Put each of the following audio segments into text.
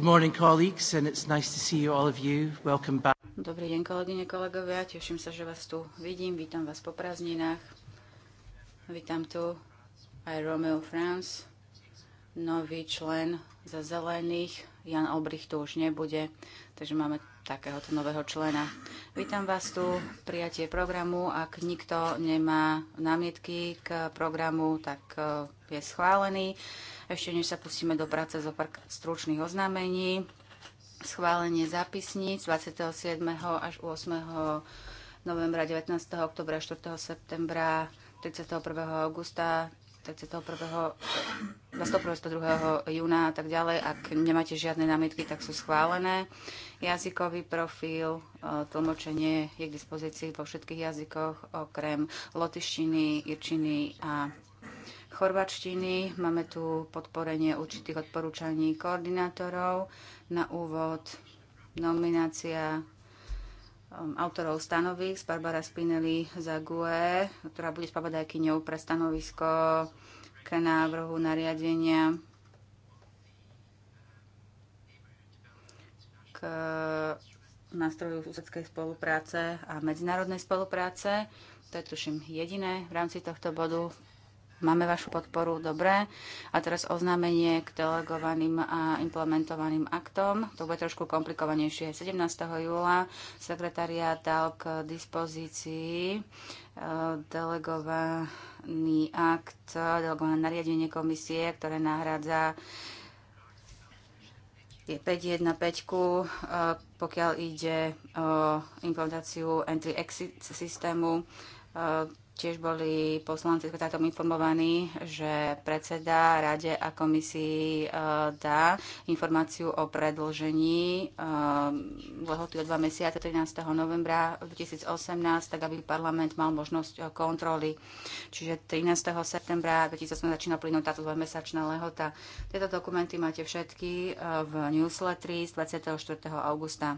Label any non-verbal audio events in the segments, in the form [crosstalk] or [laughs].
Good morning, colleagues, and it's nice to see you, all of you. Welcome back. Dobrý deň, kolegyne, kolegovia. Teším sa, že vás tu vidím. Vítam vás po prázdninách. Vítam tu aj Romeo Franz, nový člen za zelených. Jan Obrich tu už nebude, takže máme takéhoto nového člena. Vítam vás tu, prijatie programu. Ak nikto nemá námietky k programu, tak eh, je schválený. Ešte než sa pustíme do práce zo pár stručných oznámení, schválenie zápisníc 27. až 8. novembra, 19. oktobra, 4. septembra, 31. augusta, 31. 102. júna a tak ďalej. Ak nemáte žiadne námietky, tak sú schválené. Jazykový profil, e, tlmočenie je k dispozícii vo všetkých jazykoch, okrem lotištiny, irčiny a chorvačtiny. Máme tu podporenie určitých odporúčaní koordinátorov. Na úvod nominácia um, autorov stanovisk Barbara Spinelli za GUE, ktorá bude spravodajkyňou pre stanovisko k návrhu nariadenia k nástroju susedskej spolupráce a medzinárodnej spolupráce. To je tuším jediné v rámci tohto bodu. Máme vašu podporu, dobre. A teraz oznámenie k delegovaným a implementovaným aktom. To bude trošku komplikovanejšie. 17. júla sekretariát dal k dispozícii e, delegovaný akt, delegované nariadenie komisie, ktoré nahrádza je 5.1.5, e, pokiaľ ide o implementáciu entry-exit systému. E, Tiež boli poslanci tátom informovaní, že predseda Rade a komisii eh, dá informáciu o predlžení eh, lehoty o dva mesiace 13. novembra 2018, tak aby parlament mal možnosť eh, kontroly. Čiže 13. septembra 2018 začína plynúť táto dvojmesačná lehota. Tieto dokumenty máte všetky v newsletter z 24. augusta.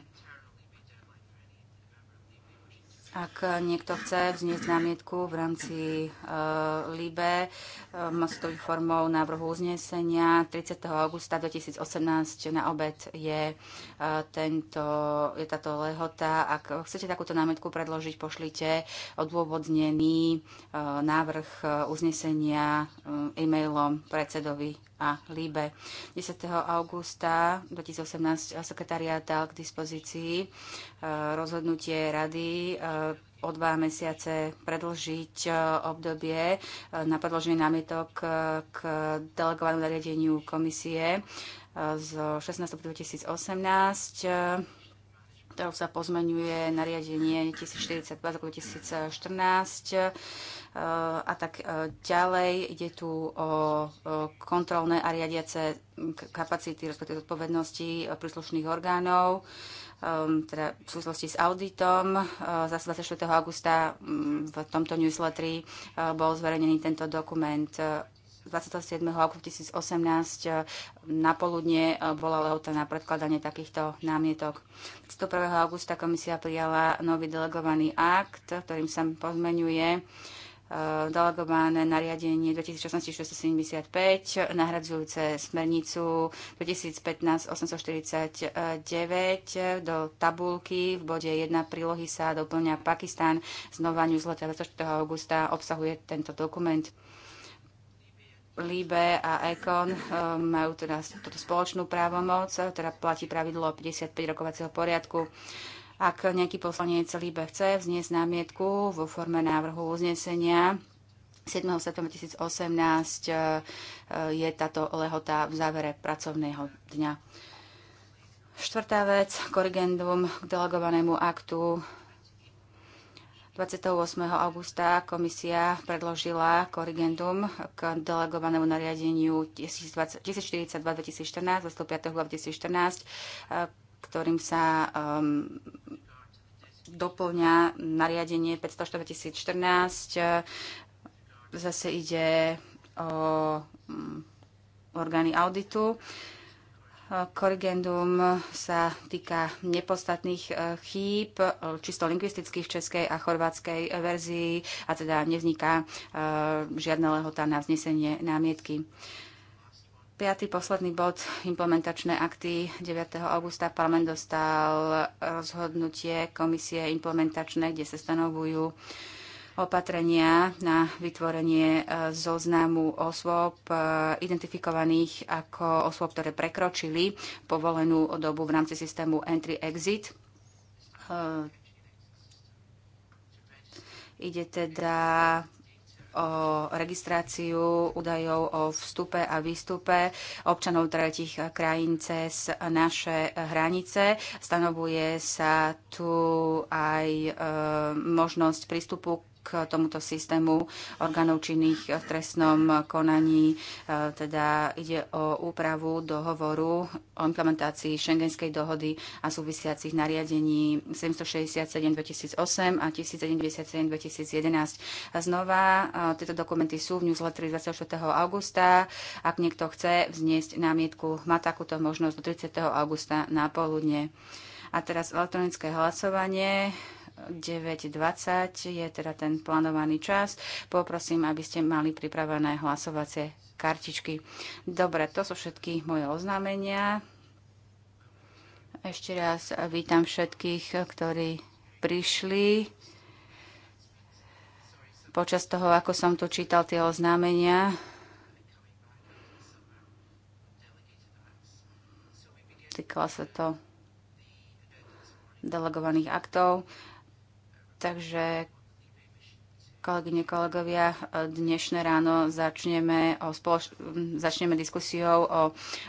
Ak niekto chce vzniesť námietku v rámci uh, LIBE, uh, má sa to formou návrhu uznesenia. 30. augusta 2018 na obed je, uh, tento, je táto lehota. Ak chcete takúto námietku predložiť, pošlite odôvodnený uh, návrh uznesenia uh, e-mailom predsedovi a Líbe. 10. augusta 2018 eh, sekretariát dal k dispozícii eh, rozhodnutie rady eh, o dva mesiace predlžiť obdobie na predloženie námietok k delegovanému nariadeniu komisie z 16. 2018 ktorou sa pozmenuje nariadenie 1042 2014 Eh, a tak eh, ďalej. Ide tu o kontrolné a riadiace kapacity, respektíve odpovednosti eh, príslušných orgánov ehm, teda v súvislosti s auditom. Zase 24. augusta mm, v tomto newsletteri bol zverejnený tento dokument 27. augusta 2018 na poludne bola lehota na predkladanie takýchto námietok. 101. augusta komisia prijala nový delegovaný akt, ktorým sa pozmenuje delegované nariadenie 2016-675 nahradzujúce smernicu 2015-849 do tabulky v bode 1 prílohy sa doplňa Pakistan. Znova newsletter 24. augusta obsahuje tento dokument. Libe a Econ majú teda túto spoločnú právomoc, teda platí pravidlo 55 rokovacieho poriadku. Ak nejaký poslanec Líbe chce vzniesť námietku vo forme návrhu uznesenia, 7. septembra 2018 e, e, je táto lehota v závere pracovného dňa. Štvrtá vec, korrigendum k delegovanému aktu 28. augusta komisia predložila korrigendum k delegovanému nariadeniu 1042-2014, 25. 2014 ktorým sa um, doplňa nariadenie 504.014. Zase ide o um, orgány auditu. Korrigendum sa týka nepostatných e, chýb, čisto lingvistických v českej a chorvátskej verzii a teda nevzniká e, žiadna lehota na vznesenie námietky. Piatý posledný bod, implementačné akty. 9. augusta parlament dostal rozhodnutie komisie implementačné, kde sa stanovujú opatrenia na vytvorenie e, zoznamu osôb e, identifikovaných ako osôb, ktoré prekročili povolenú dobu v rámci systému Entry-Exit. E, ide teda o registráciu údajov o vstupe a výstupe občanov tretich krajín cez naše hranice. Stanovuje sa tu aj e, možnosť prístupu k tomuto systému orgánov činných v trestnom konaní. E, teda ide o úpravu dohovoru o implementácii šengenskej dohody a súvisiacich nariadení 767-2008 a 1097-2011. Znova e, tieto dokumenty sú v newsletteri 24. augusta. Ak niekto chce vzniesť námietku, má takúto možnosť do 30. augusta na poludne. A teraz elektronické hlasovanie. 9.20 je teda ten plánovaný čas. Poprosím, aby ste mali pripravené hlasovacie kartičky. Dobre, to sú všetky moje oznámenia. Ešte raz vítam všetkých, ktorí prišli. Počas toho, ako som tu čítal tie oznámenia, týkalo sa to delegovaných aktov. Takže kolegyne, kolegovia, dnešné ráno začneme, o spoloč- začneme diskusiou o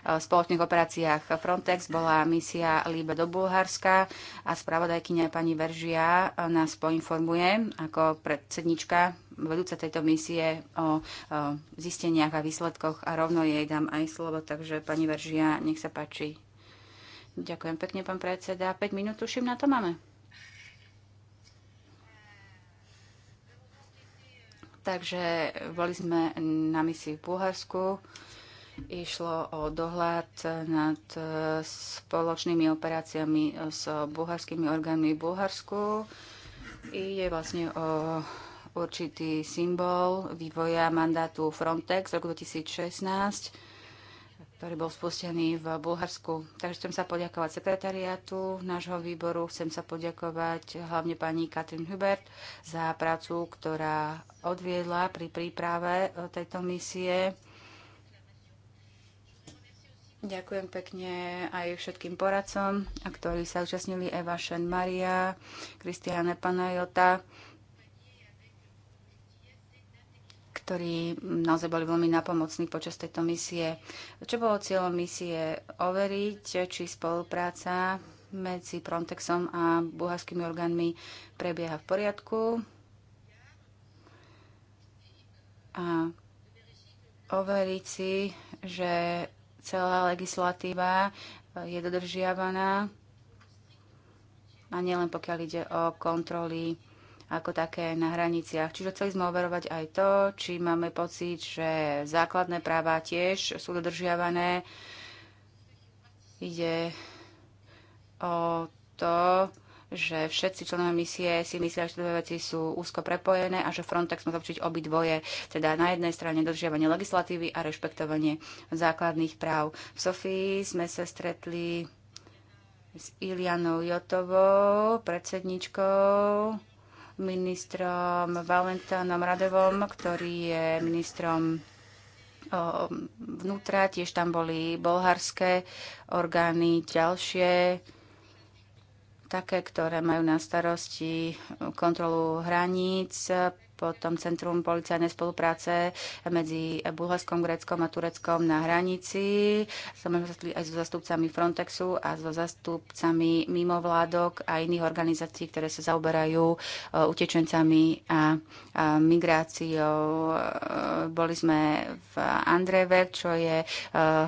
spoločných operáciách Frontex. Bola misia Líbe do Bulharska a spravodajkynia pani Veržia nás poinformuje ako predsednička vedúca tejto misie o, o zisteniach a výsledkoch a rovno jej dám aj slovo, takže pani Veržia, nech sa páči. Ďakujem pekne, pán predseda. 5 minút tuším na to máme. Takže boli sme na misii v Bulharsku. Išlo o dohľad nad e, spoločnými operáciami s bulharskými orgánmi v Bulharsku. Ide vlastne o určitý symbol vývoja mandátu Frontex v roku 2016 ktorý bol spustený v Bulharsku. Takže chcem sa poďakovať sekretariátu nášho výboru, chcem sa poďakovať hlavne pani Katrin Hubert za prácu, ktorá odviedla pri príprave e, tejto misie. Ďakujem pekne aj všetkým poradcom, ktorí sa účastnili Eva Šen Maria, Kristiane Panajota, ktorí naozaj boli veľmi napomocní počas tejto misie. Čo bolo cieľom misie? Overiť, či spolupráca medzi Frontexom a bulharskými orgánmi prebieha v poriadku a overiť si, že celá legislatíva je dodržiavaná a nielen pokiaľ ide o kontroly ako také na hraniciach. Čiže chceli sme overovať aj to, či máme pocit, že základné práva tiež sú dodržiavané. Ide o to, že všetci členové misie si myslia, že tieto veci sú úzko prepojené a že Frontex má zlepšiť obidvoje, teda na jednej strane dodržiavanie legislatívy a rešpektovanie základných práv. V Sofii sme sa stretli s Ilianou Jotovou, predsedničkou ministrom Valentánom Radovom, ktorý je ministrom vnútra, tiež tam boli bolharské orgány, ďalšie také, ktoré majú na starosti kontrolu hraníc, potom Centrum policajnej spolupráce medzi Bulharskom, Greckom a Tureckom na hranici. stretli aj so zastupcami Frontexu a so zastupcami mimovládok a iných organizácií, ktoré sa zaoberajú e, utečencami a migráciou. E, boli sme v Andreve, čo je e,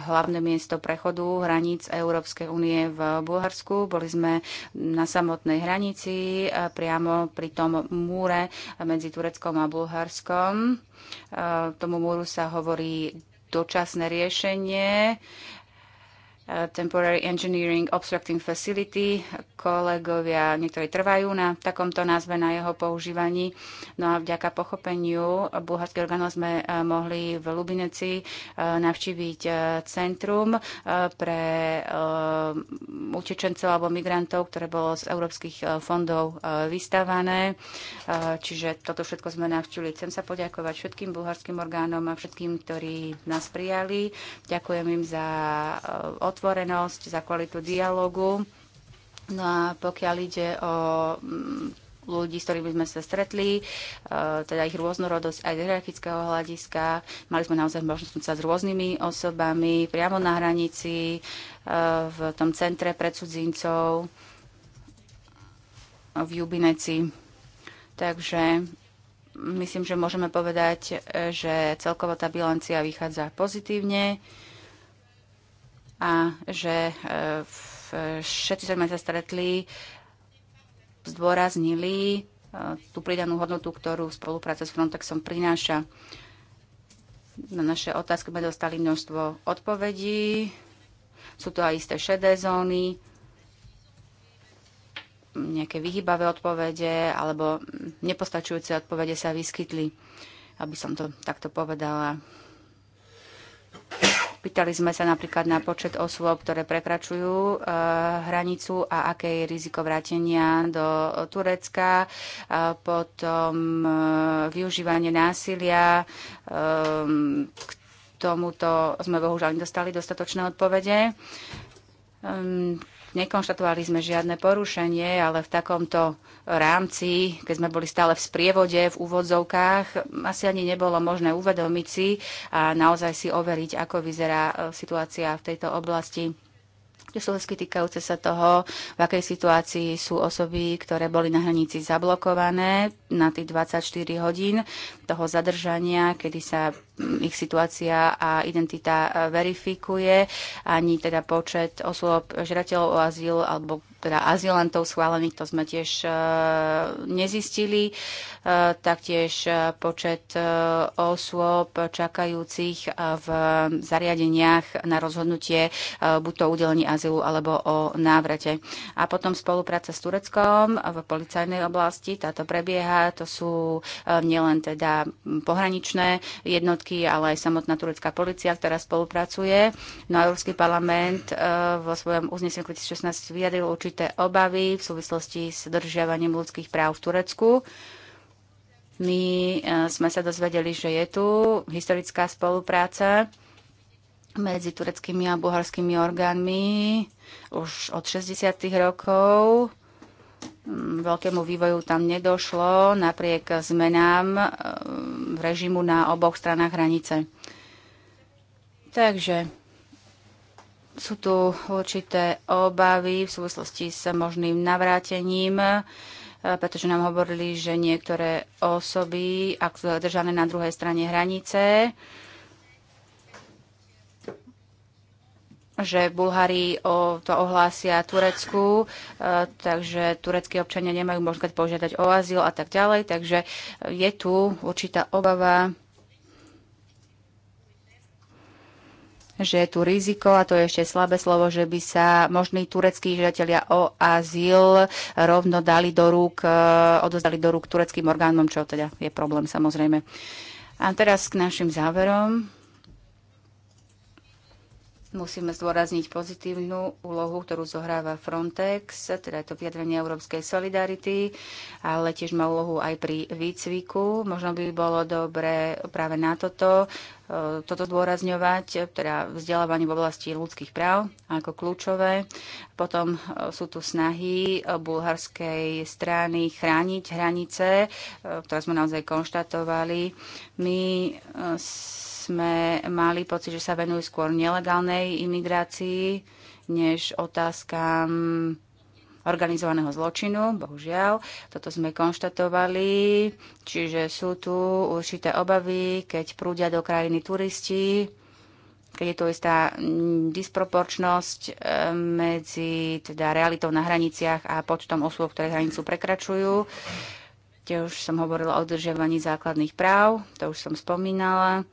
hlavné miesto prechodu hraníc Európskej únie v Bulharsku. Boli sme na samotnej hranici, priamo pri tom múre medzi Tureckom Srbskom a Bulharskom. Tomu múru sa hovorí dočasné riešenie. Eh, temporary Engineering Obstructing Facility. Kolegovia niektorí trvajú na takomto názve, na jeho používaní. No a vďaka pochopeniu bulharských orgánov sme eh, mohli v Lubineci eh, navštíviť centrum pre utečencov alebo migrantov, ktoré bolo z európskych fondov vystávané. Čiže toto všetko sme navštívili. Chcem sa poďakovať všetkým bulharským orgánom a všetkým, ktorí nás prijali. Ďakujem im za otázky otvorenosť, za kvalitu dialogu. No a pokiaľ ide o mm, ľudí, s ktorými sme sa stretli, e, teda ich rôznorodosť aj z hierarchického hľadiska. Mali sme naozaj možnosť sa s rôznymi osobami priamo na hranici, e, v tom centre pre cudzincov v Jubineci. Takže myslím, že môžeme povedať, e, že celkovo tá bilancia vychádza pozitívne a že e, všetci sme sa stretli, zdôraznili e, tú pridanú hodnotu, ktorú spolupráca s Frontexom prináša. Na naše otázky sme dostali množstvo odpovedí. Sú to aj isté šedé zóny, nejaké vyhybavé odpovede alebo nepostačujúce odpovede sa vyskytli, aby som to takto povedala. Pýtali sme sa napríklad na počet osôb, ktoré prekračujú e, hranicu a aké je riziko vrátenia do Turecka, e, potom e, využívanie násilia, k tomuto sme bohužiaľ nedostali dostatočné odpovede. Nekonštatovali sme žiadne porušenie, ale v takomto rámci, keď sme boli stále v sprievode, v úvodzovkách, asi ani nebolo možné uvedomiť si a naozaj si overiť, ako vyzerá e, situácia v tejto oblasti súhlasky týkajúce sa toho, v akej situácii sú osoby, ktoré boli na hranici zablokované na tých 24 hodín toho zadržania, kedy sa ich situácia a identita e, verifikuje, ani teda počet osôb žiadateľov o azyl alebo teda azylantov schválených, to sme tiež e, nezistili. E, taktiež počet osôb čakajúcich v zariadeniach na rozhodnutie buď to udelení azylu alebo o návrate. A potom spolupráca s Tureckom v policajnej oblasti, táto prebieha, to sú nielen teda pohraničné jednotky, jednotky, ale aj samotná turecká policia, ktorá spolupracuje. No a Európsky parlament e, vo svojom uznesení 2016 vyjadril určité obavy v súvislosti s dodržiavaním ľudských práv v Turecku. My e, sme sa dozvedeli, že je tu historická spolupráca medzi tureckými a bulharskými orgánmi už od 60. rokov veľkému vývoju tam nedošlo napriek zmenám e, režimu na oboch stranách hranice. Takže sú tu určité obavy v súvislosti s možným navrátením, e, pretože nám hovorili, že niektoré osoby, ak sú držané na druhej strane hranice, že Bulhári o, to ohlásia Turecku, e, takže tureckí občania nemajú možnosť požiadať o azyl a tak ďalej. Takže je tu určitá obava, že je tu riziko, a to je ešte slabé slovo, že by sa možní tureckí žiadatelia o azyl rovno dali do rúk, e, odozdali do rúk tureckým orgánom, čo teda je problém samozrejme. A teraz k našim záverom musíme zdôrazniť pozitívnu úlohu, ktorú zohráva Frontex, teda je to vyjadrenie európskej solidarity, ale tiež má úlohu aj pri výcviku. Možno by bolo dobre práve na toto E, toto zdôrazňovať, e, teda vzdelávanie v oblasti ľudských práv ako kľúčové. Potom e, sú tu snahy bulharskej strany chrániť hranice, ktoré sme naozaj konštatovali. My sme mali pocit, že sa venujú skôr nelegálnej imigrácii, než otázkam organizovaného zločinu, bohužiaľ. Toto sme konštatovali, čiže sú tu určité obavy, keď prúdia do krajiny turisti, keď je tu istá disproporčnosť eh, medzi teda realitou na hraniciach a počtom osôb, ktoré hranicu prekračujú. Tiež som hovorila o udržiavaní základných práv, to už som spomínala.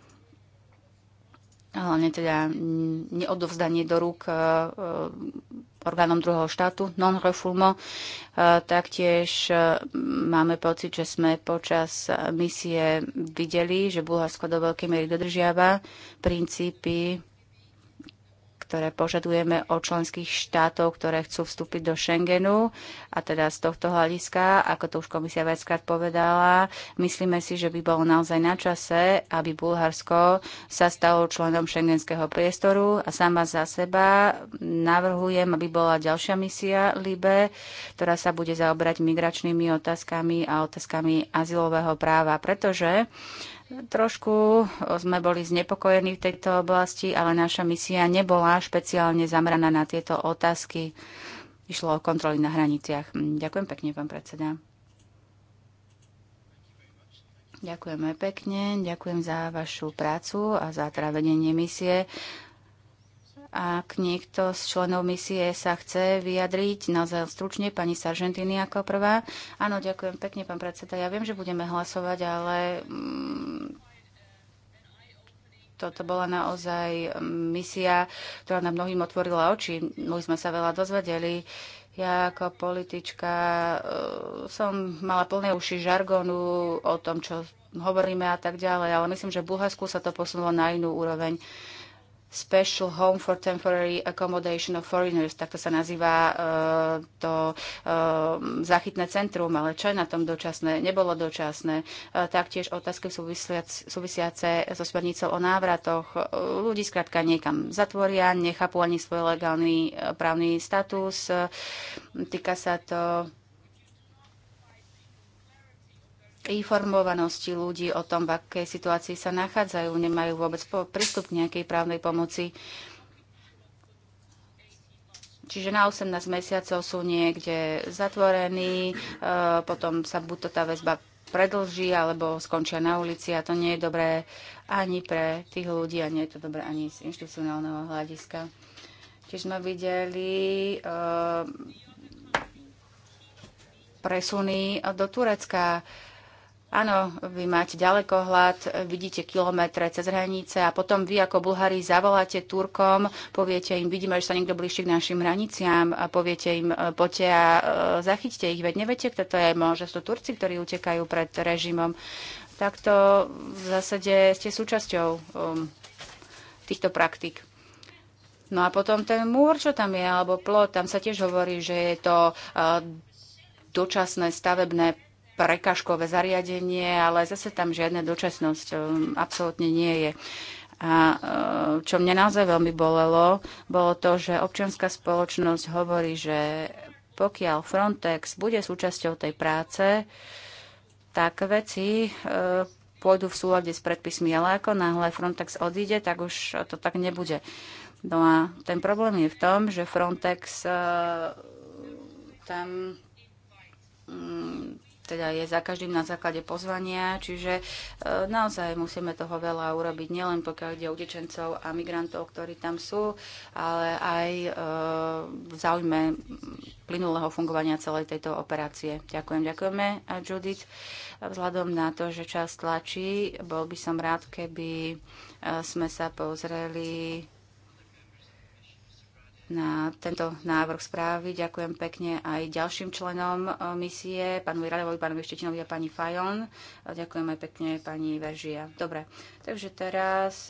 Hlavne teda neodovzdanie do rúk eh, orgánom druhého štátu, non-refoulement. E, taktiež e, máme pocit, že sme počas misie videli, že Bulharsko do veľkej miery dodržiava princípy ktoré požadujeme od členských štátov, ktoré chcú vstúpiť do Schengenu. A teda z tohto hľadiska, ako to už komisia viackrát povedala, myslíme si, že by bolo naozaj na čase, aby Bulharsko sa stalo členom šengenského priestoru a sama za seba navrhujem, aby bola ďalšia misia LIBE, ktorá sa bude zaobrať migračnými otázkami a otázkami azylového práva, pretože Trošku sme boli znepokojení v tejto oblasti, ale naša misia nebola špeciálne zameraná na tieto otázky. Išlo o kontroly na hraniciach. Mm, ďakujem pekne, pán predseda. Ďakujeme pekne, ďakujem za vašu prácu a za trávenie misie. Ak niekto z členov misie sa chce vyjadriť, naozaj stručne, pani Sargentini ako prvá. Áno, ďakujem pekne, pán predseda. Ja viem, že budeme hlasovať, ale mm, toto bola naozaj mm, misia, ktorá nám mnohým otvorila oči. My sme sa veľa dozvedeli. Ja ako politička e, som mala plné uši žargonu o tom, čo hovoríme a tak ďalej, ale myslím, že v Bulharsku sa to posunulo na inú úroveň. Uh, Special Home for Temporary Accommodation of Foreigners, takto sa nazýva uh, to uh, záchytné centrum, ale čo je na tom dočasné? Nebolo dočasné. Uh, Taktiež otázky súvisiace súvisiace so smernicou o návratoch. Ľudí skrátka niekam zatvoria, nechápu ani svoj legálny uh, právny status. Uh, Týka sa to informovanosti ľudí o tom, v akej situácii sa nachádzajú, nemajú vôbec prístup k nejakej právnej pomoci. Čiže na 18 mesiacov sú niekde zatvorení, e, potom sa buď to tá väzba predlží, alebo skončia na ulici a to nie je dobré ani pre tých ľudí a nie je to dobré ani z inštitucionálneho hľadiska. Čiže sme videli e, presuny do Turecka. Áno, vy máte ďalekohľad, vidíte kilometre cez hranice a potom vy ako Bulhári zavoláte Turkom, poviete im, vidíme, že sa niekto blíži k našim hraniciám a poviete im, e, poďte a e, zachyťte ich, veď neviete, kto to je, môže sú Turci, ktorí utekajú pred režimom. Takto v zásade ste súčasťou um, týchto praktík. No a potom ten múr, čo tam je, alebo plot, tam sa tiež hovorí, že je to uh, dočasné stavebné prekažkové zariadenie, ale zase tam žiadna dočasnosť um, absolútne nie je. A uh, čo mne naozaj veľmi bolelo, bolo to, že občianská spoločnosť hovorí, že pokiaľ Frontex bude súčasťou tej práce, tak veci uh, pôjdu v súlade s predpismi, ale ako náhle Frontex odíde, tak už to tak nebude. No a ten problém je v tom, že Frontex uh, tam mm, teda je za každým na základe pozvania, čiže e, naozaj musíme toho veľa urobiť, nielen pokiaľ ide o utečencov a migrantov, ktorí tam sú, ale aj e, v záujme plynulého fungovania celej tejto operácie. Ďakujem, ďakujeme, Judith. Vzhľadom na to, že čas tlačí, bol by som rád, keby e, sme sa pozreli na tento návrh správy. Ďakujem pekne aj ďalším členom e, misie, pánu Radovovi, pánu Štetinovi a pani Fajon. A ďakujem aj pekne pani Veržia. Dobre, takže teraz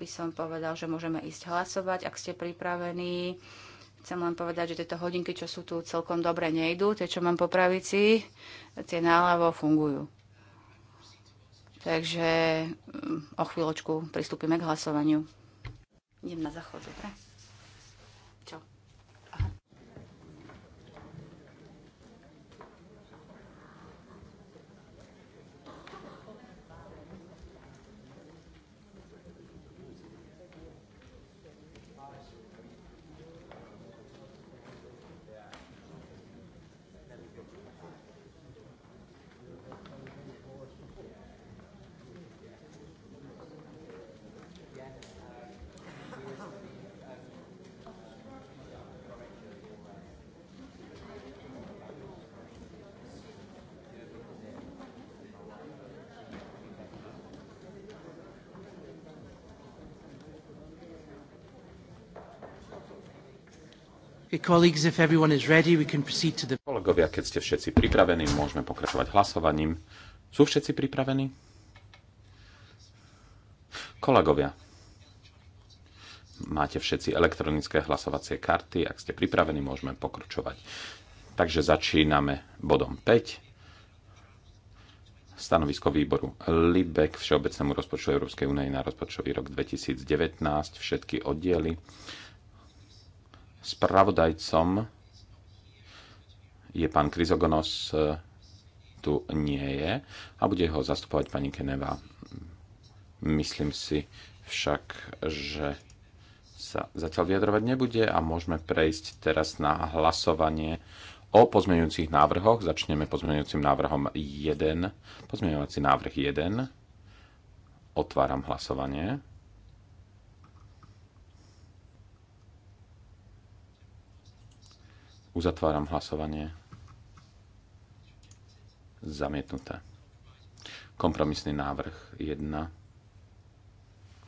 by som povedal, že môžeme ísť hlasovať, ak ste pripravení. Chcem len povedať, že tieto hodinky, čo sú tu, celkom dobre nejdú. Tie, čo mám po pravici, tie náľavo fungujú. Takže mm, o chvíľočku pristúpime k hlasovaniu. Idem na záchod, dobre? csak Colleagues, if everyone is ready, we can proceed to the... Kolegovia, keď ste všetci pripravení, môžeme pokračovať hlasovaním. Sú všetci pripravení? Kolegovia, máte všetci elektronické hlasovacie karty. Ak ste pripravení, môžeme pokračovať. Takže začíname bodom 5. Stanovisko výboru LIBEK Všeobecnému rozpočtu Európskej únie na rozpočtový rok 2019, všetky oddiely. Spravodajcom je pán Kryzogonos, e, tu nie je a bude ho zastupovať pani Keneva. Myslím si však, že sa zatiaľ vyjadrovať nebude a môžeme prejsť teraz na hlasovanie o pozmeňujúcich návrhoch. Začneme pozmeňujúcim návrhom 1. Pozmeňovací návrh 1. Otváram hlasovanie. Uzatváram hlasovanie. Zamietnuté. Kompromisný návrh 1.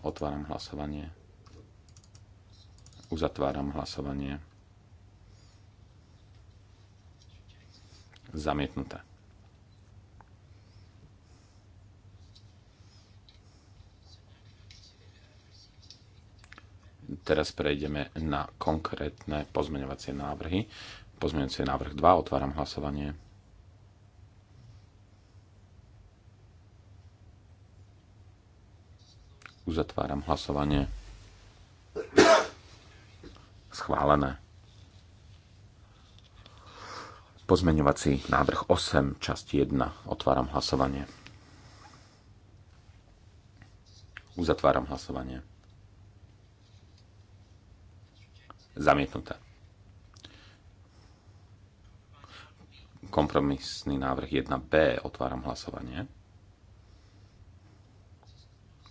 Otváram hlasovanie. Uzatváram hlasovanie. Zamietnuté. Teraz prejdeme na konkrétne pozmeňovacie návrhy. Pozmeňovací návrh 2, otváram hlasovanie. Uzatváram hlasovanie. Schválené. Pozmeňovací návrh 8, časť 1. Otváram hlasovanie. Uzatváram hlasovanie. Zamietnuté. Kompromisný návrh 1b. Otváram hlasovanie.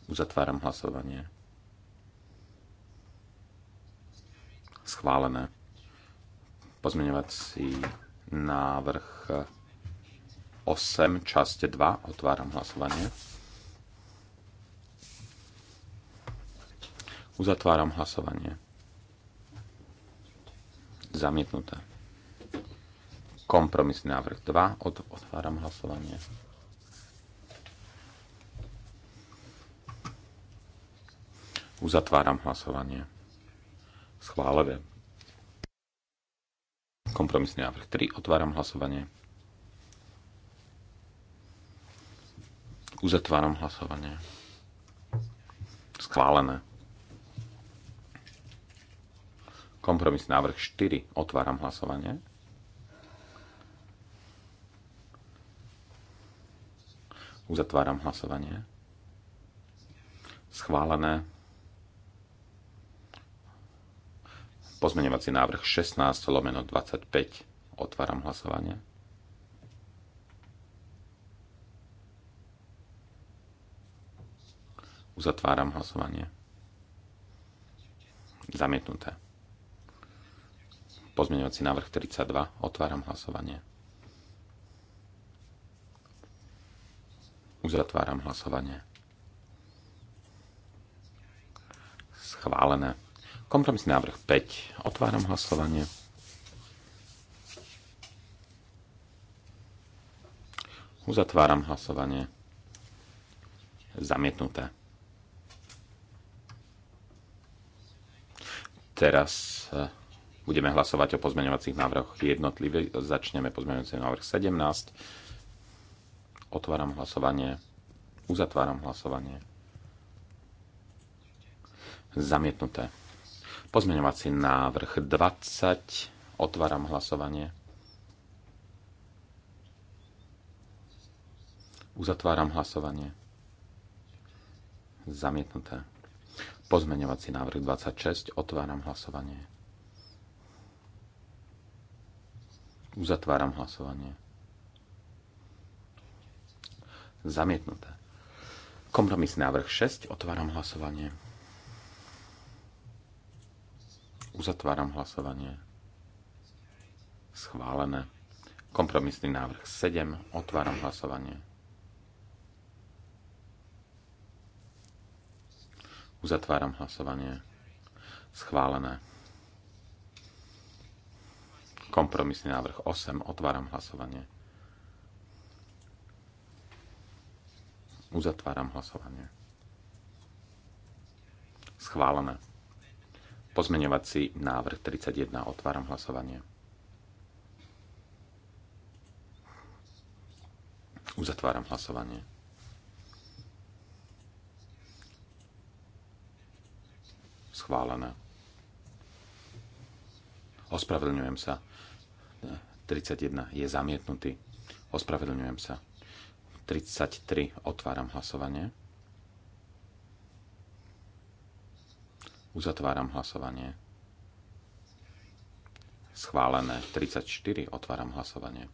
Uzatváram hlasovanie. Schválené. Pozmeňovací návrh 8, časť 2. Otváram hlasovanie. Uzatváram hlasovanie. Zamietnuté. Kompromisný návrh 2. Od, otváram hlasovanie. Uzatváram hlasovanie. Schválené. Kompromisný návrh 3. Otváram hlasovanie. Uzatváram hlasovanie. Schválené. Kompromis návrh 4. Otváram hlasovanie. Uzatváram hlasovanie. Schválené. Pozmeňovací návrh 16 lomeno 25. Otváram hlasovanie. Uzatváram hlasovanie. Zamietnuté. Pozmeňovací návrh 32. Otváram hlasovanie. Uzatváram hlasovanie. Schválené. Kompromisný návrh 5. Otváram hlasovanie. Uzatváram hlasovanie. Zamietnuté. Teraz eh, Budeme hlasovať o pozmeňovacích návrhoch jednotlivé. Začneme pozmeňovací návrh 17. Otváram hlasovanie. Uzatváram hlasovanie. Zamietnuté. Pozmeňovací návrh 20. Otváram hlasovanie. Uzatváram hlasovanie. Zamietnuté. Pozmeňovací návrh 26. Otváram hlasovanie. Uzatváram hlasovanie. Zamietnuté. Kompromis návrh 6. Otváram hlasovanie. Uzatváram hlasovanie. Schválené. Kompromisný návrh 7. Otváram hlasovanie. Uzatváram hlasovanie. Schválené. Kompromisný návrh 8. Otváram hlasovanie. Uzatváram hlasovanie. Schválené. Pozmeňovací návrh 31. Otváram hlasovanie. Uzatváram hlasovanie. Schválené. Ospravedlňujem sa. 31 je zamietnutý. Ospravedlňujem sa. 33 otváram hlasovanie. Uzatváram hlasovanie. Schválené 34 otváram hlasovanie.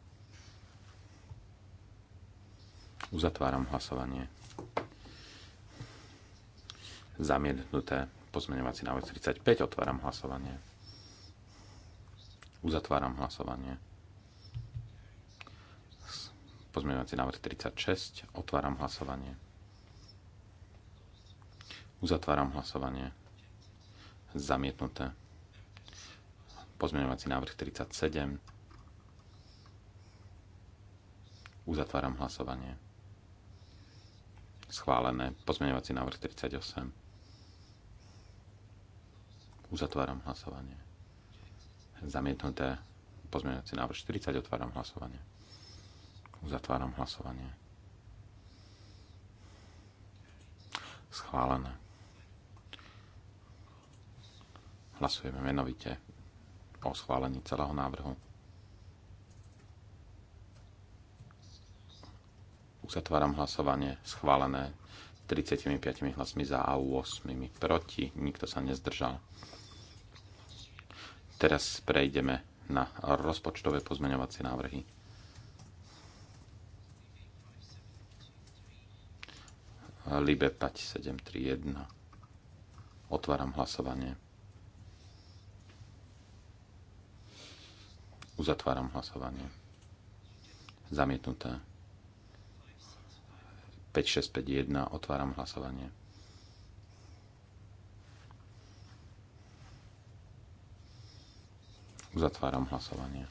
Uzatváram hlasovanie. Zamietnuté pozmeňovací návrh 35 otváram hlasovanie. Uzatváram hlasovanie. Pozmeňovací návrh 36. Otváram hlasovanie. Uzatváram hlasovanie. Zamietnuté. Pozmeňovací návrh 37. Uzatváram hlasovanie. Schválené. Pozmeňovací návrh 38. Uzatváram hlasovanie zamietnuté. Pozmeňujúci návrh 40, otváram hlasovanie. Uzatváram hlasovanie. Schválené. Hlasujeme menovite o schválení celého návrhu. Uzatváram hlasovanie. Schválené 35 hlasmi za a 8 proti. Nikto sa nezdržal. Teraz prejdeme na rozpočtové pozmeňovacie návrhy. Libe 5731. Otváram hlasovanie. Uzatváram hlasovanie. Zamietnuté. 5651. Otváram hlasovanie. Uzatváram hlasovanie.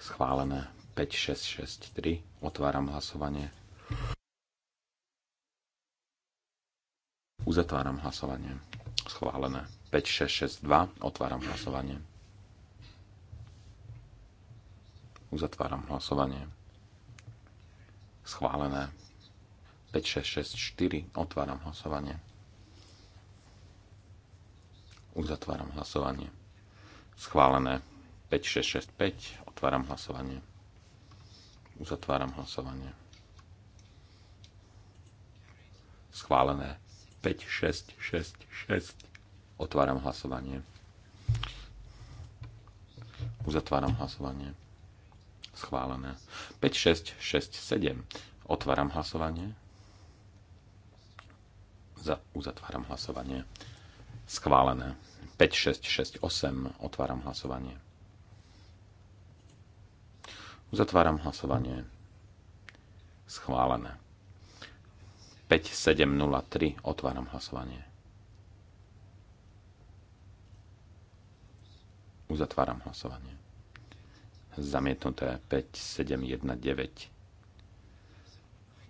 Schválené 5663. Otváram hlasovanie. Uzatváram hlasovanie. Schválené 5662. Otváram hlasovanie. Uzatváram hlasovanie. Schválené 5664. Otváram hlasovanie. Uzatváram hlasovanie. Schválené. 5665. Otváram hlasovanie. Uzatváram hlasovanie. Schválené. 5666. Otváram hlasovanie. Uzatváram hlasovanie. Schválené. 5667. Otváram hlasovanie. Za, uzatváram hlasovanie. Schválené. 5668. Otváram hlasovanie. Uzatváram hlasovanie. Schválené. 5703. Otváram hlasovanie. Uzatváram hlasovanie. Zamietnuté 5719.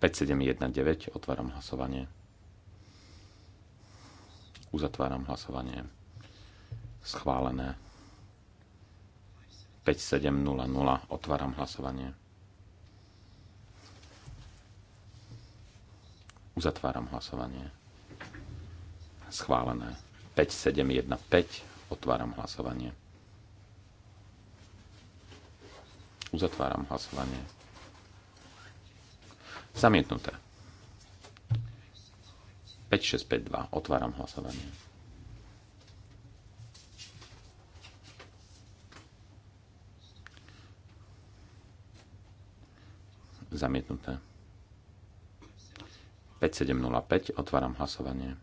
5719. Otváram hlasovanie. Uzatváram hlasovanie. Schválené. 5700. Otváram hlasovanie. Uzatváram hlasovanie. Schválené. 5715. Otváram hlasovanie. Uzatváram hlasovanie. Zamietnuté. 5652. Otváram hlasovanie. Zamietnuté. 5705. Otváram hlasovanie.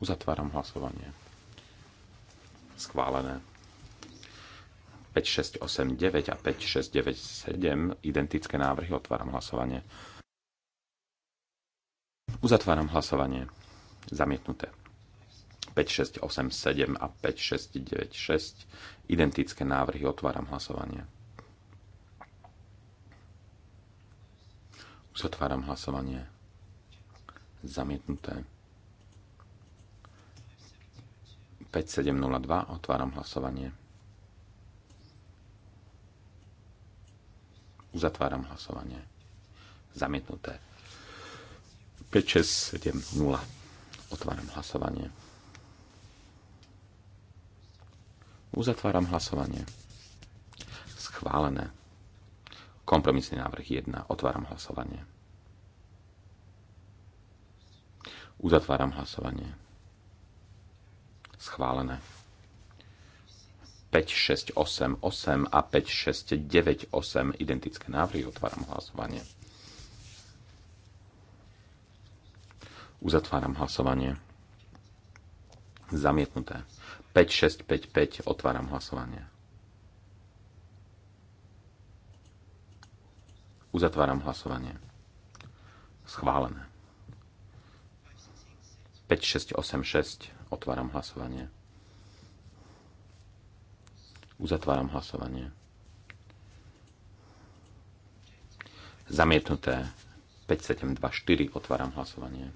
Uzatváram hlasovanie. Schválené. 5689 a 5697 identické návrhy. Otváram hlasovanie. Uzatváram hlasovanie. Zamietnuté. 5687 a 5696 identické návrhy. Otváram hlasovanie. Uzatváram hlasovanie. Zamietnuté. 5702. Otváram hlasovanie. Uzatváram hlasovanie. Zamietnuté. 5670. Otváram hlasovanie. Uzatváram hlasovanie. Schválené. Kompromisný návrh 1. Otváram hlasovanie. Uzatváram hlasovanie. Schválené. 5, 6, 8, 8 a 5, 6, 9, 8 identické návrhy. Otváram hlasovanie. Uzatváram hlasovanie. Zamietnuté. 5, 6, 5, 5. Otváram hlasovanie. Uzatváram hlasovanie. Schválené. 5, 6, 8, 6. Otváram hlasovanie. Uzatváram hlasovanie. Zamietnuté 5, 7, 2, 4. Otváram hlasovanie.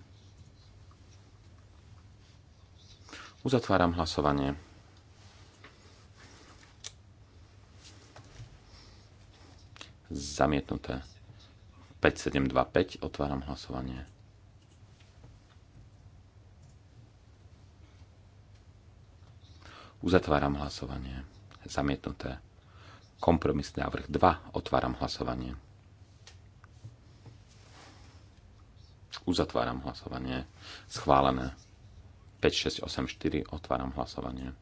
Uzatváram hlasovanie. Zamietnuté. 5725. Otváram hlasovanie. Uzatváram hlasovanie. Zamietnuté. kompromis návrh 2. Otváram hlasovanie. Uzatváram hlasovanie. Schválené. 5684. Otváram hlasovanie.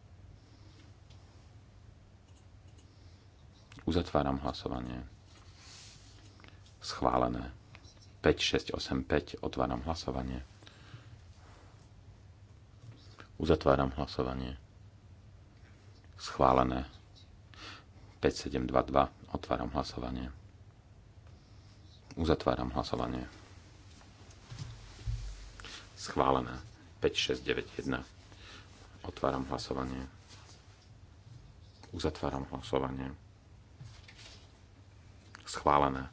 Uzatváram hlasovanie. Schválené. 5, 6, 8, 5. Otváram hlasovanie. Uzatváram hlasovanie. Schválené. 5, 7, 2, 2. Otváram hlasovanie. Uzatváram hlasovanie. Schválené. 5, 6, 9, 1. Otváram hlasovanie. Uzatváram hlasovanie. Schválené.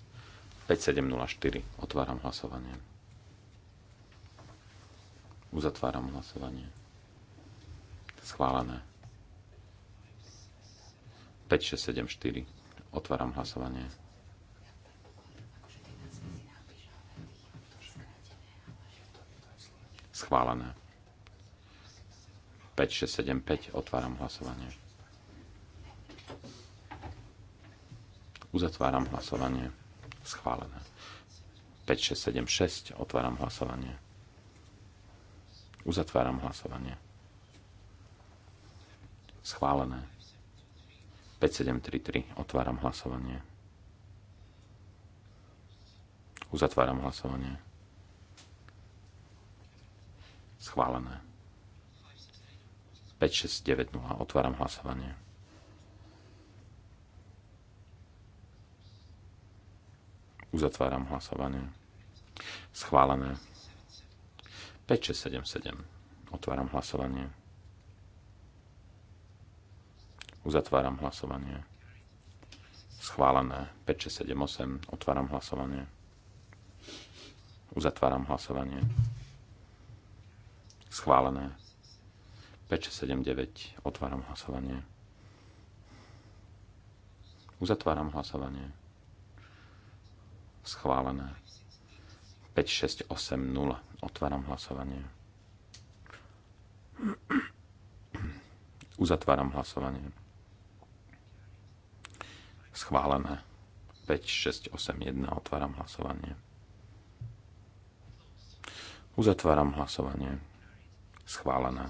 5704. Otváram hlasovanie. Uzatváram hlasovanie. Schválené. 5674. Otváram hlasovanie. Schválené. 5675. Otváram hlasovanie. Uzatváram hlasovanie. Schválené. 5, 6, 7, 6. Otváram hlasovanie. Uzatváram hlasovanie. Schválené. 3, Otváram hlasovanie. Uzatváram hlasovanie. Schválené. 5690. Otváram hlasovanie. Uzatváram hlasovanie. Schválené. 7. Otváram hlasovanie. Uzatváram hlasovanie. Schválené. 8. Otváram hlasovanie. Uzatváram hlasovanie. Schválené. 9. Otváram hlasovanie. Uzatváram hlasovanie schválené. 5, 6, 8, 0. Otváram hlasovanie. Uzatváram hlasovanie. Schválené. 5, 6, 8, 1. Otváram hlasovanie. Uzatváram hlasovanie. Schválené.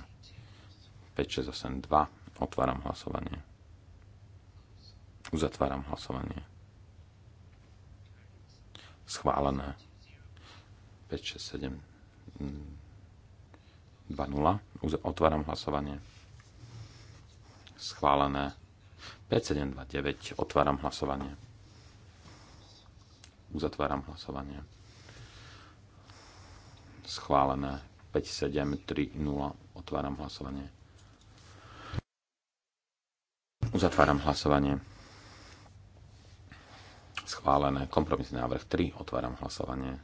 5, 6, 8, 2. Otváram hlasovanie. Uzatváram hlasovanie Schválené. 5, 6, 7, 2, 0. Otváram hlasovanie. Schválené. 5, 7, 2, 9. Otváram hlasovanie. Uzatváram hlasovanie. Schválené. 5, 7, 3, 0. Otváram hlasovanie. Uzatváram hlasovanie. Schválené. Kompromisný návrh 3. Otváram hlasovanie.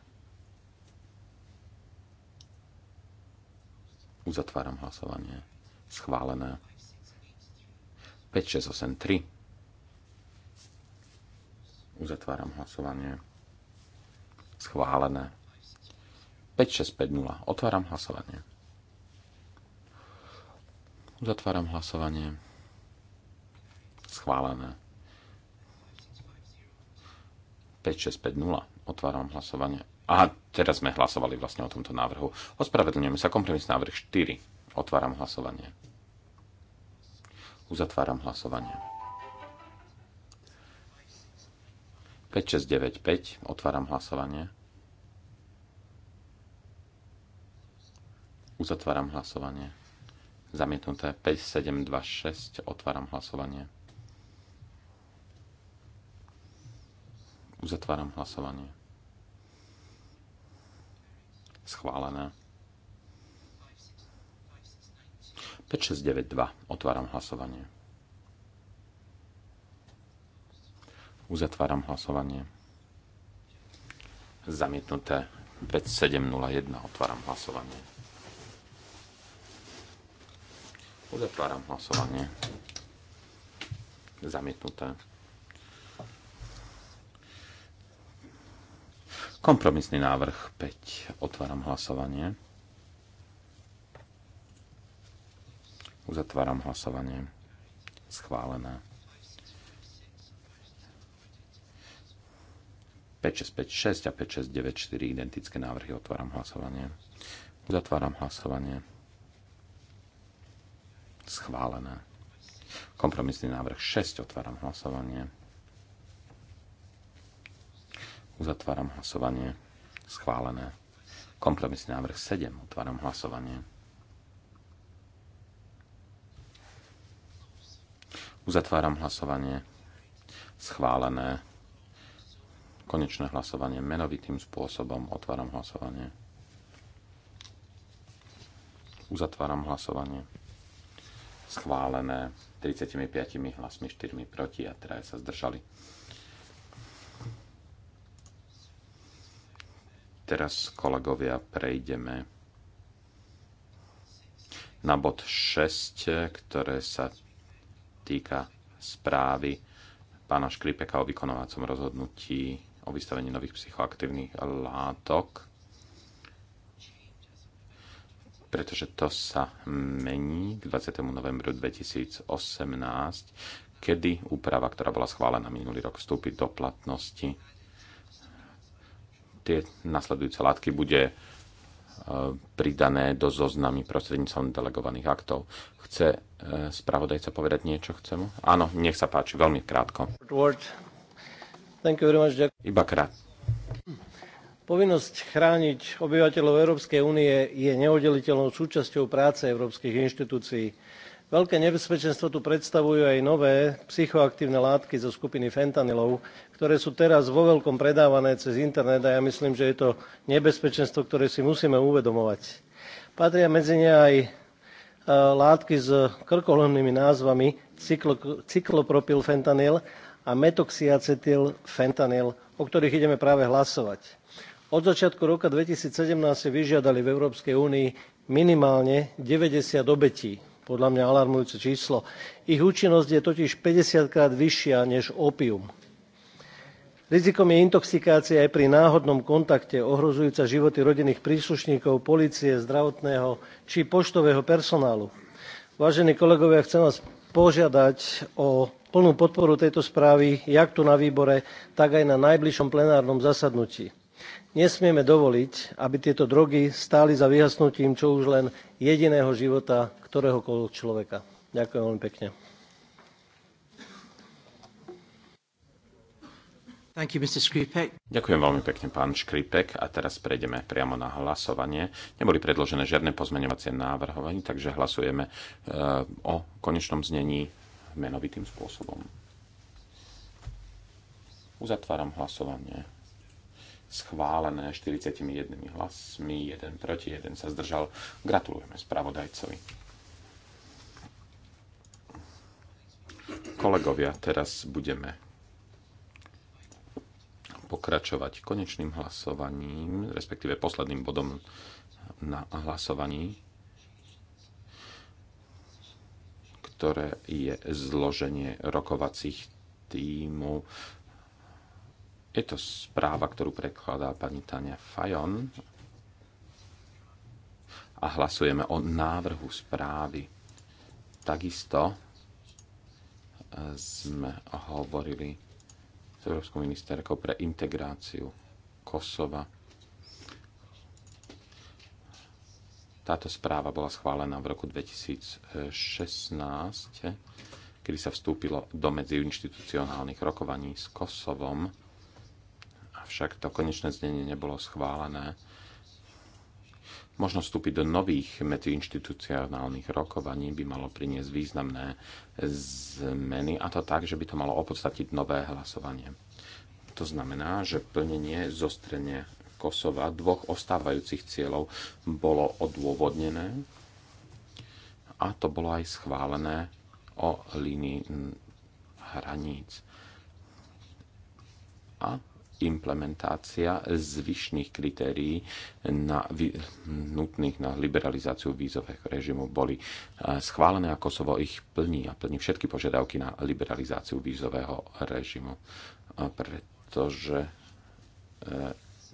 Uzatváram hlasovanie. Schválené. 3. Uzatváram hlasovanie. Schválené. 0. Otváram hlasovanie. Uzatváram hlasovanie. Schválené. 5650. Otváram hlasovanie. Aha, teraz sme hlasovali vlastne o tomto návrhu. Ospravedlňujeme sa. Kompromis návrh 4. Otváram hlasovanie. Uzatváram hlasovanie. 5695. Otváram hlasovanie. Uzatváram hlasovanie. Zamietnuté 5726. Otváram hlasovanie. Uzatváram hlasovanie. Schválené. 5692. Otváram hlasovanie. Uzatváram hlasovanie. Zamietnuté 5701. Otváram hlasovanie. Uzatváram hlasovanie. Zamietnuté. Kompromisný návrh 5. Otváram hlasovanie. Uzatváram hlasovanie. Schválené. 6 a 4 identické návrhy. Otváram hlasovanie. Uzatváram hlasovanie. Schválené. Kompromisný návrh 6. Otváram hlasovanie. Uzatváram hlasovanie. Schválené. Kompromisný návrh 7. Otváram hlasovanie. Uzatváram hlasovanie. Schválené. Konečné hlasovanie menovitým spôsobom. Otváram hlasovanie. Uzatváram hlasovanie. Schválené 35 hlasmi, 4 proti a 3 sa zdržali. Teraz, kolegovia, prejdeme na bod 6, ktoré sa týka správy pána Škripeka o vykonovacom rozhodnutí o vystavení nových psychoaktívnych látok, pretože to sa mení k 20. novembru 2018, kedy úprava, ktorá bola schválená minulý rok, vstúpi do platnosti tie nasledujúce látky bude e, pridané do zoznamy prostredníctvom delegovaných aktov. Chce e, spravodajca povedať niečo chce mu? Áno, nech sa páči, veľmi krátko. Iba krát. Povinnosť chrániť obyvateľov Európskej únie je neoddeliteľnou súčasťou práce európskych inštitúcií Veľké nebezpečenstvo tu predstavujú aj nové psychoaktívne látky zo skupiny fentanylov, ktoré sú teraz vo veľkom predávané cez internet a ja myslím, že je to nebezpečenstvo, ktoré si musíme uvedomovať. Patria medzi ne aj e, látky s krkolomnými názvami cyklo, cyklopropylfentanyl a metoxiacetylfentanyl, o ktorých ideme práve hlasovať. Od začiatku roka 2017 si vyžiadali v Európskej únii minimálne 90 obetí podľa mňa alarmujúce číslo. Ich účinnosť je totiž 50-krát vyššia než opium. Rizikom je intoxikácia aj pri náhodnom kontakte ohrozujúca životy rodinných príslušníkov, policie, zdravotného či poštového personálu. Vážení kolegovia, chcem vás požiadať o plnú podporu tejto správy, jak tu na výbore, tak aj na najbližšom plenárnom zasadnutí nesmieme dovoliť aby tieto drogy stáli za vyhasnutím čo už len jediného života ktoréhokoľvek človeka. ďakujem veľmi pekne. You, Ďakujem veľmi pekne, pán Škripek. A teraz prejdeme priamo na hlasovanie. Neboli predložené žiadne pozmeňovacie návrhovanie, takže hlasujeme e, o konečnom znení menovitým spôsobom. Uzatváram hlasovanie schválené 41 hlasmi, jeden proti, jeden sa zdržal. Gratulujeme spravodajcovi. Kolegovia, teraz budeme pokračovať konečným hlasovaním, respektíve posledným bodom na hlasovaní, ktoré je zloženie rokovacích týmu Je to správa, ktorú prekladá pani Tania Fajon a hlasujeme o návrhu správy. Takisto e, sme hovorili s Európskou ministerkou pre integráciu Kosova. Táto správa bola schválená v roku 2016, kedy sa vstúpilo do medziinstitucionálnych rokovaní s Kosovom avšak to konečné znenie nebolo schválené. Možno vstúpiť do nových medziinstitucionálnych rokovaní by malo priniesť významné zmeny, a to tak, že by to malo opodstatiť nové hlasovanie. To znamená, že plnenie zo strane Kosova dvoch ostávajúcich cieľov bolo odôvodnené a to bolo aj schválené o línii hraníc. A implementácia zvyšných kritérií na, nutných na liberalizáciu vízových režimu boli eh, schválené a Kosovo ich plní a plní všetky požiadavky na liberalizáciu vízového režimu, pretože e,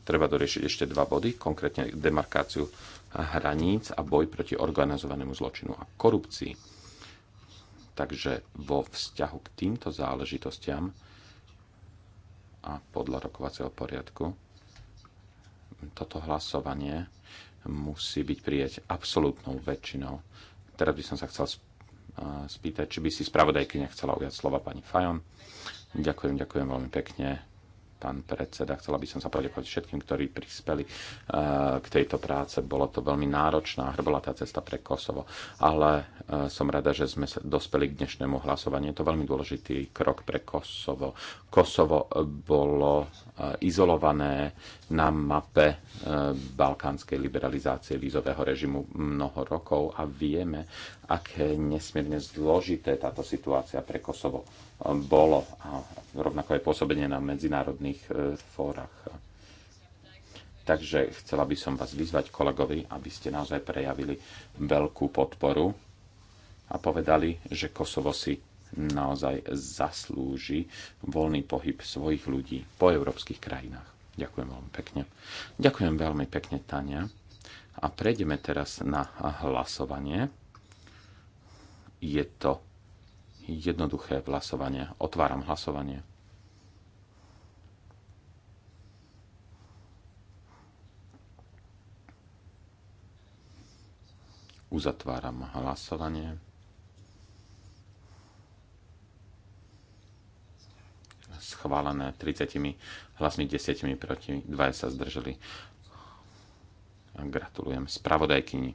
treba doriešiť ešte dva body, konkrétne demarkáciu hraníc a boj proti organizovanému zločinu a korupcii. Takže vo vzťahu k týmto záležitostiam a podľa rokovacieho poriadku toto hlasovanie musí byť prijať absolútnou väčšinou. Teraz by som sa chcel spýtať, či by si spravodajky nechcela ujať slova pani Fajon. Ďakujem, ďakujem veľmi pekne pán predseda. Chcela by som sa poďakovať všetkým, ktorí prispeli eh, k tejto práce. Bolo to veľmi náročná, hrbola tá cesta pre Kosovo, ale eh, som rada, že sme dospeli k dnešnému hlasovaniu. Je to veľmi dôležitý krok pre Kosovo. Kosovo eh, bolo izolované na mape eh, balkánskej liberalizácie vízového režimu mnoho rokov a vieme, aké nesmierne zložité táto situácia pre Kosovo eh, bolo a rovnako aj pôsobenie na medzinárodných eh, fórach. Takže chcela by som vás vyzvať kolegovi, aby ste naozaj prejavili veľkú podporu a povedali, že Kosovo si naozaj zaslúži voľný pohyb svojich ľudí po európskych krajinách. Ďakujem veľmi pekne. Ďakujem veľmi pekne, Tania. A prejdeme teraz na hlasovanie. Je to jednoduché hlasovanie. Otváram hlasovanie. Uzatváram hlasovanie. schválené 30 hlasmi 10 proti, 2 sa zdržali. A gratulujem spravodajkyni.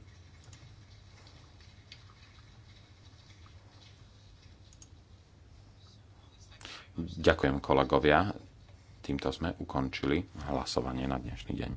Ďakujem kolegovia. Týmto sme ukončili hlasovanie na dnešný deň.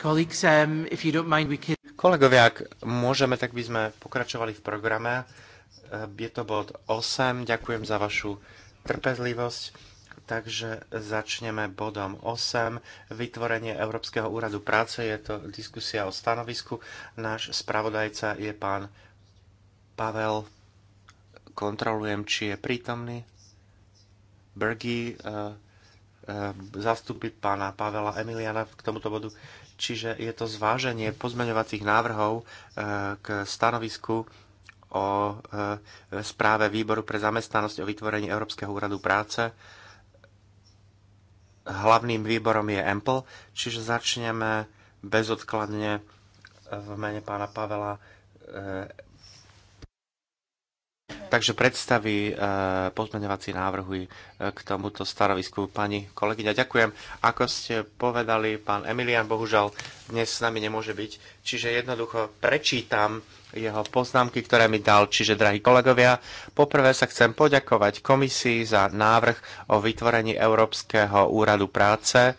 Colleagues, um, Kolegovia, ak môžeme, tak by sme pokračovali v programe. Ehm, je to bod 8. Ďakujem za vašu trpezlivosť. Takže začneme bodom 8. Vytvorenie Európskeho úradu práce. Je to diskusia o stanovisku. Náš spravodajca je pán Pavel. Kontrolujem, či je prítomný. Bergy, ehm, ehm, zastúpi pána Pavela Emiliana k tomuto bodu. Čiže je to zváženie pozmeňovacích návrhov e, k stanovisku o e, správe Výboru pre zamestnanosť o vytvorení Európskeho úradu práce. Hlavným výborom je EMPL, čiže začneme bezodkladne v mene pána Pavela e, Takže predstavy eh, pozmeňovací návrhy eh, k tomuto stanovisku. Pani kolegyňa, ďakujem. Ako ste povedali, pán Emilian bohužiaľ dnes s nami nemôže byť, čiže jednoducho prečítam jeho poznámky, ktoré mi dal. Čiže, drahí kolegovia, poprvé sa chcem poďakovať komisii za návrh o vytvorení Európskeho úradu práce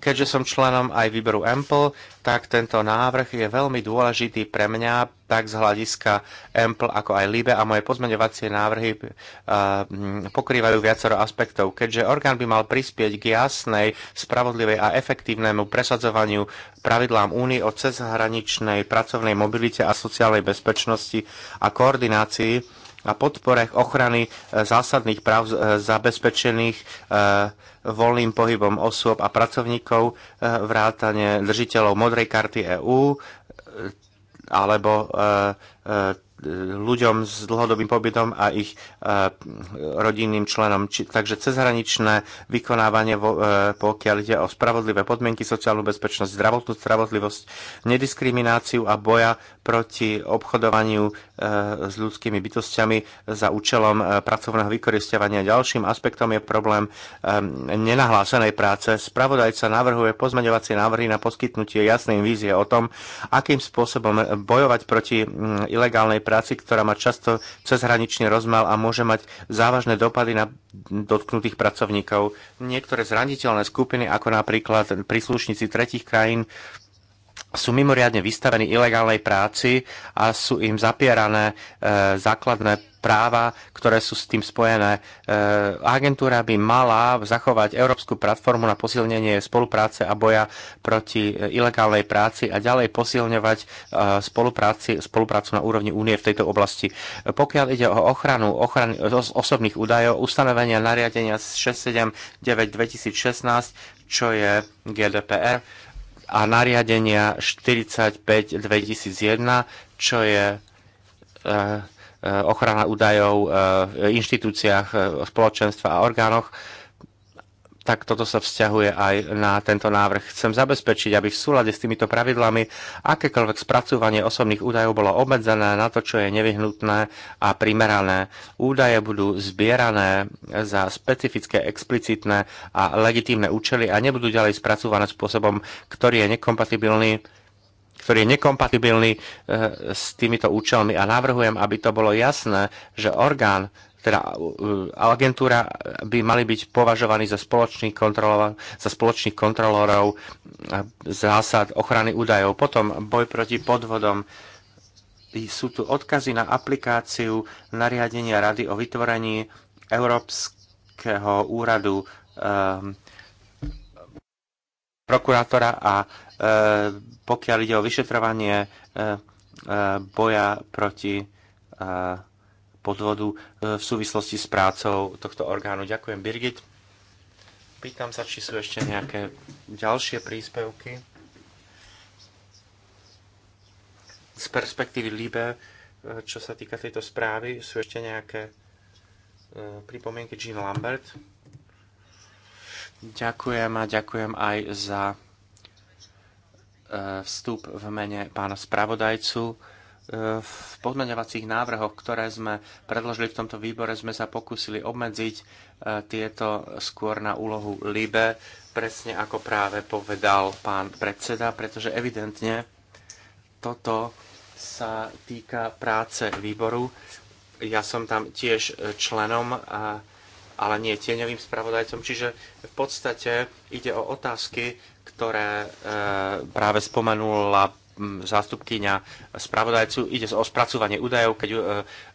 keďže som členom aj výberu Ample, tak tento návrh je veľmi dôležitý pre mňa, tak z hľadiska Ample ako aj Libe a moje pozmeňovacie návrhy eh, pokrývajú viacero aspektov. Keďže orgán by mal prispieť k jasnej, spravodlivej a efektívnemu presadzovaniu pravidlám únie o cezhraničnej pracovnej mobilite a sociálnej bezpečnosti a koordinácii, na podpore ochrany e, zásadných práv e, zabezpečených e, voľným pohybom osôb a pracovníkov, vrátane držiteľov modrej karty EÚ alebo ľuďom s dlhodobým pobytom a ich rodinným členom. Či, takže cezhraničné vykonávanie, pokiaľ ide o spravodlivé podmienky, sociálnu bezpečnosť, zdravotnú spravodlivosť, nediskrimináciu a boja proti obchodovaniu e, s ľudskými bytostiami za účelom e, pracovného vykoristovania. Ďalším aspektom je problém e, nenahlásenej práce. Spravodajca navrhuje pozmeňovacie návrhy na poskytnutie jasnej vízie o tom, akým spôsobom bojovať proti ilegálnej práci, ktorá má často cezhraničný rozmal a môže mať závažné dopady na dotknutých pracovníkov. Niektoré zraniteľné skupiny, ako napríklad príslušníci tretich krajín, sú mimoriadne vystavení ilegálnej práci a sú im zapierané e, základné práva, ktoré sú s tým spojené. E, agentúra by mala zachovať európsku platformu na posilnenie spolupráce a boja proti e, ilegálnej práci a ďalej posilňovať e, spolupráci, spoluprácu na úrovni únie v tejto oblasti. Pokiaľ ide o ochranu, ochranu osobných údajov, ustanovenia nariadenia 679 2016, čo je GDPR, a nariadenia 45-2001, čo je e, e, ochrana údajov e, v inštitúciách, spoločenstva a orgánoch tak toto sa vzťahuje aj na tento návrh. Chcem zabezpečiť, aby v súlade s týmito pravidlami akékoľvek spracúvanie osobných údajov bolo obmedzené na to, čo je nevyhnutné a primerané. Údaje budú zbierané za specifické, explicitné a legitímne účely a nebudú ďalej spracúvané spôsobom, ktorý je nekompatibilný ktorý je nekompatibilný e, s týmito účelmi a navrhujem, aby to bolo jasné, že orgán teda e, agentúra by mali byť považovaní za spoločných, kontrolor, za spoločných kontrolorov e, zásad ochrany údajov. Potom boj proti podvodom. Sú tu odkazy na aplikáciu nariadenia Rady o vytvorení Európskeho úradu um, prokurátora a e, pokiaľ ide o vyšetrovanie e, e, boja proti e, podvodu e, v súvislosti s prácou tohto orgánu. Ďakujem, Birgit. Pýtam sa, či sú ešte nejaké ďalšie príspevky. Z perspektívy Libe, e, čo sa týka tejto správy, sú ešte nejaké e, pripomienky Jean Lambert. Ďakujem a ďakujem aj za vstup v mene pána spravodajcu E, v podmeňovacích návrhoch, ktoré sme predložili v tomto výbore, sme sa pokúsili obmedziť e, tieto skôr na úlohu LIBE, presne ako práve povedal pán predseda, pretože evidentne toto sa týka práce výboru. Ja som tam tiež členom, ale nie tieňovým spravodajcom, čiže v podstate ide o otázky, ktoré e, práve spomenula zástupkyňa e, spravodajcu. Ide o spracovanie údajov, keď e,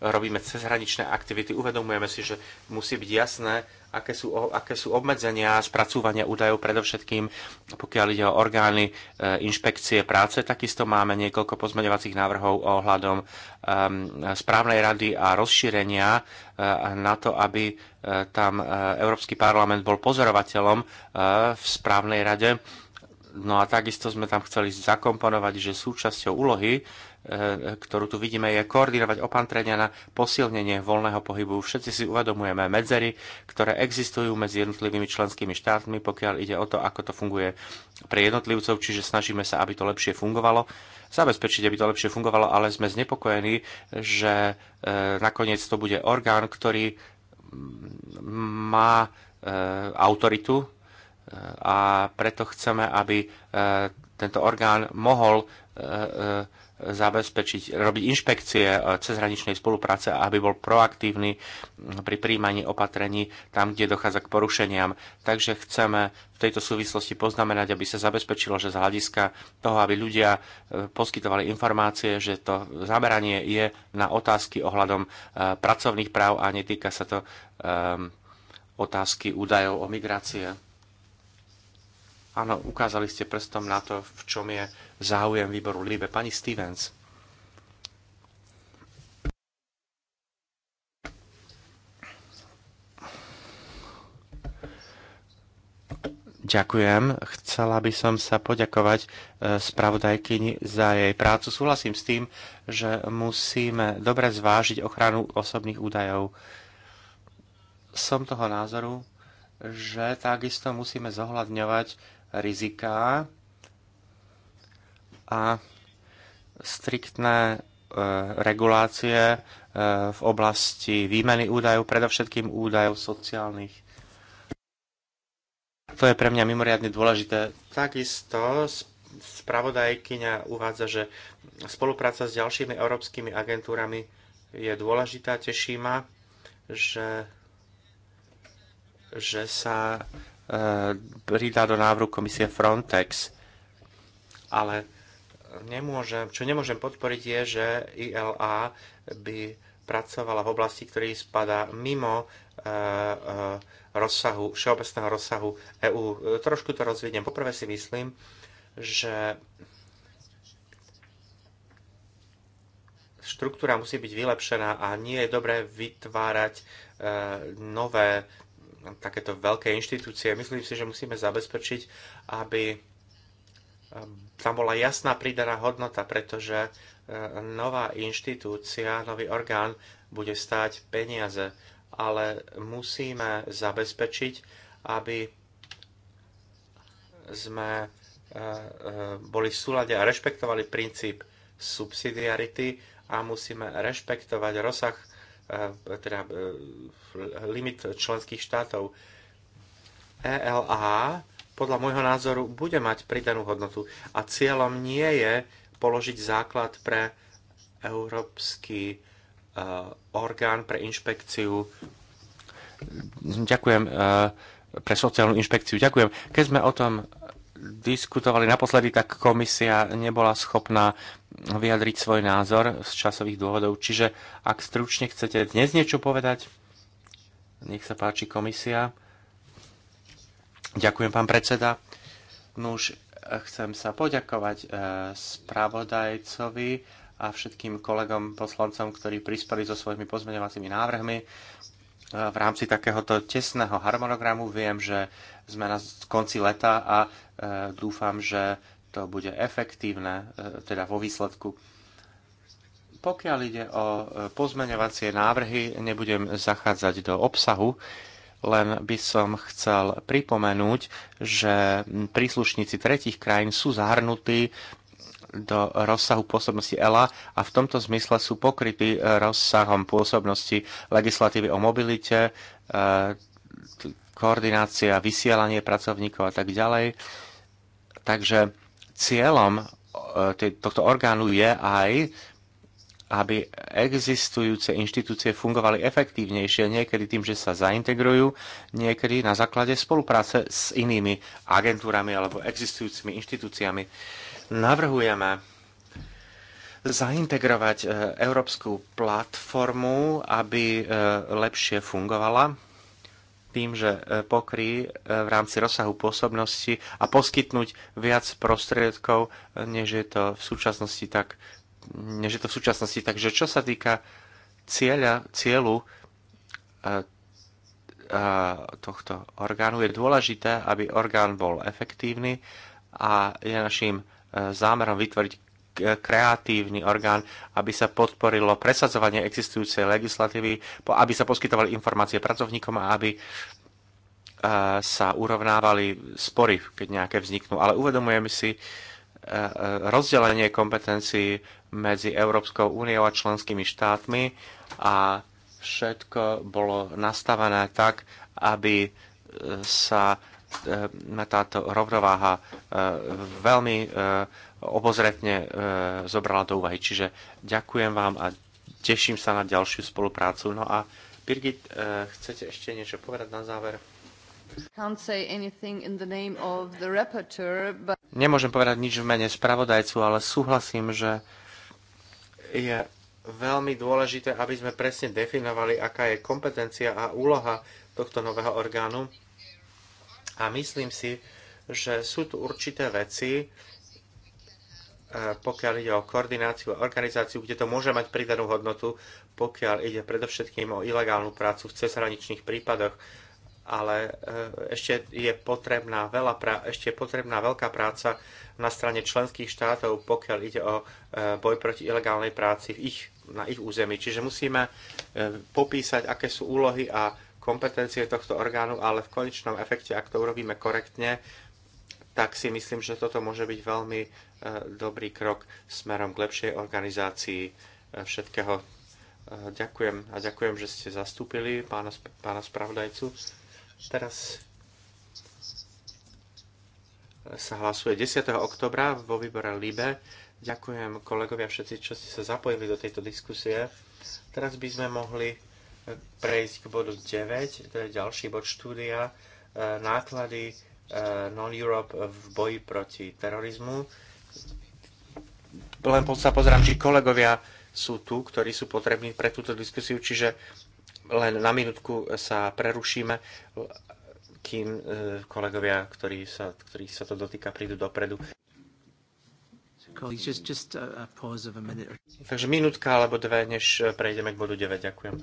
robíme cezhraničné aktivity. Uvedomujeme si, že musí byť jasné, aké sú, aké sú obmedzenia spracúvania údajov, predovšetkým pokiaľ ide o orgány e, inšpekcie práce. Takisto máme niekoľko pozmeňovacích návrhov ohľadom um, správnej rady a rozšírenia na to, aby uh, tam Európsky parlament bol pozorovateľom v správnej rade No a takisto sme tam chceli zakomponovať, že súčasťou úlohy, e, ktorú tu vidíme, je koordinovať opatrenia na posilnenie voľného pohybu. Všetci si uvedomujeme medzery, ktoré existujú medzi jednotlivými členskými štátmi, pokiaľ ide o to, ako to funguje pre jednotlivcov, čiže snažíme sa, aby to lepšie fungovalo zabezpečiť, aby to lepšie fungovalo, ale sme znepokojení, že e, nakoniec to bude orgán, ktorý má e, autoritu a preto chceme, aby e, tento orgán mohol e, e, zabezpečiť, robiť inšpekcie cezhraničnej spolupráce a aby bol proaktívny pri príjmaní opatrení tam, kde dochádza k porušeniam. Takže chceme v tejto súvislosti poznamenať, aby sa zabezpečilo, že z hľadiska toho, aby ľudia poskytovali informácie, že to zameranie je na otázky ohľadom pracovných práv a netýka sa to otázky údajov o migrácie. Áno, ukázali ste prstom na to, v čom je záujem výboru Líbe. Pani Stevens. Ďakujem. Chcela by som sa poďakovať e, spravodajkyni za jej prácu. Súhlasím s tým, že musíme dobre zvážiť ochranu osobných údajov. Som toho názoru, že takisto musíme zohľadňovať riziká a striktné e, regulácie e, v oblasti výmeny údajov, predovšetkým údajov sociálnych. To je pre mňa mimoriadne dôležité. Takisto spravodajkyňa uvádza, že spolupráca s ďalšími európskymi agentúrami je dôležitá. Teší ma, že, že sa Eh, pridá do návrhu komisie Frontex. Ale nemôžem, čo nemôžem podporiť je, že ILA by pracovala v oblasti, ktorý spadá mimo eh, eh, rozsahu, všeobecného rozsahu EÚ. Trošku to rozvidiem. Poprvé si myslím, že štruktúra musí byť vylepšená a nie je dobré vytvárať nové takéto veľké inštitúcie. Myslím si, že musíme zabezpečiť, aby eh, tam bola jasná pridaná hodnota, pretože eh, nová inštitúcia, nový orgán bude stáť peniaze, ale musíme zabezpečiť, aby sme eh, boli v súlade a rešpektovali princíp subsidiarity a musíme rešpektovať rozsah E, teda e, limit členských štátov. ELA podľa môjho názoru bude mať pridanú hodnotu a cieľom nie je položiť základ pre európsky e, orgán pre inšpekciu. Ďakujem pre sociálnu inšpekciu. Ďakujem. Keď sme o tom diskutovali naposledy, tak komisia nebola schopná vyjadriť svoj názor z časových dôvodov. Čiže ak stručne chcete dnes niečo povedať, nech sa páči komisia. Ďakujem, pán predseda. No už chcem sa poďakovať e, spravodajcovi a všetkým kolegom poslancom, ktorí prispeli so svojimi pozmeňovacími návrhmi v rámci takéhoto tesného harmonogramu. Viem, že sme na konci leta a e, dúfam, že to bude efektívne, e, teda vo výsledku. Pokiaľ ide o e, pozmeňovacie návrhy, nebudem zachádzať do obsahu, len by som chcel pripomenúť, že príslušníci tretich krajín sú zahrnutí do rozsahu pôsobnosti ELA a v tomto zmysle sú pokrytí e, rozsahom pôsobnosti legislatívy o mobilite, e, koordinácia, vysielanie pracovníkov a tak ďalej. Takže cieľom e, tohto orgánu je aj aby existujúce inštitúcie fungovali efektívnejšie, niekedy tým, že sa zaintegrujú, niekedy na základe spolupráce s inými agentúrami alebo existujúcimi inštitúciami. Navrhujeme zaintegrovať e, európsku platformu, aby e, lepšie fungovala tým, že e, pokry v rámci rozsahu pôsobnosti a poskytnúť viac prostriedkov, než je to v súčasnosti tak než je to v súčasnosti. Takže čo sa týka cieľa, cieľu tohto orgánu, je dôležité, aby orgán bol efektívny a je našim zámerom vytvoriť kreatívny orgán, aby sa podporilo presadzovanie existujúcej legislatívy, aby sa poskytovali informácie pracovníkom a aby eh, sa urovnávali spory, keď nejaké vzniknú. Ale uvedomujem si eh, eh, rozdelenie kompetencií medzi Európskou úniou a členskými štátmi a všetko bolo nastavené tak, aby sa Eh, táto rovnováha eh, veľmi eh, obozretne zobrala do úvahy. Čiže ďakujem vám a teším sa na ďalšiu spoluprácu. No a Birgit, chcete ešte niečo povedať na záver? Nemôžem povedať nič v mene spravodajcu, ale súhlasím, že je veľmi dôležité, aby sme presne definovali, aká je kompetencia a úloha tohto nového orgánu a myslím si, že sú tu určité veci, e, pokiaľ ide o koordináciu a organizáciu, kde to môže mať pridanú hodnotu, pokiaľ ide predovšetkým o ilegálnu prácu v cezhraničných prípadoch, ale e, ešte je potrebná, veľa pra- ešte je potrebná veľká práca na strane členských štátov, pokiaľ ide o e, boj proti ilegálnej práci v ich, na ich území. Čiže musíme popísať, aké sú úlohy a kompetencie tohto orgánu, ale v konečnom efekte, ak to urobíme korektne, tak si myslím, že toto môže byť veľmi e, dobrý krok smerom k lepšej organizácii e, všetkého. E, ďakujem a ďakujem, že ste zastúpili pána, pána spravodajcu. Teraz sa hlasuje 10. oktobra vo výbore LIBE. Ďakujem kolegovia všetci, čo ste sa zapojili do tejto diskusie. Teraz by sme mohli prejsť k bodu 9, to je ďalší bod štúdia, e, náklady e, Non-Europe v boji proti terorizmu. Len sa pozrám, či kolegovia sú tu, ktorí sú potrební pre túto diskusiu, čiže len na minútku sa prerušíme, kým e, kolegovia, ktorí sa, ktorých sa to dotýka, prídu dopredu. Takže minútka alebo dve, než prejdeme k bodu 9. Ďakujem.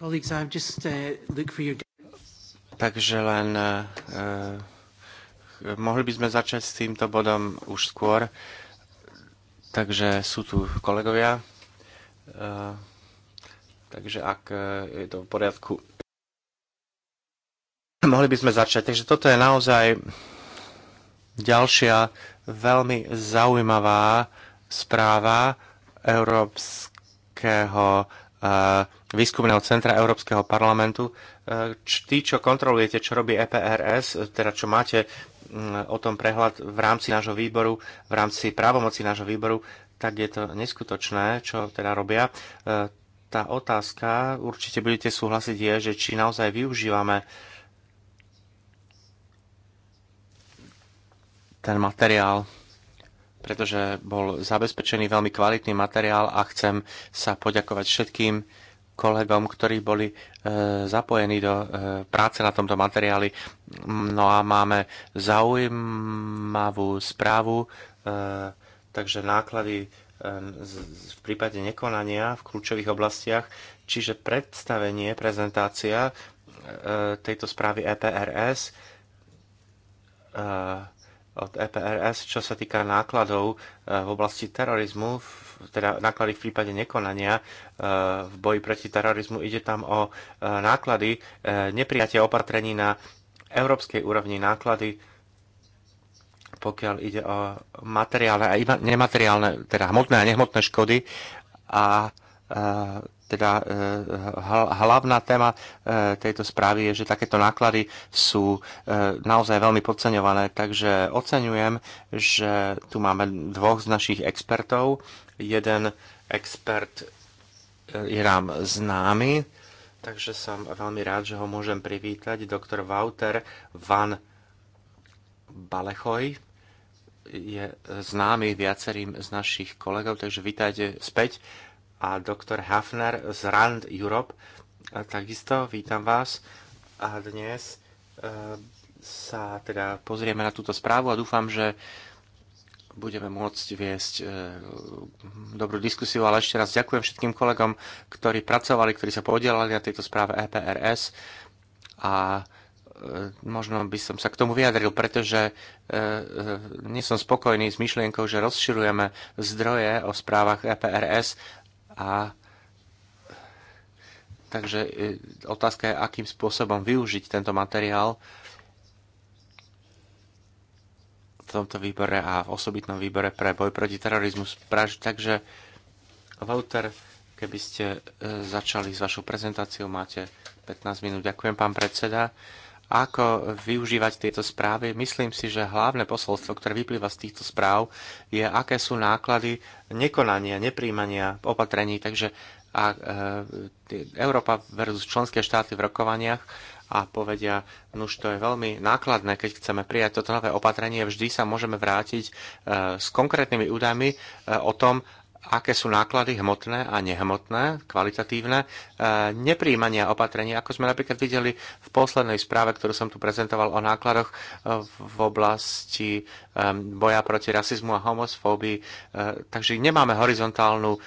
Uh, takže len uh, uh, mohli by sme začať s týmto bodom už skôr. Takže sú tu kolegovia. Uh, takže ak uh, je to v poriadku, mohli by sme začať. Takže toto je naozaj ďalšia veľmi zaujímavá správa Európskeho výskumného centra Európskeho parlamentu. E, tí, čo kontrolujete, čo robí EPRS, e, teda čo máte o tom prehľad v rámci nášho výboru, v rámci právomoci nášho výboru, tak je to neskutočné, čo teda robia. E, tá otázka, určite budete súhlasiť, je, že či naozaj využívame ten materiál pretože bol zabezpečený veľmi kvalitný materiál a chcem sa poďakovať všetkým kolegom, ktorí boli e, zapojení do e, práce na tomto materiáli. No a máme zaujímavú správu, e, takže náklady e, v prípade nekonania v kľúčových oblastiach, čiže predstavenie, prezentácia e, tejto správy EPRS e, od EPRS, čo sa týka nákladov e, v oblasti terorizmu, teda náklady v prípade nekonania e, v boji proti terorizmu. Ide tam o e, náklady neprijatia opatrení na európskej úrovni náklady, pokiaľ ide o materiálne a iba nemateriálne, teda hmotné a nehmotné škody a Eh, teda eh, hlavná téma eh, tejto správy je, že takéto náklady sú naozaj veľmi podceňované, takže oceňujem, že tu máme dvoch z našich expertov. Jeden expert je nám známy, takže som veľmi rád, že ho môžem privítať. Doktor Wouter van Balechoj je známy viacerým z našich kolegov, takže vítajte späť a doktor Hafner z Rand Europe. A takisto vítam vás a dnes e, sa teda pozrieme na túto správu a dúfam, že budeme môcť viesť e, dobrú diskusiu, ale ešte raz ďakujem všetkým kolegom, ktorí pracovali, ktorí sa podielali na tejto správe EPRS a e, možno by som sa k tomu vyjadril, pretože e, e, nie som spokojný s myšlienkou, že rozširujeme zdroje o správach EPRS a takže e, otázka je, akým spôsobom využiť tento materiál v tomto výbore a v osobitnom výbore pre boj proti terorizmu. Takže Walter, keby ste e, začali s vašou prezentáciou, máte 15 minút. Ďakujem, pán predseda ako využívať tieto správy. Myslím si, že hlavné posolstvo, ktoré vyplýva z týchto správ, je, aké sú náklady nekonania, nepríjmania opatrení. Takže a, e, Európa versus členské štáty v rokovaniach a povedia, už to je veľmi nákladné, keď chceme prijať toto nové opatrenie, vždy sa môžeme vrátiť e, s konkrétnymi údajmi e, o tom, aké sú náklady hmotné a nehmotné, kvalitatívne, e, nepríjmania opatrenia, ako sme napríklad videli v poslednej správe, ktorú som tu prezentoval o nákladoch e, v oblasti e, boja proti rasizmu a homofóbii. Takže nemáme horizontálnu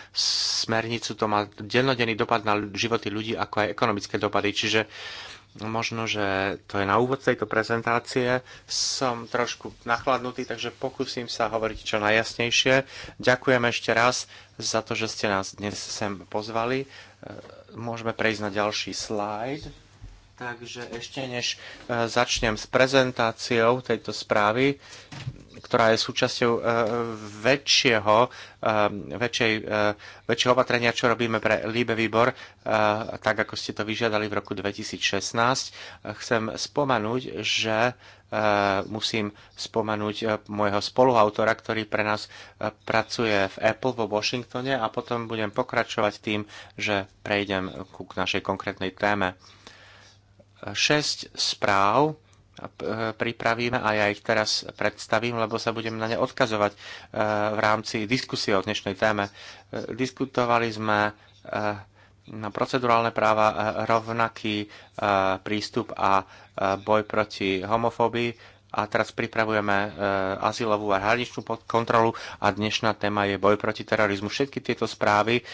smernicu, to má dennodenný dopad na životy ľudí, ako aj ekonomické dopady. Čiže Možno, že to je na úvod tejto prezentácie. Som trošku nachladnutý, takže pokúsim sa hovoriť čo najjasnejšie. Ďakujem ešte raz za to, že ste nás dnes sem pozvali. E, môžeme prejsť na ďalší slajd. Takže ešte než e, začnem s prezentáciou tejto správy, ktorá je súčasťou eh, väčšieho, eh, väčšej, eh, väčšieho opatrenia, čo robíme pre Líbe výbor, tak ako ste to vyžiadali v roku 2016. Chcem spomenúť, že musím spomenúť môjho spoluautora, ktorý pre nás pracuje v Apple vo Washingtone a potom budem pokračovať tým, že prejdem ku našej konkrétnej téme. Šesť správ pripravíme a ja ich teraz predstavím, lebo sa budem na ne odkazovať eh, v rámci diskusie o dnešnej téme. Eh, diskutovali sme eh, na procedurálne práva rovnaký prístup a boj proti homofóbii a teraz pripravujeme e, azylovú a hraničnú kontrolu a dnešná téma je boj proti terorizmu. Všetky tieto správy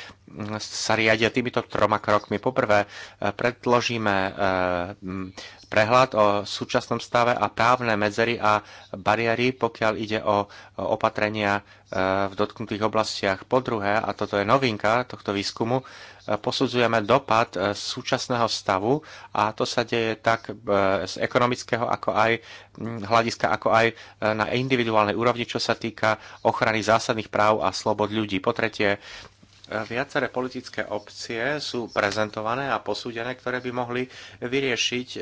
sa riadia týmito troma krokmi. Poprvé e, predložíme e, prehľad o súčasnom stave a právne medzery a bariéry, pokiaľ ide o opatrenia v dotknutých oblastiach. Po druhé, a toto je novinka tohto výskumu, E, posudzujeme dopad e, súčasného stavu a to sa deje tak e, z ekonomického ako aj hľadiska, ako aj na individuálnej úrovni, čo sa týka ochrany zásadných práv a slobod ľudí. Po tretie, Viaceré politické opcie sú prezentované a posúdené, ktoré by mohli vyriešiť eh,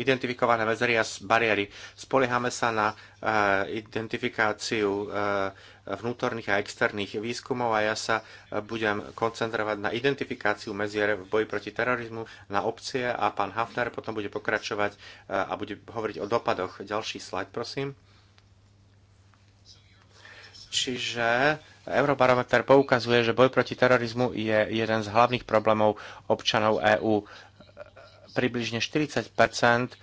identifikované medzery a bariéry. Spoliehame sa na eh, identifikáciu eh, vnútorných a externých výskumov a ja sa budem koncentrovať na identifikáciu medzier v boji proti terorizmu, na opcie a pán Hafner potom bude pokračovať a bude hovoriť o dopadoch. Ďalší slajd, prosím. Čiže Eurobarometer poukazuje, že boj proti terorizmu je jeden z hlavných problémov občanov EÚ. Približne 40 ehm,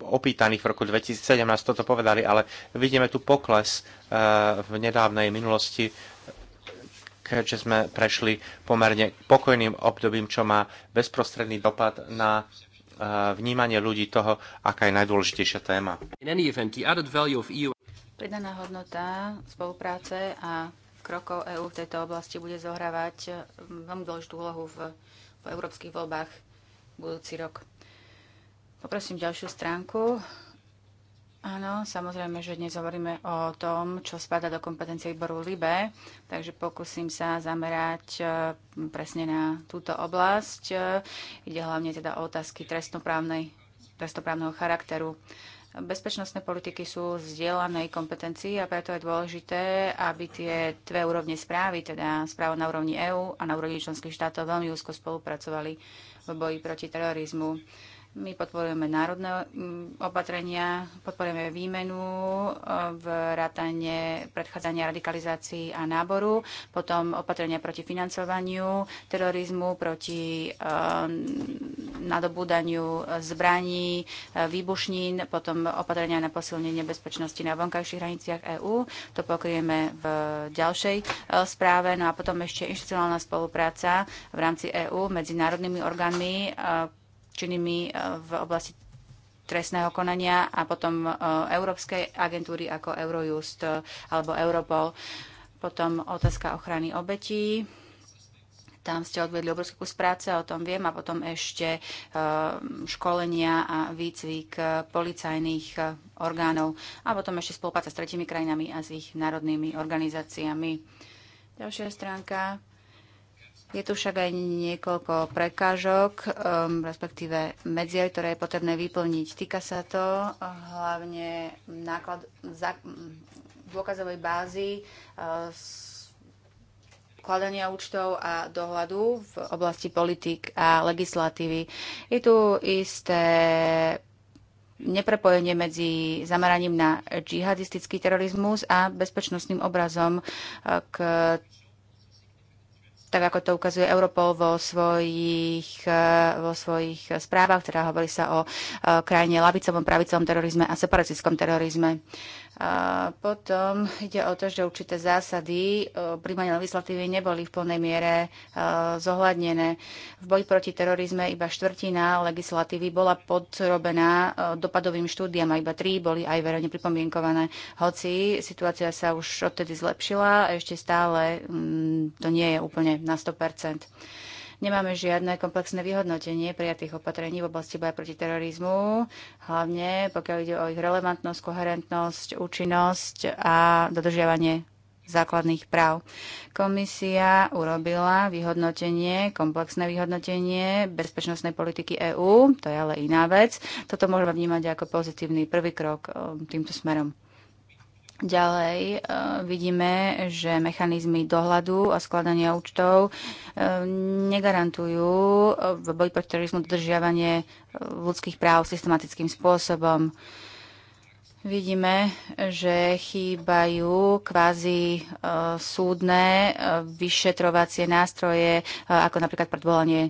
opýtaných v roku 2017 toto povedali, ale vidíme tu pokles eh, v nedávnej minulosti keďže sme prešli pomerne pokojným obdobím, čo má bezprostredný dopad na eh, vnímanie ľudí toho, aká je najdôležitejšia téma. In any event, the added value of EU... Pridaná hodnota spolupráce a krokov EÚ v tejto oblasti bude zohrávať eh, veľmi dôležitú úlohu v, v európskych voľbách budúci rok. Poprosím ďalšiu stránku. Áno, samozrejme, že dnes hovoríme o tom, čo spada do kompetencie výboru LIBE, takže pokúsim sa zamerať eh, presne na túto oblasť. Eh, ide hlavne teda o otázky trestnoprávnej, trestnoprávneho charakteru bezpečnostné politiky sú vzdielanej kompetencii a preto je dôležité, aby tie dve úrovne správy, teda správa na úrovni EÚ a na úrovni členských štátov veľmi úzko spolupracovali v boji proti terorizmu. My podporujeme národné mm, opatrenia, podporujeme výmenu e, v rátane predchádzania radikalizácií a náboru, potom opatrenia proti financovaniu terorizmu, proti e, nadobúdaniu zbraní, e, výbušnín, potom opatrenia na posilnenie bezpečnosti na vonkajších hraniciach EÚ. To pokrieme v ďalšej uh, správe. No a potom ešte inštitucionálna spolupráca v rámci EÚ medzi národnými orgánmi uh, činnými e, v oblasti trestného konania a potom e, Európskej agentúry ako Eurojust e, alebo Europol. Potom otázka ochrany obetí. Tam ste odvedli obrovský kus práce, o tom viem, a potom ešte školenia a výcvik policajných orgánov a potom ešte spolupráca s tretimi krajinami a s ich národnými organizáciami. Ďalšia stránka Je tu však aj niekoľko prekážok, um, respektíve medzier, ktoré je potrebné vyplniť. Týka sa to uh, hlavne náklad, za, mm, dôkazovej bázy, uh, skladania účtov a dohľadu v oblasti politik a legislatívy. Je tu isté neprepojenie medzi zameraním na džihadistický terorizmus a bezpečnostným obrazom, uh, k tak ako to ukazuje Europol vo svojich, eh, vo svojich správach, teda hovorí sa o eh, krajine lavicovom, pravicovom terorizme a separatistickom terorizme. A potom ide o to, že určité zásady e, príjmania legislatívy neboli v plnej miere e, zohľadnené. V boji proti terorizme iba štvrtina legislatívy bola podrobená e, dopadovým štúdiam a iba tri boli aj verejne pripomienkované. Hoci situácia sa už odtedy zlepšila, ešte stále mm, to nie je úplne na 100%. Nemáme žiadne komplexné vyhodnotenie prijatých opatrení v oblasti boja proti terorizmu, hlavne pokiaľ ide o ich relevantnosť, koherentnosť, účinnosť a dodržiavanie základných práv. Komisia urobila vyhodnotenie, komplexné vyhodnotenie bezpečnostnej politiky EÚ, to je ale iná vec. Toto môžeme vnímať ako pozitívny prvý krok um, týmto smerom. Ďalej e, vidíme, že mechanizmy dohľadu a skladania účtov e, negarantujú e, v boji proti terorizmu dodržiavanie ľudských práv systematickým spôsobom. Vidíme, že chýbajú kvázi súdne vyšetrovacie nástroje, ako napríklad predvolanie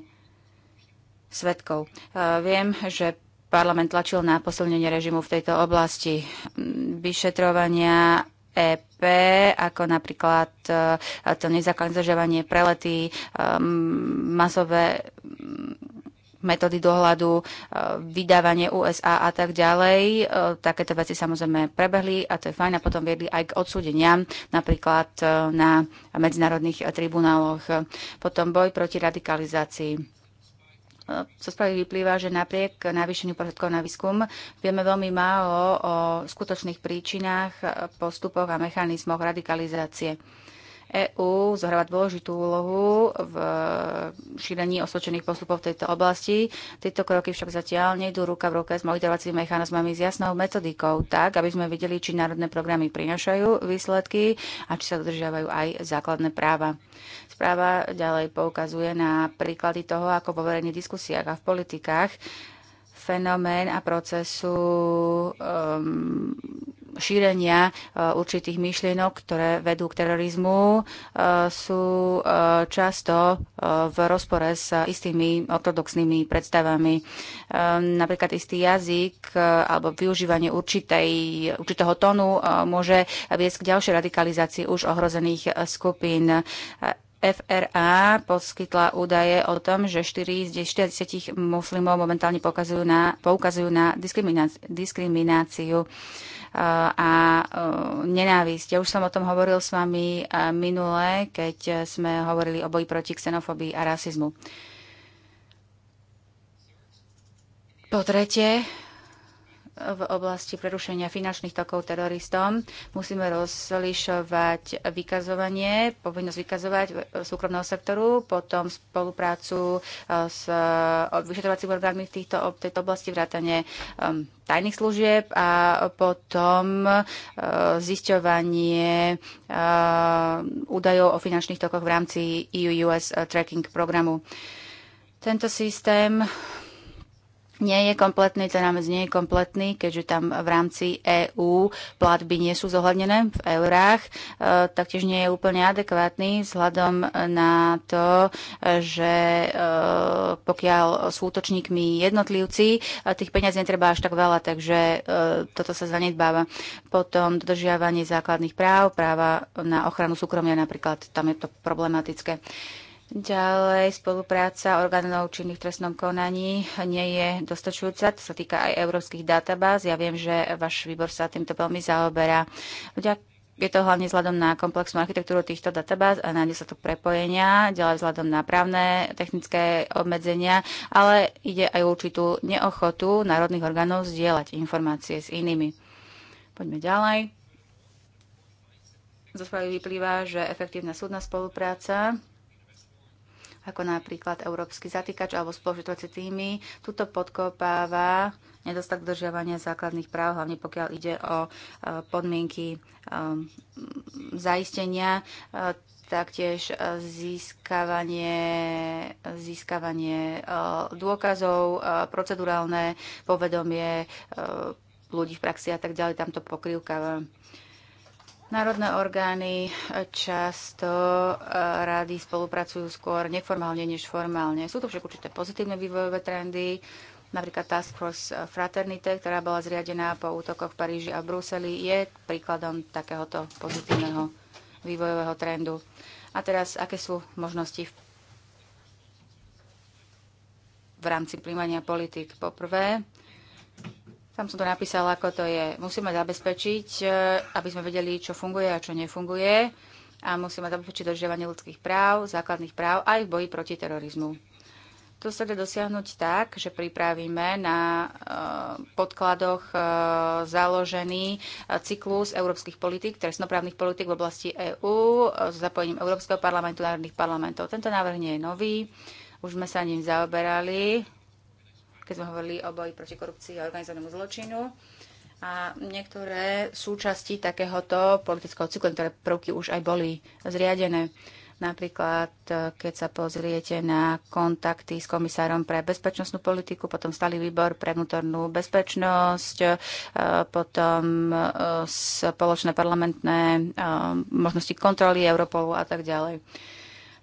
svetkov. Viem, že parlament tlačil na posilnenie režimu v tejto oblasti. Vyšetrovania EP, ako napríklad e, to nezakazovanie prelety, e, masové metódy dohľadu, e, vydávanie USA a tak ďalej. Takéto veci samozrejme prebehli a to je fajn a potom viedli aj k odsúdeniam, napríklad na medzinárodných tribunáloch. Potom boj proti radikalizácii sa správy vyplýva, že napriek navýšeniu prostriedkov na výskum vieme veľmi málo o skutočných príčinách, postupoch a mechanizmoch radikalizácie. EÚ zohráva dôležitú úlohu v eh, šírení osvedčených postupov v tejto oblasti. Tieto kroky však zatiaľ nejdú ruka v ruke s monitorovacími mechanizmami s jasnou metodikou, tak aby sme videli, či národné programy prinašajú výsledky a či sa dodržiavajú aj základné práva. Správa ďalej poukazuje na príklady toho, ako vo verejných diskusiách a v politikách fenomén a procesu um, šírenia e, určitých myšlienok, ktoré vedú k terorizmu, e, sú e, často v rozpore s istými ortodoxnými predstavami. Napríklad istý jazyk alebo využívanie určitej, určitého tónu môže viesť k ďalšej radikalizácii už ohrozených skupín. FRA poskytla údaje o tom, že 4 z 40 muslimov momentálne poukazujú na, poukazujú na diskrimináciu a nenávisť. Ja už som o tom hovoril s vami minule, keď sme hovorili o boji proti xenofóbii a rasizmu. Po tretie, v oblasti prerušenia finančných tokov teroristom musíme rozlišovať vykazovanie, povinnosť vykazovať súkromného sektoru, potom spoluprácu e, s e, vyšetrovacími orgánmi v, týchto, tejto oblasti, vrátane tajných služieb a potom e, zisťovanie údajov o finančných tokoch v rámci EU-US tracking programu. Tento systém nie je kompletný, ten rámec nie je kompletný, keďže tam v rámci EÚ platby nie sú zohľadnené v eurách, e, taktiež nie je úplne adekvátny vzhľadom na to, že e, pokiaľ sú útočníkmi jednotlivci, e, tých peniazí netreba až tak veľa, takže toto sa zanedbáva. Potom dodržiavanie základných práv, práva na ochranu súkromia napríklad, tam je to problematické. Ďalej spolupráca orgánov činných v trestnom konaní nie je dostačujúca, to sa týka aj európskych databáz. Ja viem, že váš výbor sa týmto veľmi zaoberá. je to hlavne vzhľadom na komplexnú architektúru týchto databáz a nájde sa tu prepojenia, ďalej vzhľadom na právne, technické obmedzenia, ale ide aj určitú neochotu národných orgánov zdieľať informácie s inými. Poďme ďalej. Zo správy vyplýva, že efektívna súdna spolupráca ako napríklad Európsky zatýkač alebo spoločitvacie týmy. Tuto podkopáva nedostatok dodržiavania základných práv, hlavne pokiaľ ide o e, podmienky e, zaistenia, e, taktiež získavanie, získavanie dôkazov, procedurálne povedomie ľudí v praxi a tak ďalej, tamto pokrývka Národné orgány často eh, rady spolupracujú skôr neformálne než formálne. Sú to však určité pozitívne vývojové trendy, napríklad Task Force Fraternite, ktorá bola zriadená po útokoch v Paríži a Bruseli, je príkladom takéhoto pozitívneho vývojového trendu. A teraz, aké sú možnosti v, v rámci príjmania politik? Poprvé, Tam som to napísala, ako to je. Musíme zabezpečiť, e, aby sme vedeli, čo funguje a čo nefunguje a musíme zabezpečiť dodržiavanie ľudských práv, základných práv aj v boji proti terorizmu. To sa dá dosiahnuť tak, že pripravíme na e, podkladoch e, založený cyklus európskych politik, trestnoprávnych politik v oblasti EÚ s zapojením Európskeho parlamentu, národných parlamentov. Tento návrh nie je nový, už sme sa ním zaoberali keď sme hovorili o boji proti korupcii a organizovanému zločinu. A niektoré súčasti takéhoto politického cyklu, ktoré prvky už aj boli zriadené. Napríklad, e, keď sa pozriete na kontakty s komisárom pre bezpečnostnú politiku, potom stály výbor pre vnútornú bezpečnosť, e, potom e, spoločné parlamentné možnosti kontroly Europolu a tak ďalej.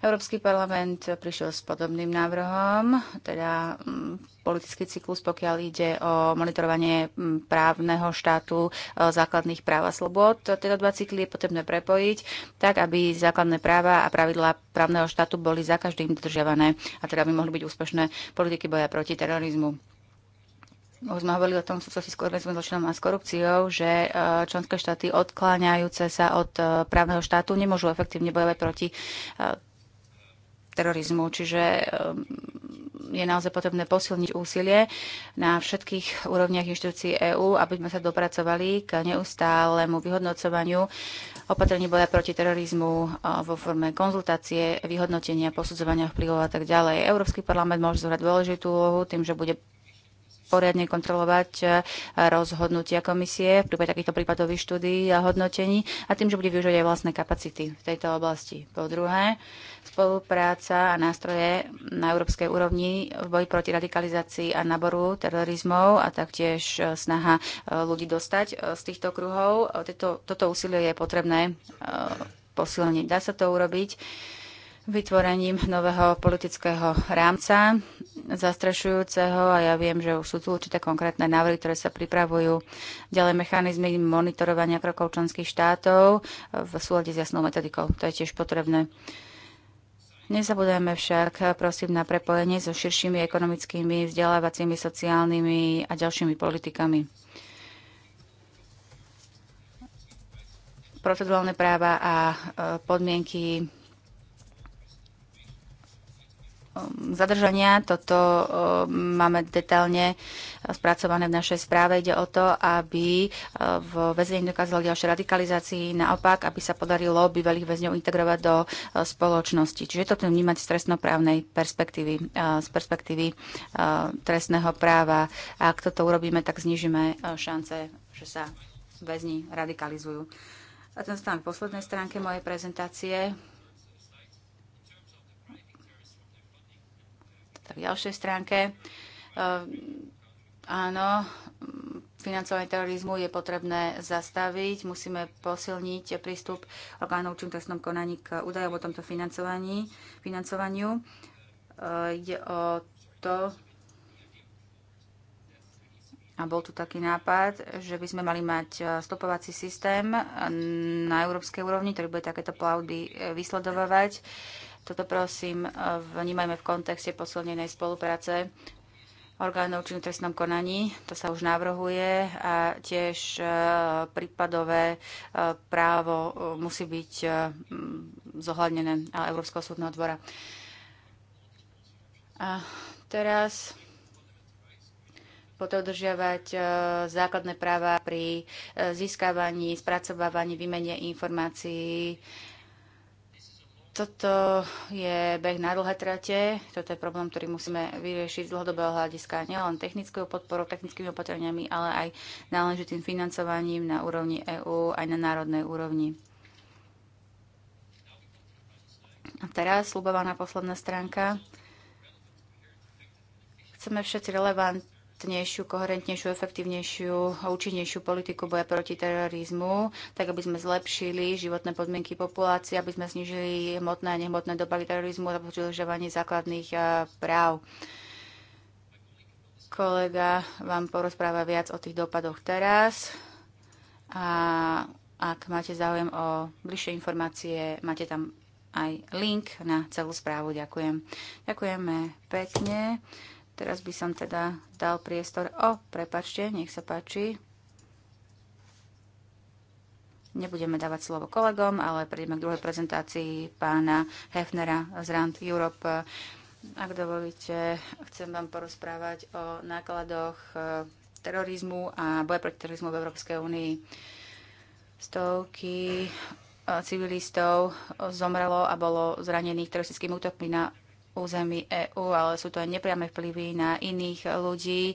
Európsky parlament prišiel s podobným návrhom, teda mm, politický cyklus, pokiaľ ide o monitorovanie mm, právneho štátu e, základných práv a slobod. Tieto dva cykly je potrebné prepojiť tak, aby základné práva a pravidlá právneho štátu boli za každým dodržiavané a teda by mohli byť úspešné politiky boja proti terorizmu. Už sme hovorili o tom čo si skôr organizovaným zločinom a s korupciou, že e, členské štáty odkláňajúce sa od e, právneho štátu nemôžu efektívne bojovať proti terorizmu, čiže um, je naozaj potrebné posilniť úsilie na všetkých úrovniach inštitúcií EÚ, aby sme sa dopracovali k neustálemu vyhodnocovaniu opatrení boja proti terorizmu uh, vo forme konzultácie, vyhodnotenia, posudzovania vplyvov a tak ďalej. Európsky parlament môže zohrať dôležitú úlohu tým, že bude poriadne kontrolovať eh, rozhodnutia komisie v prípade takýchto prípadových štúdií a hodnotení a tým, že bude využívať aj vlastné kapacity v tejto oblasti. Po druhé, spolupráca a nástroje na európskej úrovni v boji proti radikalizácii a naboru terorizmov a taktiež eh, snaha eh, ľudí dostať z týchto kruhov. Toto, úsilie je potrebné posilniť. Dá sa to urobiť vytvorením nového politického rámca zastrešujúceho a ja viem, že už sú tu určité konkrétne návrhy, ktoré sa pripravujú. Ďalej mechanizmy monitorovania krokov členských štátov v súlade s jasnou metodikou. To je tiež potrebné. Nezabudujeme však, prosím, na prepojenie so širšími ekonomickými, vzdelávacími, sociálnymi a ďalšími politikami. Procedurálne práva a e, podmienky Um, zadržania. Toto um, máme detailne spracované v našej správe. Ide o to, aby uh, v väzení dokázalo ďalšie radikalizácii, naopak, aby sa podarilo bývalých väzňov integrovať do uh, spoločnosti. Čiže toto vnímať z trestnoprávnej perspektívy, uh, z perspektívy trestného práva. A ak toto urobíme, tak znižíme šance, že sa väzni radikalizujú. A ten stávam v poslednej stránke mojej prezentácie. tak ďalšej stránke. Áno, financovanie terorizmu je potrebné zastaviť. Musíme posilniť prístup orgánov čím trestnom konaní k údajom o tomto financovaní, financovaniu. Ide o to, a bol tu taký nápad, že by sme mali mať stopovací systém na európskej úrovni, ktorý bude takéto plavby vysledovať Toto prosím e, vnímajme v kontexte posilnenej spolupráce orgánov či trestnom konaní. To sa už navrhuje a tiež e, prípadové e, právo musí byť zohľadnené Európskeho súdneho dvora. A teraz poté udržiavať základné práva pri získavaní, spracovávaní, výmene informácií, Toto je beh na dlhé trate, toto je problém, ktorý musíme vyriešiť z dlhodobého hľadiska nielen technickou podporou, technickými opatreniami, ale aj náležitým financovaním na úrovni EÚ, aj na národnej úrovni. A teraz, slubovaná posledná stránka, chceme všetci relevant, koherentnejšiu, koherentnejšiu, efektívnejšiu a účinnejšiu politiku boja proti terorizmu, tak aby sme zlepšili životné podmienky populácie, aby sme znižili hmotné a nehmotné dopady terorizmu a podľažovanie základných práv. Kolega vám porozpráva viac o tých dopadoch teraz a ak máte záujem o bližšie informácie, máte tam aj link na celú správu. Ďakujem. Ďakujeme pekne. Teraz by som teda dal priestor. O, prepačte, nech sa páči. Nebudeme dávať slovo kolegom, ale prejdeme k druhej prezentácii pána Hefnera z Rand Europe. Ak dovolíte, chcem vám porozprávať o nákladoch eh, terorizmu a boja proti terorizmu v Európskej únii. Stovky eh, civilistov eh, zomrelo a bolo zranených teroristickými útokmi na území EÚ, ale sú to aj nepriame vplyvy na iných ľudí. E,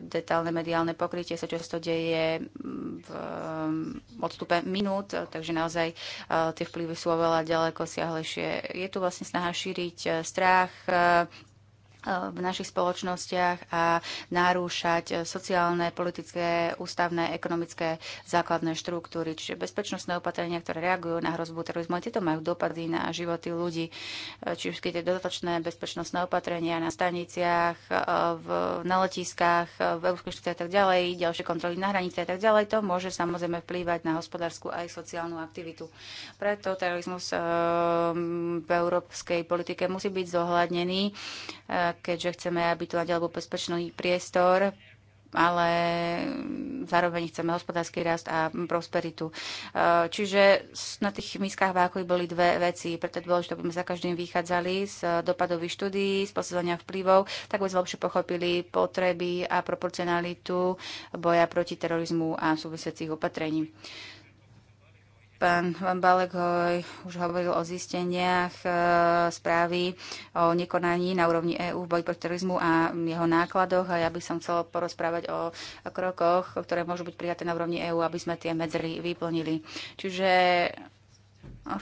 detálne mediálne pokrytie sa často deje mm, v mm, odstupe minút, e, takže naozaj e, tie vplyvy sú oveľa ďaleko siahlejšie. Je tu vlastne snaha šíriť strach, v našich spoločnostiach a narúšať e, sociálne, politické, ústavné, ekonomické základné štruktúry. Čiže bezpečnostné opatrenia, ktoré reagujú na hrozbu terorizmu, tieto majú dopady na životy ľudí. E, či už tie dodatočné bezpečnostné opatrenia na staniciach, e, v, na letiskách, v európskych štátoch a tak ďalej, ďalšie kontroly na hranici a tak ďalej, to môže samozrejme vplývať na hospodárskú aj sociálnu aktivitu. Preto terorizmus v európskej politike musí byť zohľadnený tak, že chceme, aby to naďalej bol bezpečný priestor, ale zároveň chceme hospodársky rast a prosperitu. Eh, čiže na tých miskách vákuj boli dve veci, preto je dôležité, aby sme za každým vychádzali z eh, dopadových štúdií, z posúdenia vplyvov, tak by sme lepšie pochopili potreby a proporcionalitu boja proti terorizmu a súvisiacich opatrení. Pán Van Balek už hovoril o zisteniach e, správy o nekonaní na úrovni EÚ v boji proti terorizmu a jeho nákladoch a ja by som chcel porozprávať o krokoch, ktoré môžu byť prijaté na úrovni EÚ, aby sme tie medzery vyplnili. Čiže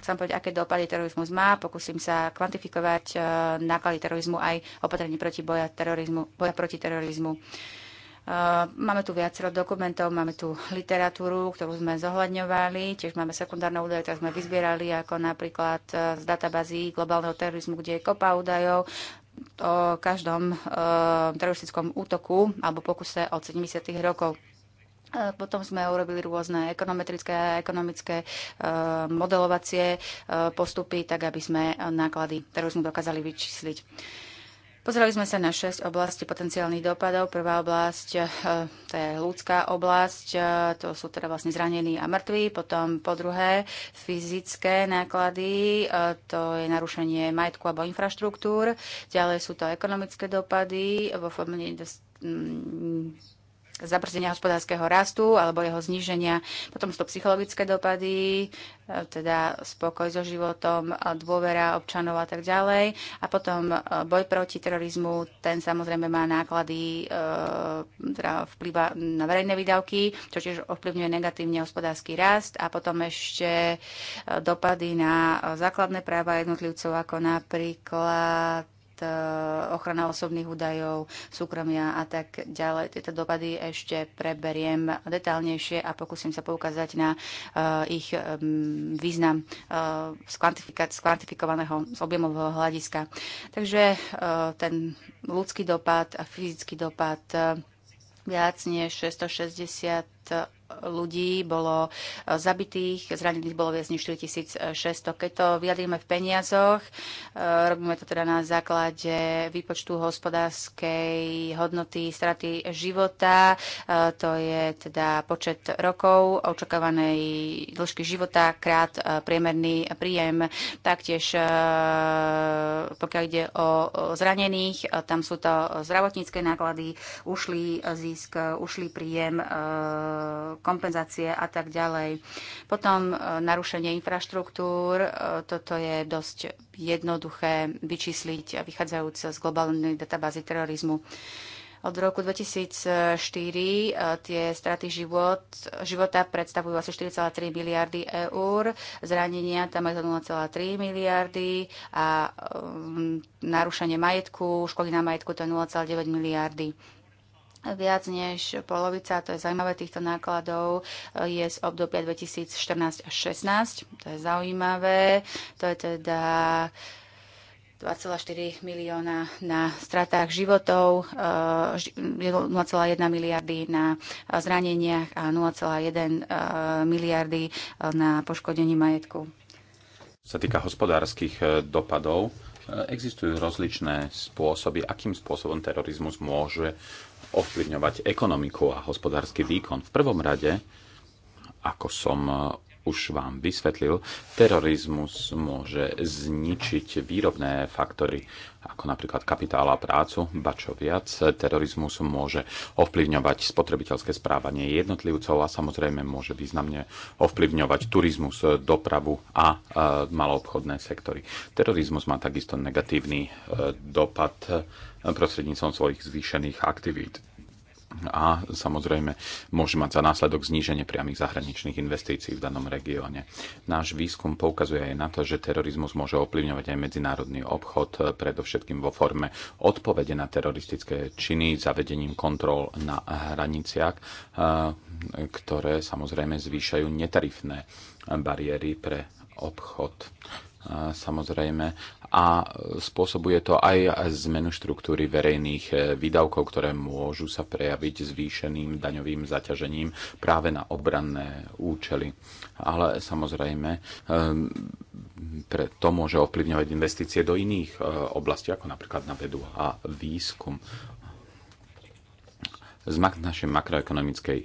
chcem povedať, aké dopady terorizmus má. Pokúsim sa kvantifikovať e, náklady terorizmu aj opatrení proti boja, terorizmu, boja proti terorizmu. Máme tu viacero dokumentov, máme tu literatúru, ktorú sme zohľadňovali, tiež máme sekundárne údaje, ktoré sme vyzbierali, ako napríklad e, z databázy globálneho terorizmu, kde je kopa údajov, o každom e, teroristickom útoku alebo pokuse od 70. rokov. E, potom sme urobili rôzne ekonometrické a ekonomické e, modelovacie postupy, tak aby sme náklady terorizmu dokázali vyčísliť. Pozerali sme sa na 6 oblastí potenciálnych dopadov. Prvá oblasť, eh, to je ľudská oblasť, eh, to sú teda vlastne zranení a mŕtvi. Potom po druhé, fyzické náklady, eh, to je narušenie majetku alebo infraštruktúr. Ďalej sú to ekonomické dopady vo forme zabrzdenia hospodárskeho rastu alebo jeho zníženia. Potom sú to psychologické dopady, e, teda spokoj so životom, dôvera občanov a tak ďalej. A potom e, boj proti terorizmu, ten samozrejme má náklady, e, teda vplyva na verejné výdavky, čo tiež ovplyvňuje negatívne hospodársky rast. A potom ešte dopady na základné práva jednotlivcov, ako napríklad E, ochrana osobných údajov, súkromia a tak ďalej. Tieto dopady ešte preberiem detálnejšie a pokúsim sa poukázať na e, ich e, význam z, z kvantifikovaného, z objemového hľadiska. Takže ten ľudský dopad a fyzický dopad viac než 660 ľudí bolo zabitých, zranených bolo viac než 4600. Keď to vyjadríme v peniazoch, e, robíme to teda na základe výpočtu hospodárskej hodnoty straty života, e, to je teda počet rokov očakávanej dĺžky života krát e, priemerný príjem. Taktiež pokiaľ ide o zranených, tam sú to zdravotnícke náklady, ušli zisk, ušli príjem, kompenzácie a tak ďalej. Potom e, narušenie infraštruktúr, e, toto je dosť jednoduché vyčísliť, a vychádzajúc z globálnej databázy terorizmu. Od roku 2004 e, tie straty život, života predstavujú asi 4,3 miliardy eur, zranenia tam je za 0,3 miliardy a um, narušenie majetku, škody na majetku to je 0,9 miliardy Viac než polovica, to je zaujímavé, týchto nákladov eh, je z obdobia 2014 až 2016. To je zaujímavé. To je teda 2,4 milióna na stratách životov, 0,1 eh, miliardy na zraneniach a 0,1 eh, miliardy na poškodení majetku. Sa týka hospodárskych dopadov, existujú rozličné spôsoby, akým spôsobom terorizmus môže ovplyvňovať ekonomiku a hospodársky výkon. V prvom rade, ako som e, už vám vysvetlil, terorizmus môže zničiť výrobné faktory, ako napríklad kapitál a prácu, ba čo viac, terorizmus môže ovplyvňovať spotrebiteľské správanie jednotlivcov a samozrejme môže významne ovplyvňovať turizmus, dopravu a e, maloobchodné sektory. Terorizmus má takisto negatívny e, dopad prostredníctvom svojich zvýšených aktivít a samozrejme môže mať za následok zníženie priamých zahraničných investícií v danom regióne. Náš výskum poukazuje aj na to, že terorizmus môže ovplyvňovať aj medzinárodný obchod, predovšetkým vo forme odpovede na teroristické činy, zavedením kontrol na hraniciach, ktoré samozrejme zvýšajú netarifné bariéry pre obchod samozrejme a spôsobuje to aj zmenu štruktúry verejných e, výdavkov, ktoré môžu sa prejaviť zvýšeným daňovým zaťažením práve na obranné účely. Ale samozrejme e, to môže ovplyvňovať investície do iných e, oblastí, ako napríklad na vedu a výskum. Z našej makroekonomickej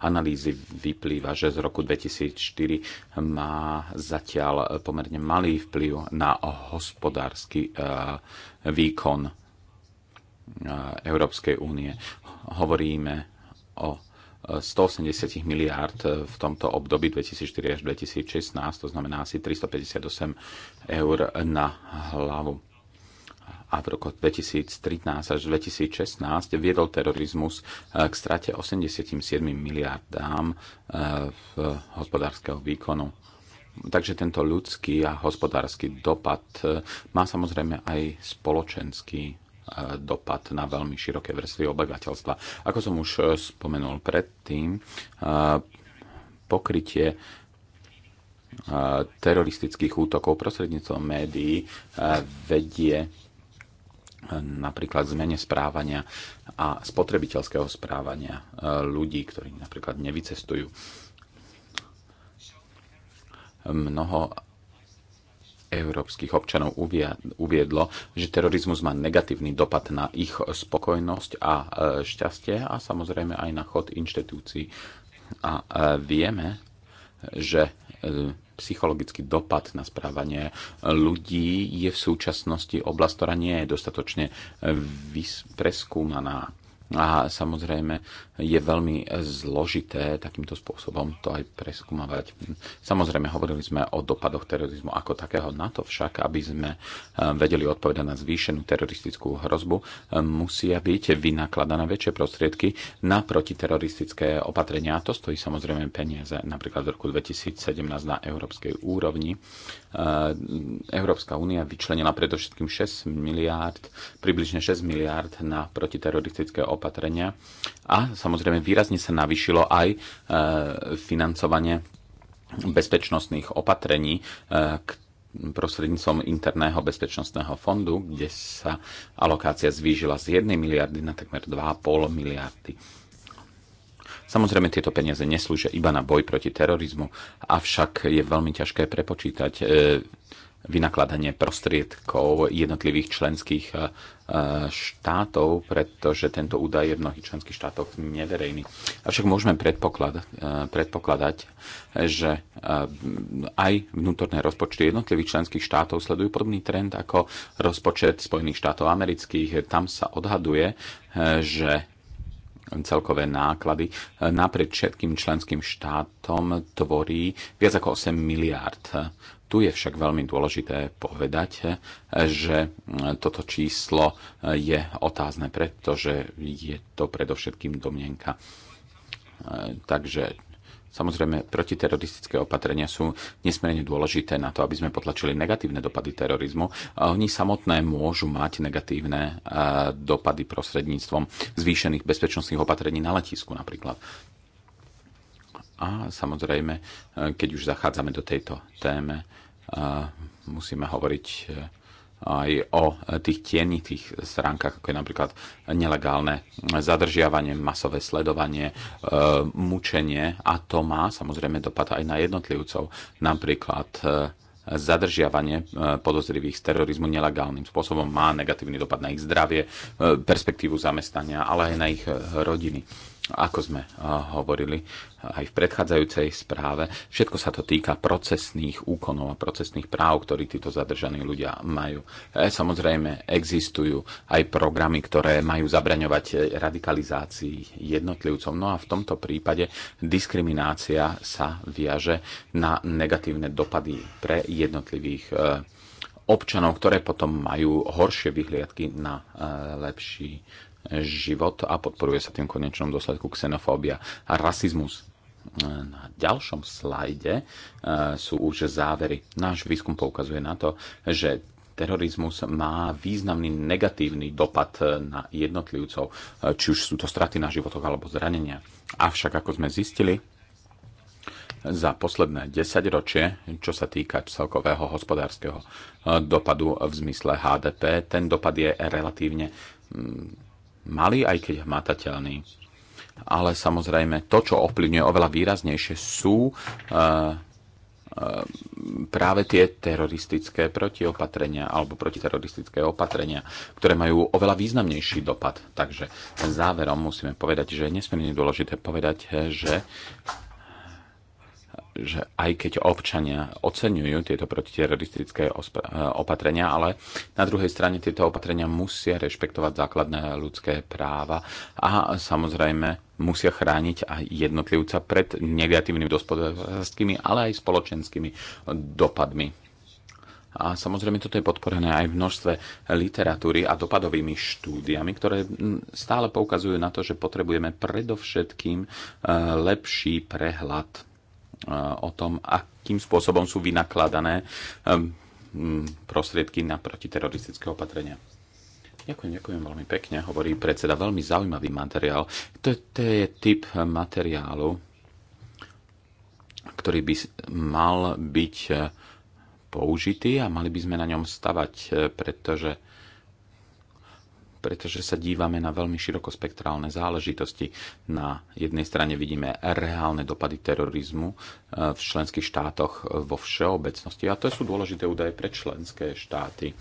analýzy vyplýva, že z roku 2004 má zatiaľ pomerne malý vplyv na hospodársky e, výkon e, Európskej únie. Hovoríme o 180 e, miliárd v tomto období 2004 až 2016, to znamená asi 358 eur na hlavu a v roku 2013 až 2016 viedol terorizmus eh, k strate 87 miliardám eh, v hospodárskeho výkonu. Takže tento ľudský a hospodársky dopad eh, má samozrejme aj spoločenský dopad na veľmi široké vrstvy obyvateľstva. Ako som už spomenul predtým, pokrytie teroristických útokov prostredníctvom médií vedie napríklad zmene správania a spotrebiteľského správania e, ľudí, ktorí napríklad nevycestujú. Mnoho európskych občanov uviedlo, že terorizmus má negatívny dopad na ich spokojnosť a e, šťastie a samozrejme aj na chod inštitúcií. A e, vieme, že psychologický dopad na správanie ľudí je v súčasnosti oblasť, ktorá nie je dostatočne preskúmaná. A samozrejme je veľmi zložité takýmto spôsobom to aj preskúmavať. Samozrejme hovorili sme o dopadoch terorizmu ako takého. Na to však, aby sme e, vedeli odpovedať na zvýšenú teroristickú hrozbu, e, musia byť vynakladané väčšie prostriedky na protiteroristické opatrenia. A to stojí samozrejme peniaze. Napríklad v roku 2017 na európskej úrovni Eh, Európska únia vyčlenila predovšetkým 6 miliárd, približne 6 miliárd na protiteroristické opatrenia a samozrejme výrazne sa navýšilo aj eh, financovanie bezpečnostných opatrení, eh, prostredníctvom interného bezpečnostného fondu, kde sa alokácia zvýšila z 1 miliardy na takmer 2,5 miliardy Samozrejme, tieto peniaze neslúžia iba na boj proti terorizmu, avšak je veľmi ťažké prepočítať e, vynakladanie prostriedkov jednotlivých členských e, štátov, pretože tento údaj je v mnohých členských štátoch neverejný. Avšak môžeme predpokladať, e, predpokladať, že aj vnútorné rozpočty jednotlivých členských štátov sledujú podobný trend ako rozpočet Spojených štátov amerických. Tam sa odhaduje, že celkové náklady e, naprieč všetkým členským štátom tvorí viac ako 8 miliárd. Tu je však veľmi dôležité povedať, e, že toto číslo e, je otázne, pretože je to predovšetkým domnenka. Takže Samozrejme, protiteroristické opatrenia sú nesmierne dôležité na to, aby sme potlačili negatívne dopady terorizmu a oni samotné môžu mať negatívne e, dopady prostredníctvom zvýšených bezpečnostných opatrení na letisku napríklad. A samozrejme, e, keď už zachádzame do tejto téme, e, musíme hovoriť aj o tých tienitých stránkach, ako je napríklad nelegálne zadržiavanie, masové sledovanie, e, mučenie a to má samozrejme dopad aj na jednotlivcov. Napríklad e, zadržiavanie e, podozrivých z terorizmu nelegálnym spôsobom má negatívny dopad na ich zdravie, perspektívu zamestnania, ale aj na ich rodiny ako sme hovorili aj v predchádzajúcej správe, všetko sa to týka procesných úkonov a procesných práv, ktorí títo zadržaní ľudia majú. E, samozrejme, existujú aj programy, ktoré majú zabraňovať radikalizácii jednotlivcov. No a v tomto prípade diskriminácia sa viaže na negatívne dopady pre jednotlivých e, občanov, ktoré potom majú horšie vyhliadky na e, lepší život a podporuje sa tým konečnom dôsledku xenofóbia a rasizmus. Na ďalšom slajde e, sú už závery. Náš výskum poukazuje na to, že terorizmus má významný negatívny dopad e, na jednotlivcov, e, či už sú to straty na životoch alebo zranenia. Avšak, ako sme zistili, za posledné 10 ročie, čo sa týka celkového hospodárskeho dopadu v zmysle HDP. Ten dopad je relatívne malý, aj keď hmatateľný. Ale samozrejme, to, čo ovplyvňuje oveľa výraznejšie, sú uh, práve tie teroristické protiopatrenia alebo protiteroristické opatrenia, ktoré majú oveľa významnejší dopad. Takže záverom musíme povedať, že je nesmierne dôležité povedať, že že aj keď občania oceňujú tieto protiteroristické e, opatrenia, ale na druhej strane tieto opatrenia musia rešpektovať základné ľudské práva a samozrejme musia chrániť aj jednotlivca pred negatívnymi hospodárskymi, ale aj spoločenskými dopadmi. A samozrejme toto je podporené aj v množstve literatúry a dopadovými štúdiami, ktoré stále poukazujú na to, že potrebujeme predovšetkým e, lepší prehľad o tom, akým spôsobom sú vynakladané prostriedky na protiteroristické opatrenia. Ďakujem, ďakujem veľmi pekne, hovorí predseda. Veľmi zaujímavý materiál. To, to je typ materiálu, ktorý by mal byť eh, použitý a mali by sme na ňom stavať, eh, pretože pretože sa dívame na veľmi širokospektrálne záležitosti. Na jednej strane vidíme reálne dopady terorizmu e, v členských štátoch vo všeobecnosti a to sú dôležité údaje pre členské štáty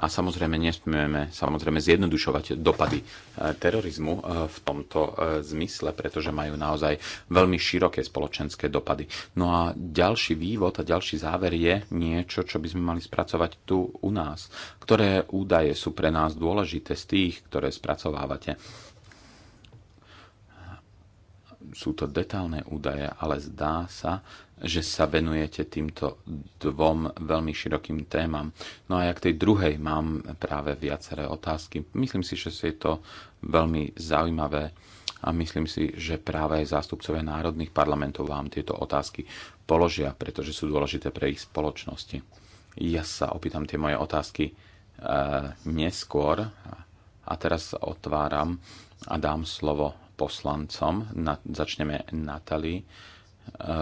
a samozrejme nesmieme samozrejme zjednodušovať dopady eh, terorizmu eh, v tomto eh, zmysle, pretože majú naozaj veľmi široké spoločenské dopady. No a ďalší vývod a ďalší záver je niečo, čo by sme mali spracovať tu u nás. Ktoré údaje sú pre nás dôležité z tých, ktoré spracovávate? sú to detálne údaje, ale zdá sa, že sa venujete týmto dvom veľmi širokým témam. No a ja k tej druhej mám práve viaceré otázky. Myslím si, že si je to veľmi zaujímavé a myslím si, že práve aj zástupcovia národných parlamentov vám tieto otázky položia, pretože sú dôležité pre ich spoločnosti. Ja sa opýtam tie moje otázky e, neskôr a teraz otváram a dám slovo poslancom. Na, začneme Natali, eh,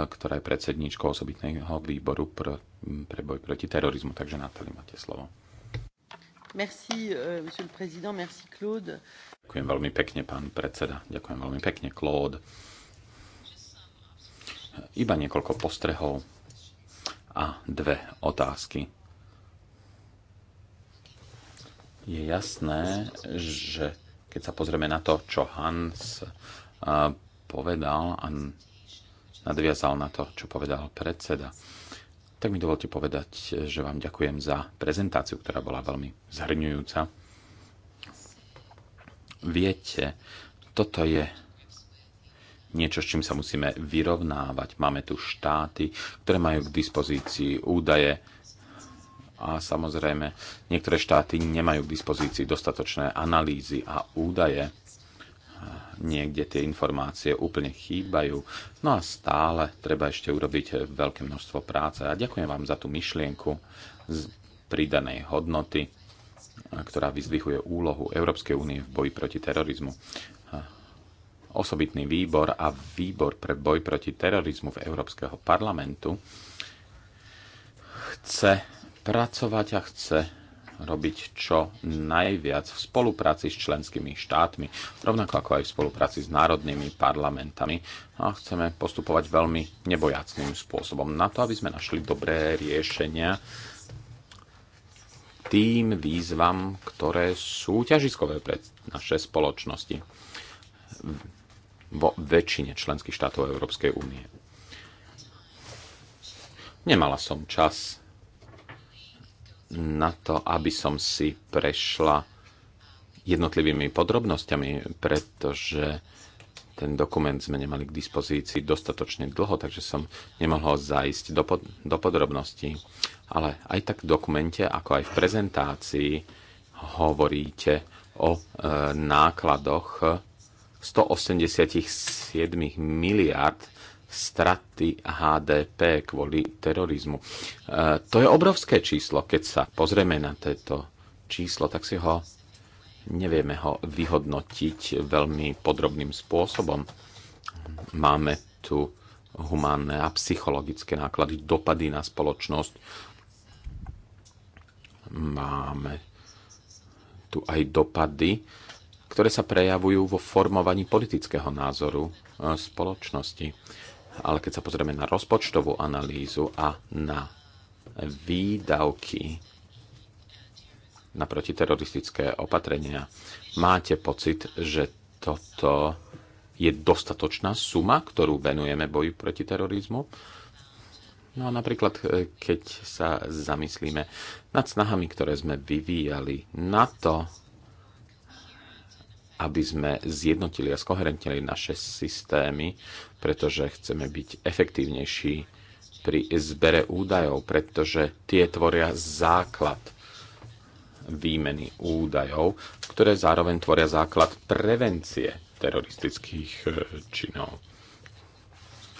ktorá je predsedníčkou osobitného výboru pro, pre boj proti terorizmu. Takže Natali, máte slovo. Merci, euh, monsieur le président, merci, Claude. Ďakujem veľmi pekne, pán predseda. Ďakujem veľmi pekne, Claude. Iba niekoľko postrehov a dve otázky. Je jasné, že keď sa pozrieme na to, čo Hans povedal a nadviazal na to, čo povedal predseda, tak mi dovolte povedať, že vám ďakujem za prezentáciu, ktorá bola veľmi zhrňujúca. Viete, toto je niečo, s čím sa musíme vyrovnávať. Máme tu štáty, ktoré majú k dispozícii údaje, a samozrejme niektoré štáty nemajú k dispozícii dostatočné analýzy a údaje. Niekde tie informácie úplne chýbajú. No a stále treba ešte urobiť veľké množstvo práce. A ďakujem vám za tú myšlienku z pridanej hodnoty, ktorá vyzdvihuje úlohu Európskej únie v boji proti terorizmu osobitný výbor a výbor pre boj proti terorizmu v Európskeho parlamentu chce pracovať a chce robiť čo najviac v spolupráci s členskými štátmi, rovnako ako aj v spolupráci s národnými parlamentami. A chceme postupovať veľmi nebojacným spôsobom na to, aby sme našli dobré riešenia tým výzvam, ktoré sú ťažiskové pre naše spoločnosti vo väčšine členských štátov Európskej únie. Nemala som čas na to, aby som si prešla jednotlivými podrobnosťami, pretože ten dokument sme nemali k dispozícii dostatočne dlho, takže som nemohol zajsť do, pod, do podrobností. Ale aj tak v dokumente, ako aj v prezentácii, hovoríte o e, nákladoch 187 miliard straty HDP kvôli terorizmu. E, to je obrovské číslo. Keď sa pozrieme na tieto číslo, tak si ho nevieme ho vyhodnotiť veľmi podrobným spôsobom. Máme tu humánne a psychologické náklady, dopady na spoločnosť. Máme tu aj dopady, ktoré sa prejavujú vo formovaní politického názoru e, spoločnosti ale keď sa pozrieme na rozpočtovú analýzu a na výdavky na protiteroristické opatrenia, máte pocit, že toto je dostatočná suma, ktorú venujeme boju proti terorizmu? No a napríklad, e, keď sa zamyslíme nad snahami, ktoré sme vyvíjali na to, aby sme zjednotili a skoherentili naše systémy, pretože chceme byť efektívnejší pri zbere údajov, pretože tie tvoria základ výmeny údajov, ktoré zároveň tvoria základ prevencie teroristických e, činov.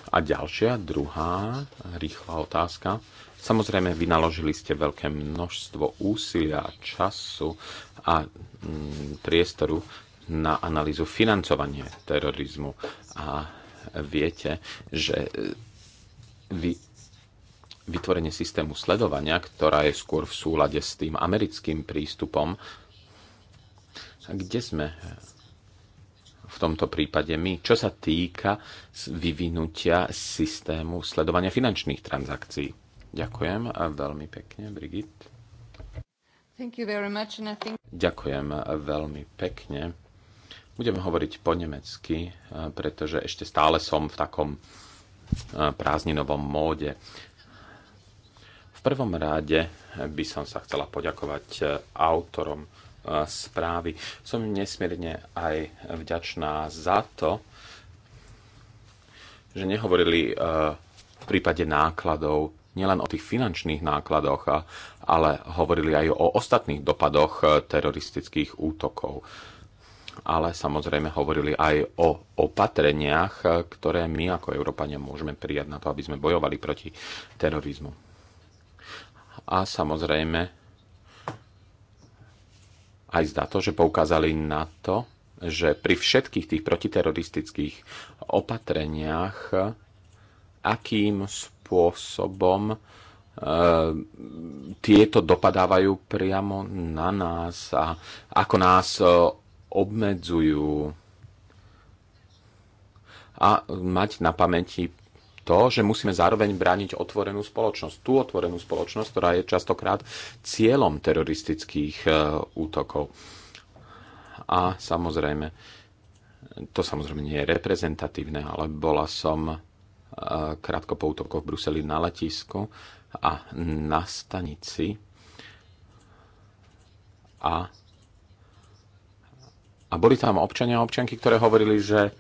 A ďalšia, druhá, rýchla otázka. Samozrejme, vynaložili ste veľké množstvo úsilia, času a mm, priestoru na analýzu financovanie terorizmu. A viete, že e, vy vytvorenie systému sledovania, ktorá je skôr v súlade s tým americkým prístupom, a kde sme e, v tomto prípade my, čo sa týka vyvinutia systému sledovania finančných transakcií. Ďakujem a veľmi pekne, Brigit. Think... Ďakujem veľmi pekne. Budeme hovoriť po nemecky, eh, pretože ešte stále som v takom eh, prázdninovom móde. V prvom rade by som sa chcela poďakovať eh, autorom správy. Som im nesmierne aj vďačná za to, že nehovorili v prípade nákladov nielen o tých finančných nákladoch, ale hovorili aj o ostatných dopadoch teroristických útokov ale samozrejme hovorili aj o opatreniach, ktoré my ako Európania môžeme prijať na to, aby sme bojovali proti terorizmu. A samozrejme aj zdá to, že poukázali na to, že pri všetkých tých protiteroristických opatreniach, akým spôsobom e, tieto dopadávajú priamo na nás a ako nás e, obmedzujú a mať na pamäti to, že musíme zároveň brániť otvorenú spoločnosť. Tú otvorenú spoločnosť, ktorá je častokrát cieľom teroristických e, útokov. A samozrejme, to samozrejme nie je reprezentatívne, ale bola som e, krátko po útokoch v Bruseli na letisku a na stanici a a boli tam občania a občanky, ktoré hovorili, že e,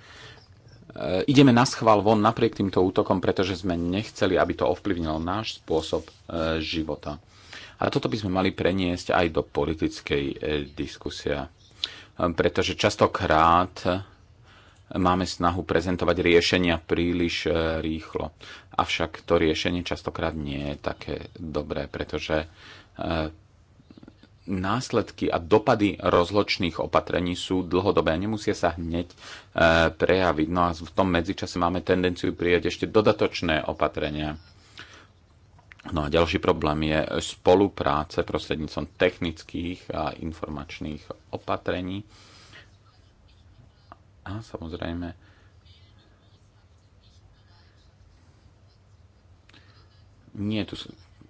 ideme na schvál von napriek týmto útokom, pretože sme nechceli, aby to ovplyvnilo náš spôsob e, života. A toto by sme mali preniesť aj do politickej e, diskusie, pretože častokrát máme snahu prezentovať riešenia príliš rýchlo. Avšak to riešenie častokrát nie je také dobré, pretože následky a dopady rozločných opatrení sú dlhodobé. Nemusia sa hneď e, prejaviť. No a v tom medzičase máme tendenciu prijať ešte dodatočné opatrenia. No a ďalší problém je spolupráce prostredníctvom technických a informačných opatrení. A samozrejme nie je tu,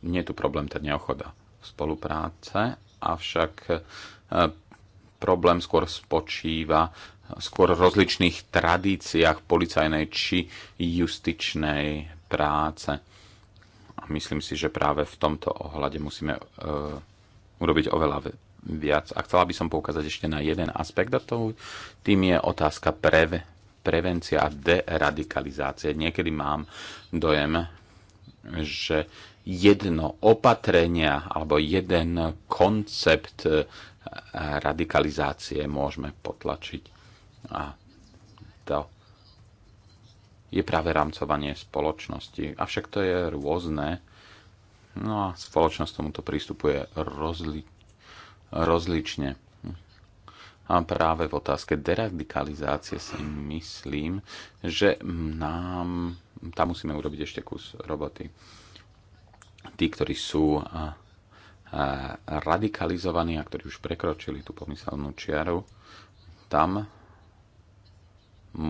nie je tu problém tá neochoda spolupráce, avšak eh, problém skôr spočíva skôr rozličných tradíciách policajnej či justičnej práce. A myslím si, že práve v tomto ohľade musíme uh, urobiť oveľa viac. A chcela by som poukázať ešte na jeden aspekt, a tým je otázka preve, prevencia a deradikalizácie. Niekedy mám dojem, že jedno opatrenia alebo jeden koncept eh, radikalizácie môžeme potlačiť. A to je práve rámcovanie spoločnosti. Avšak to je rôzne. No a spoločnosť tomuto prístupuje rozli- rozlične. A práve v otázke deradikalizácie si myslím, že nám tam musíme urobiť ešte kus roboty tí, ktorí sú radikalizovaní a ktorí už prekročili tú pomyselnú čiaru, tam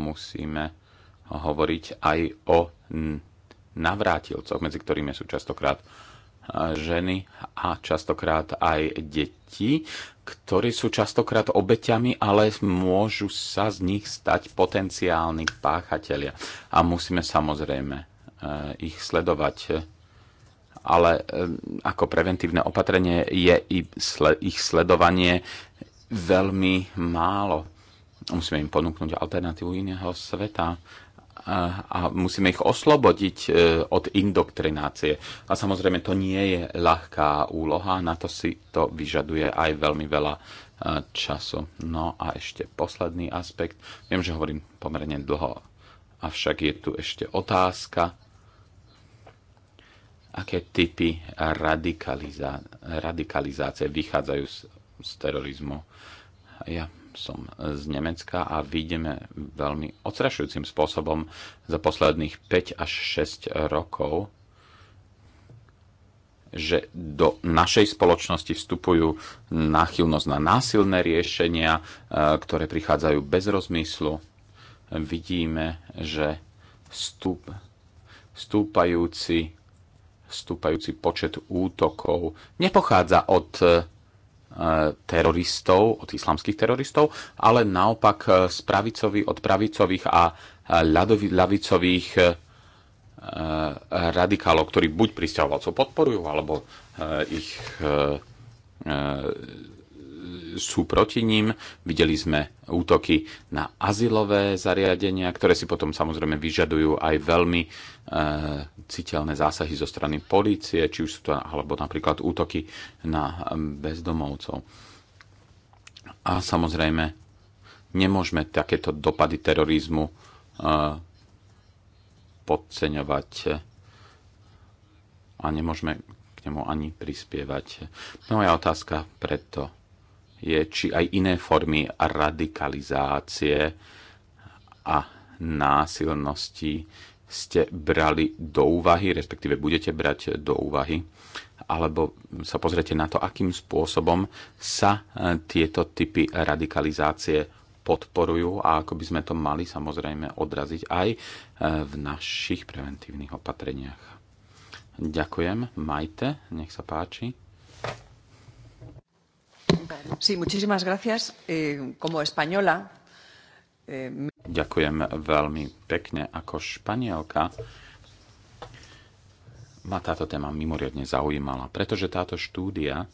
musíme hovoriť aj o navrátilcoch, medzi ktorými sú častokrát ženy a častokrát aj deti, ktorí sú častokrát obeťami, ale môžu sa z nich stať potenciálni páchatelia. A musíme samozrejme e, ich sledovať ale ako preventívne opatrenie je ich sledovanie veľmi málo. Musíme im ponúknuť alternatívu iného sveta eh, a musíme ich oslobodiť eh, od indoktrinácie. A samozrejme, to nie je ľahká úloha, na to si to vyžaduje aj veľmi veľa eh, času. No a ešte posledný aspekt. Viem, že hovorím pomerne dlho, avšak je tu ešte otázka aké typy radikalizá- radikalizácie vychádzajú z, z terorizmu. Ja som z Nemecka a vidíme veľmi odstrašujúcim spôsobom za posledných 5 až 6 rokov, že do našej spoločnosti vstupujú náchylnosť na násilné riešenia, e, ktoré prichádzajú bez rozmyslu. Vidíme, že vstup, vstúpajúci stúpajúci počet útokov nepochádza od e, teroristov, od islamských teroristov, ale naopak e, z pravicových, od pravicových a e, ľadovi, ľavicových radikálov, ktorí buď pristahovalcov podporujú, alebo ich sú proti ním. Videli sme útoky na azylové zariadenia, ktoré si potom samozrejme vyžadujú aj veľmi e, citeľné zásahy zo strany policie, či už sú to alebo napríklad útoky na bezdomovcov. A samozrejme, nemôžeme takéto dopady terorizmu e, podceňovať a nemôžeme k nemu ani prispievať. Moja otázka preto je, či aj iné formy radikalizácie a násilnosti ste brali do úvahy, respektíve budete brať do úvahy, alebo sa pozrete na to, akým spôsobom sa e, tieto typy radikalizácie podporujú a ako by sme to mali samozrejme odraziť aj e, v našich preventívnych opatreniach. Ďakujem, majte, nech sa páči. Eh, eh, Ďakujem veľmi pekne. Ako španielka ma táto téma mimoriadne zaujímala, pretože táto štúdia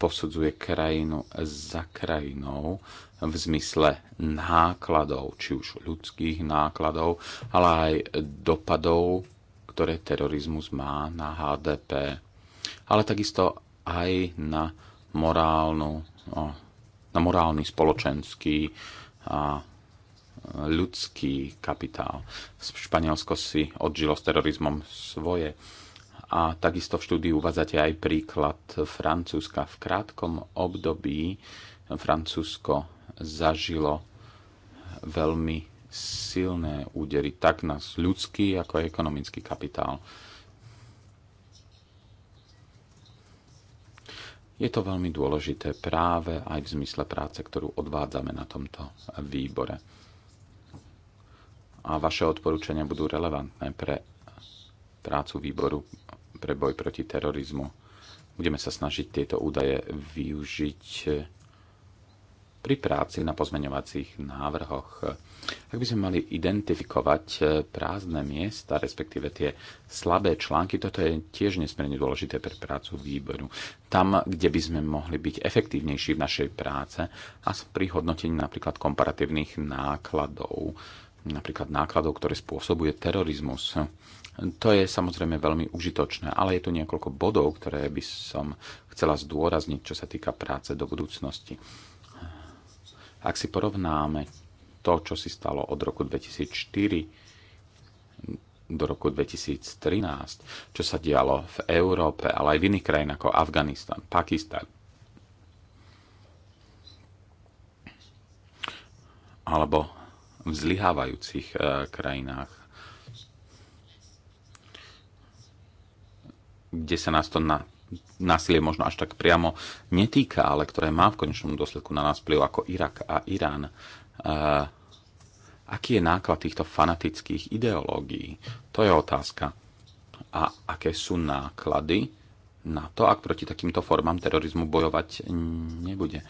posudzuje krajinu za krajinou v zmysle nákladov, či už ľudských nákladov, ale aj dopadov, ktoré terorizmus má na HDP, ale takisto aj na morálnu, na morálny spoločenský a ľudský kapitál. Španielsko si odžilo s terorizmom svoje. A takisto v štúdiu uvádzate aj príklad Francúzska. V krátkom období Francúzsko zažilo veľmi silné údery tak na ľudský ako aj ekonomický kapitál. Je to veľmi dôležité práve aj v zmysle práce, ktorú odvádzame na tomto výbore. A vaše odporúčania budú relevantné pre prácu výboru pre boj proti terorizmu. Budeme sa snažiť tieto údaje využiť pri práci na pozmeňovacích návrhoch. Ak by sme mali identifikovať e, prázdne miesta, respektíve tie slabé články, toto je tiež nesmierne dôležité pre prácu výboru. Tam, kde by sme mohli byť efektívnejší v našej práce a pri hodnotení napríklad komparatívnych nákladov, napríklad nákladov, ktoré spôsobuje terorizmus. To je samozrejme veľmi užitočné, ale je tu niekoľko bodov, ktoré by som chcela zdôrazniť, čo sa týka práce do budúcnosti. Ak si porovnáme to, čo si stalo od roku 2004 do roku 2013, čo sa dialo v Európe, ale aj v iných krajinách ako Afganistan, Pakistan, alebo v zlyhávajúcich e, krajinách, kde sa nás to na násilie možno až tak priamo netýka, ale ktoré má v konečnom dôsledku na nás vplyv ako Irak a Irán. Eh, aký je náklad týchto fanatických ideológií? To je otázka. A aké sú náklady na to, ak proti takýmto formám terorizmu bojovať nebude?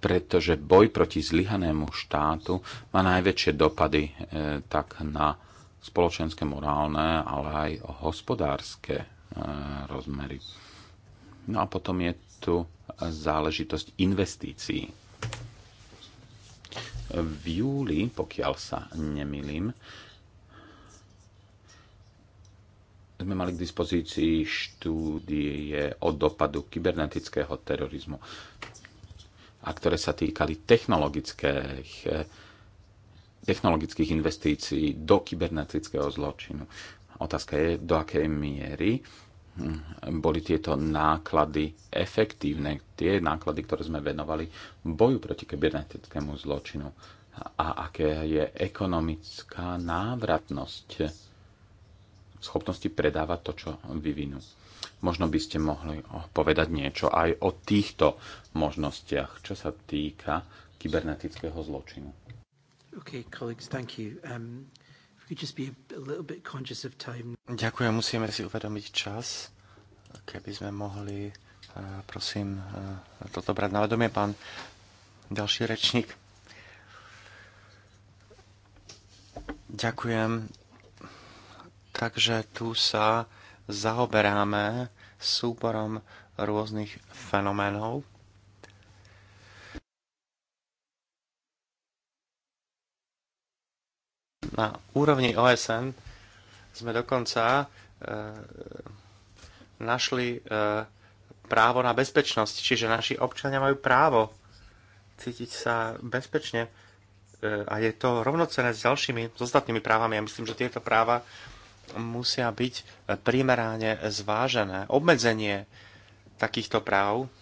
Pretože boj proti zlyhanému štátu má najväčšie dopady e, tak na spoločenské, morálne, ale aj hospodárske e, rozmery. No a potom je tu záležitosť investícií. V júli, pokiaľ sa nemilím, sme mali k dispozícii štúdie o dopadu kybernetického terorizmu a ktoré sa týkali technologických, technologických investícií do kybernetického zločinu. Otázka je, do akej miery boli tieto náklady efektívne, tie náklady, ktoré sme venovali boju proti kybernetickému zločinu a aké je ekonomická návratnosť schopnosti predávať to, čo vyvinú. Možno by ste mohli povedať niečo aj o týchto možnostiach, čo sa týka kybernetického zločinu. Okay, colleagues, thank you. Um... Ďakujem, musíme si uvedomiť čas. Keby sme mohli, eh, prosím, eh, toto brať na vedomie, pán ďalší rečník. Ďakujem. Takže tu sa zaoberáme súborom rôznych fenoménov Na úrovni OSN sme dokonca e, našli e, právo na bezpečnosť, čiže naši občania majú právo cítiť sa bezpečne e, a je to rovnocené s ďalšími, s ostatnými právami. Ja myslím, že tieto práva musia byť primeráne zvážené. Obmedzenie takýchto práv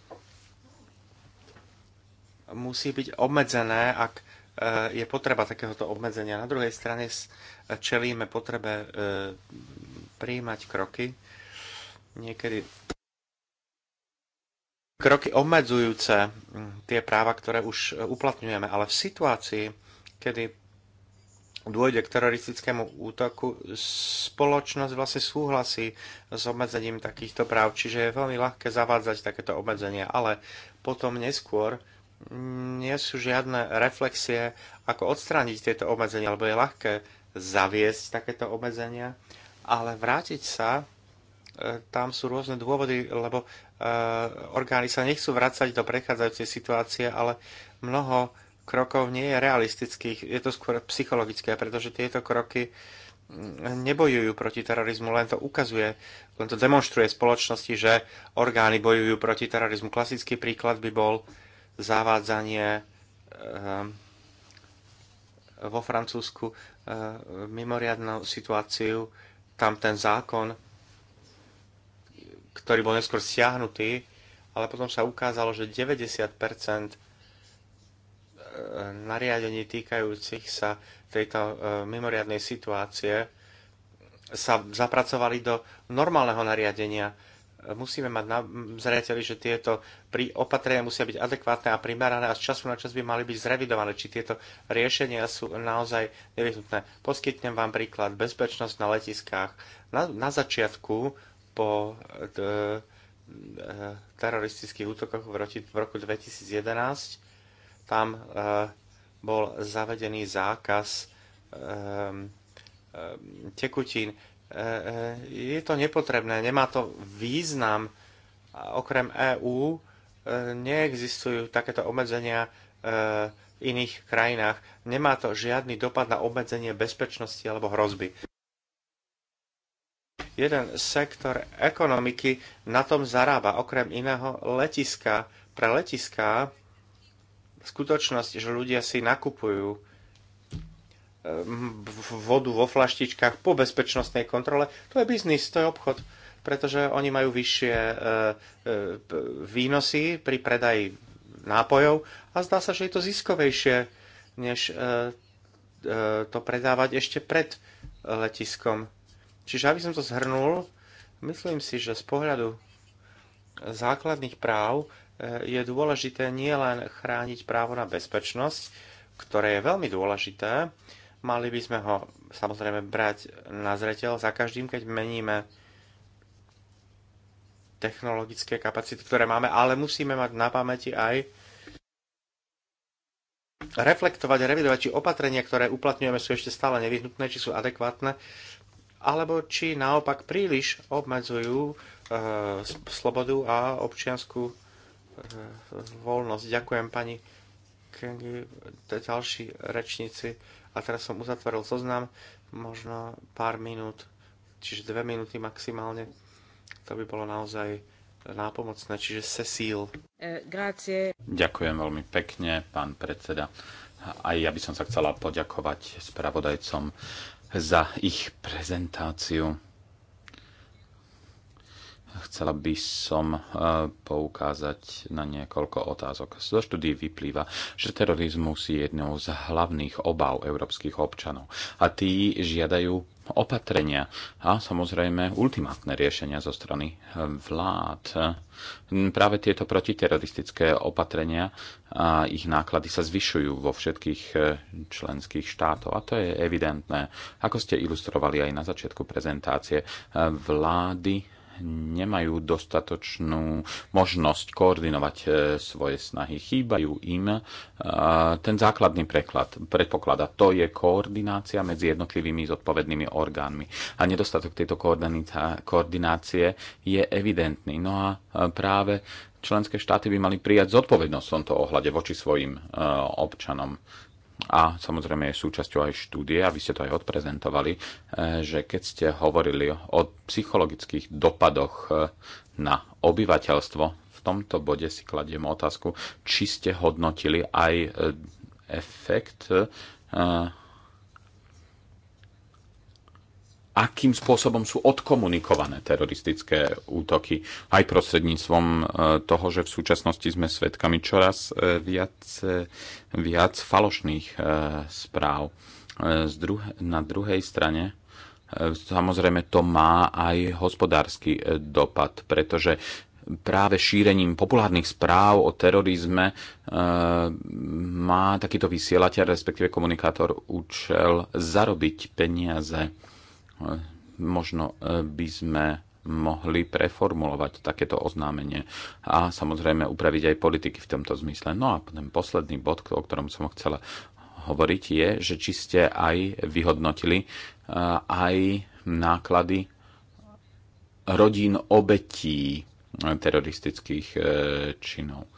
musí byť obmedzené, ak je potreba takéhoto obmedzenia. Na druhej strane čelíme potrebe e, prijímať kroky, niekedy kroky obmedzujúce tie práva, ktoré už e, uplatňujeme, ale v situácii, kedy dôjde k teroristickému útoku, spoločnosť vlastne súhlasí s obmedzením takýchto práv, čiže je veľmi ľahké zavádzať takéto obmedzenia, ale potom neskôr nie sú žiadne reflexie, ako odstrániť tieto obmedzenia, lebo je ľahké zaviesť takéto obmedzenia, ale vrátiť sa, e, tam sú rôzne dôvody, lebo e, orgány sa nechcú vrácať do prechádzajúcej situácie, ale mnoho krokov nie je realistických, je to skôr psychologické, pretože tieto kroky mm, nebojujú proti terorizmu, len to ukazuje, len to demonstruje spoločnosti, že orgány bojujú proti terorizmu. Klasický príklad by bol uh, zavádzanie eh, vo Francúzsku eh, mimoriadnú situáciu. Tam ten zákon, ktorý bol neskôr stiahnutý, ale potom sa ukázalo, že 90 eh, nariadení týkajúcich sa tejto mimoriadnej situácie sa zapracovali do normálneho nariadenia musíme mať na zreteli, že tieto pri opatrenia musia byť adekvátne a primerané a z času na čas by mali byť zrevidované, či tieto riešenia sú naozaj nevyhnutné. Poskytnem vám príklad. Bezpečnosť na letiskách. Na, na začiatku po d, e, teroristických útokoch v, roti, v roku 2011 tam e, bol zavedený zákaz e, e, tekutín E, e, je to nepotrebné, nemá to význam. Okrem EÚ e, neexistujú takéto obmedzenia v iných krajinách. Nemá to žiadny dopad na obmedzenie bezpečnosti alebo hrozby. Jeden sektor ekonomiky na tom zarába, okrem iného letiska. Pre letiská skutočnosť, že ľudia si nakupujú vodu vo flaštičkách po bezpečnostnej kontrole. To je biznis, to je obchod, pretože oni majú vyššie e, e, výnosy pri predaji nápojov a zdá sa, že je to ziskovejšie, než e, to predávať ešte pred letiskom. Čiže aby som to zhrnul, myslím si, že z pohľadu základných práv je dôležité nielen chrániť právo na bezpečnosť, ktoré je veľmi dôležité, Mali by sme ho samozrejme brať na zreteľ za každým, keď meníme technologické kapacity, ktoré máme, ale musíme mať na pamäti aj reflektovať a revidovať, či opatrenia, ktoré uplatňujeme, sú ešte stále nevyhnutné, či sú adekvátne, alebo či naopak príliš obmedzujú e, slobodu a občianskú e, eh, voľnosť. Ďakujem pani Kengi, ďalší rečníci. A teraz som uzatvoril zoznam, možno pár minút, čiže dve minúty maximálne. To by bolo naozaj nápomocné, čiže Cecil. E, Ďakujem veľmi pekne, pán predseda. Aj ja by som sa chcela poďakovať spravodajcom za ich prezentáciu Chcela by som eh, poukázať na niekoľko otázok. Zo štúdie vyplýva, že terorizmus je jednou z hlavných obav európskych občanov a tí žiadajú opatrenia a samozrejme ultimátne riešenia zo strany eh, vlád. Hm, práve tieto protiteroristické opatrenia a ich náklady sa zvyšujú vo všetkých eh, členských štátoch a to je evidentné. Ako ste ilustrovali aj na začiatku prezentácie, vlády nemajú dostatočnú možnosť koordinovať e, svoje snahy. Chýbajú im e, ten základný preklad, predpoklada. To je koordinácia medzi jednotlivými zodpovednými orgánmi. A nedostatok tejto koordinácie je evidentný. No a e, práve členské štáty by mali prijať zodpovednosť v tomto ohľade voči svojim občanom a samozrejme je súčasťou aj štúdie, a vy ste to aj odprezentovali, e, že keď ste hovorili o psychologických dopadoch e, na obyvateľstvo, v tomto bode si kladiem otázku, či ste hodnotili aj e, efekt akým spôsobom sú odkomunikované teroristické útoky. Aj prostredníctvom e, toho, že v súčasnosti sme svedkami čoraz e, viac, e, viac falošných správ. Na druhej strane samozrejme to má aj hospodársky dopad, pretože práve šírením populárnych správ o terorizme e, má takýto vysielateľ, respektíve komunikátor, účel zarobiť peniaze E, možno e, by sme mohli preformulovať takéto oznámenie a samozrejme upraviť aj politiky v tomto zmysle. No a ten posledný bod, o ktorom som chcela hovoriť, je, že či ste aj vyhodnotili e, aj náklady rodín obetí teroristických e, činov.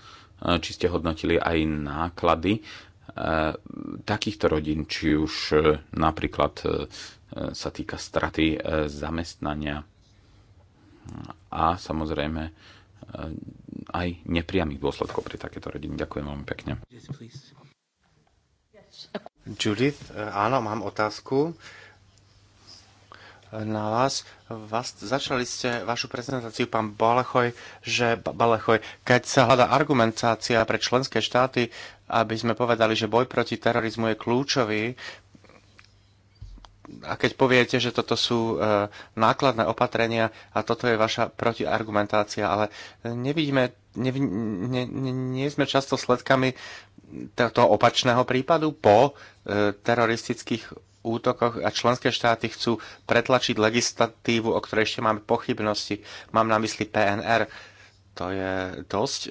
Či ste hodnotili aj náklady takýchto rodín, či už napríklad E, sa týka straty e, zamestnania a samozrejme e, aj nepriamých dôsledkov pre takéto rodiny. Ďakujem veľmi pekne. Judith, áno, mám otázku na vás. vás. Začali ste vašu prezentáciu, pán Balechoj, že, Balechoj, keď sa hľadá argumentácia pre členské štáty, aby sme povedali, že boj proti terorizmu je kľúčový, a keď poviete, že toto sú e, nákladné opatrenia a toto je vaša protiargumentácia, ale nevidíme, nev, ne, ne, nie sme často sledkami toho opačného prípadu po e, teroristických útokoch a členské štáty chcú pretlačiť legislatívu, o ktorej ešte máme pochybnosti. Mám na mysli PNR. To je dosť e,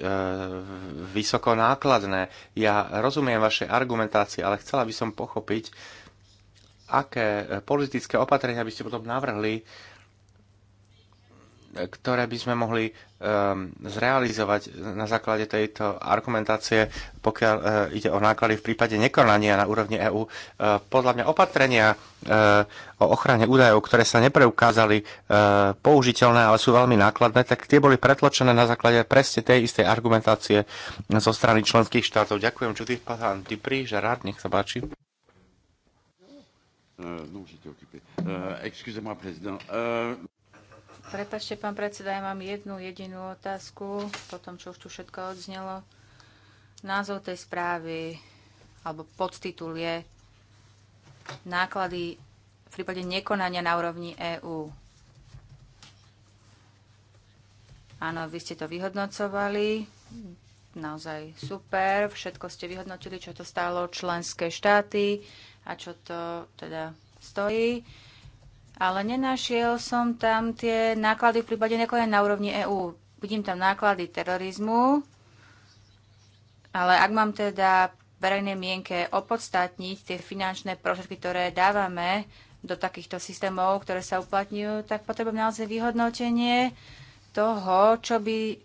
vysoko nákladné. Ja rozumiem vašej argumentácii, ale chcela by som pochopiť, e, aké politické opatrenia by ste potom navrhli, ktoré by sme mohli um, zrealizovať na základe tejto argumentácie, pokiaľ uh, ide o náklady v prípade nekonania na úrovni EÚ. Uh, e, podľa mňa opatrenia uh, o ochrane údajov, ktoré sa nepreukázali uh, použiteľné, ale sú veľmi nákladné, tak tie boli pretločené na základe presne tej istej argumentácie zo strany členských štátov. Ďakujem, Judith Patan Dipri, rád, nech sa páči. Euh, non, j'étais occupé. Euh, excusez-moi, président. Euh, Prepačte, pán predseda, ja mám jednu jedinú otázku, po tom, čo už tu všetko odznelo. Názov tej správy, alebo podtitul je Náklady v prípade nekonania na úrovni EÚ. Áno, vy ste to vyhodnocovali. Naozaj super. Všetko ste vyhodnotili, čo to stálo členské štáty a čo to teda stojí. Ale nenašiel som tam tie náklady v prípade nekonania na úrovni EÚ. Vidím tam náklady terorizmu, ale ak mám teda verejné mienke opodstatniť tie finančné prostriedky, ktoré dávame do takýchto systémov, ktoré sa uplatňujú, tak potrebujem naozaj vyhodnotenie toho, čo by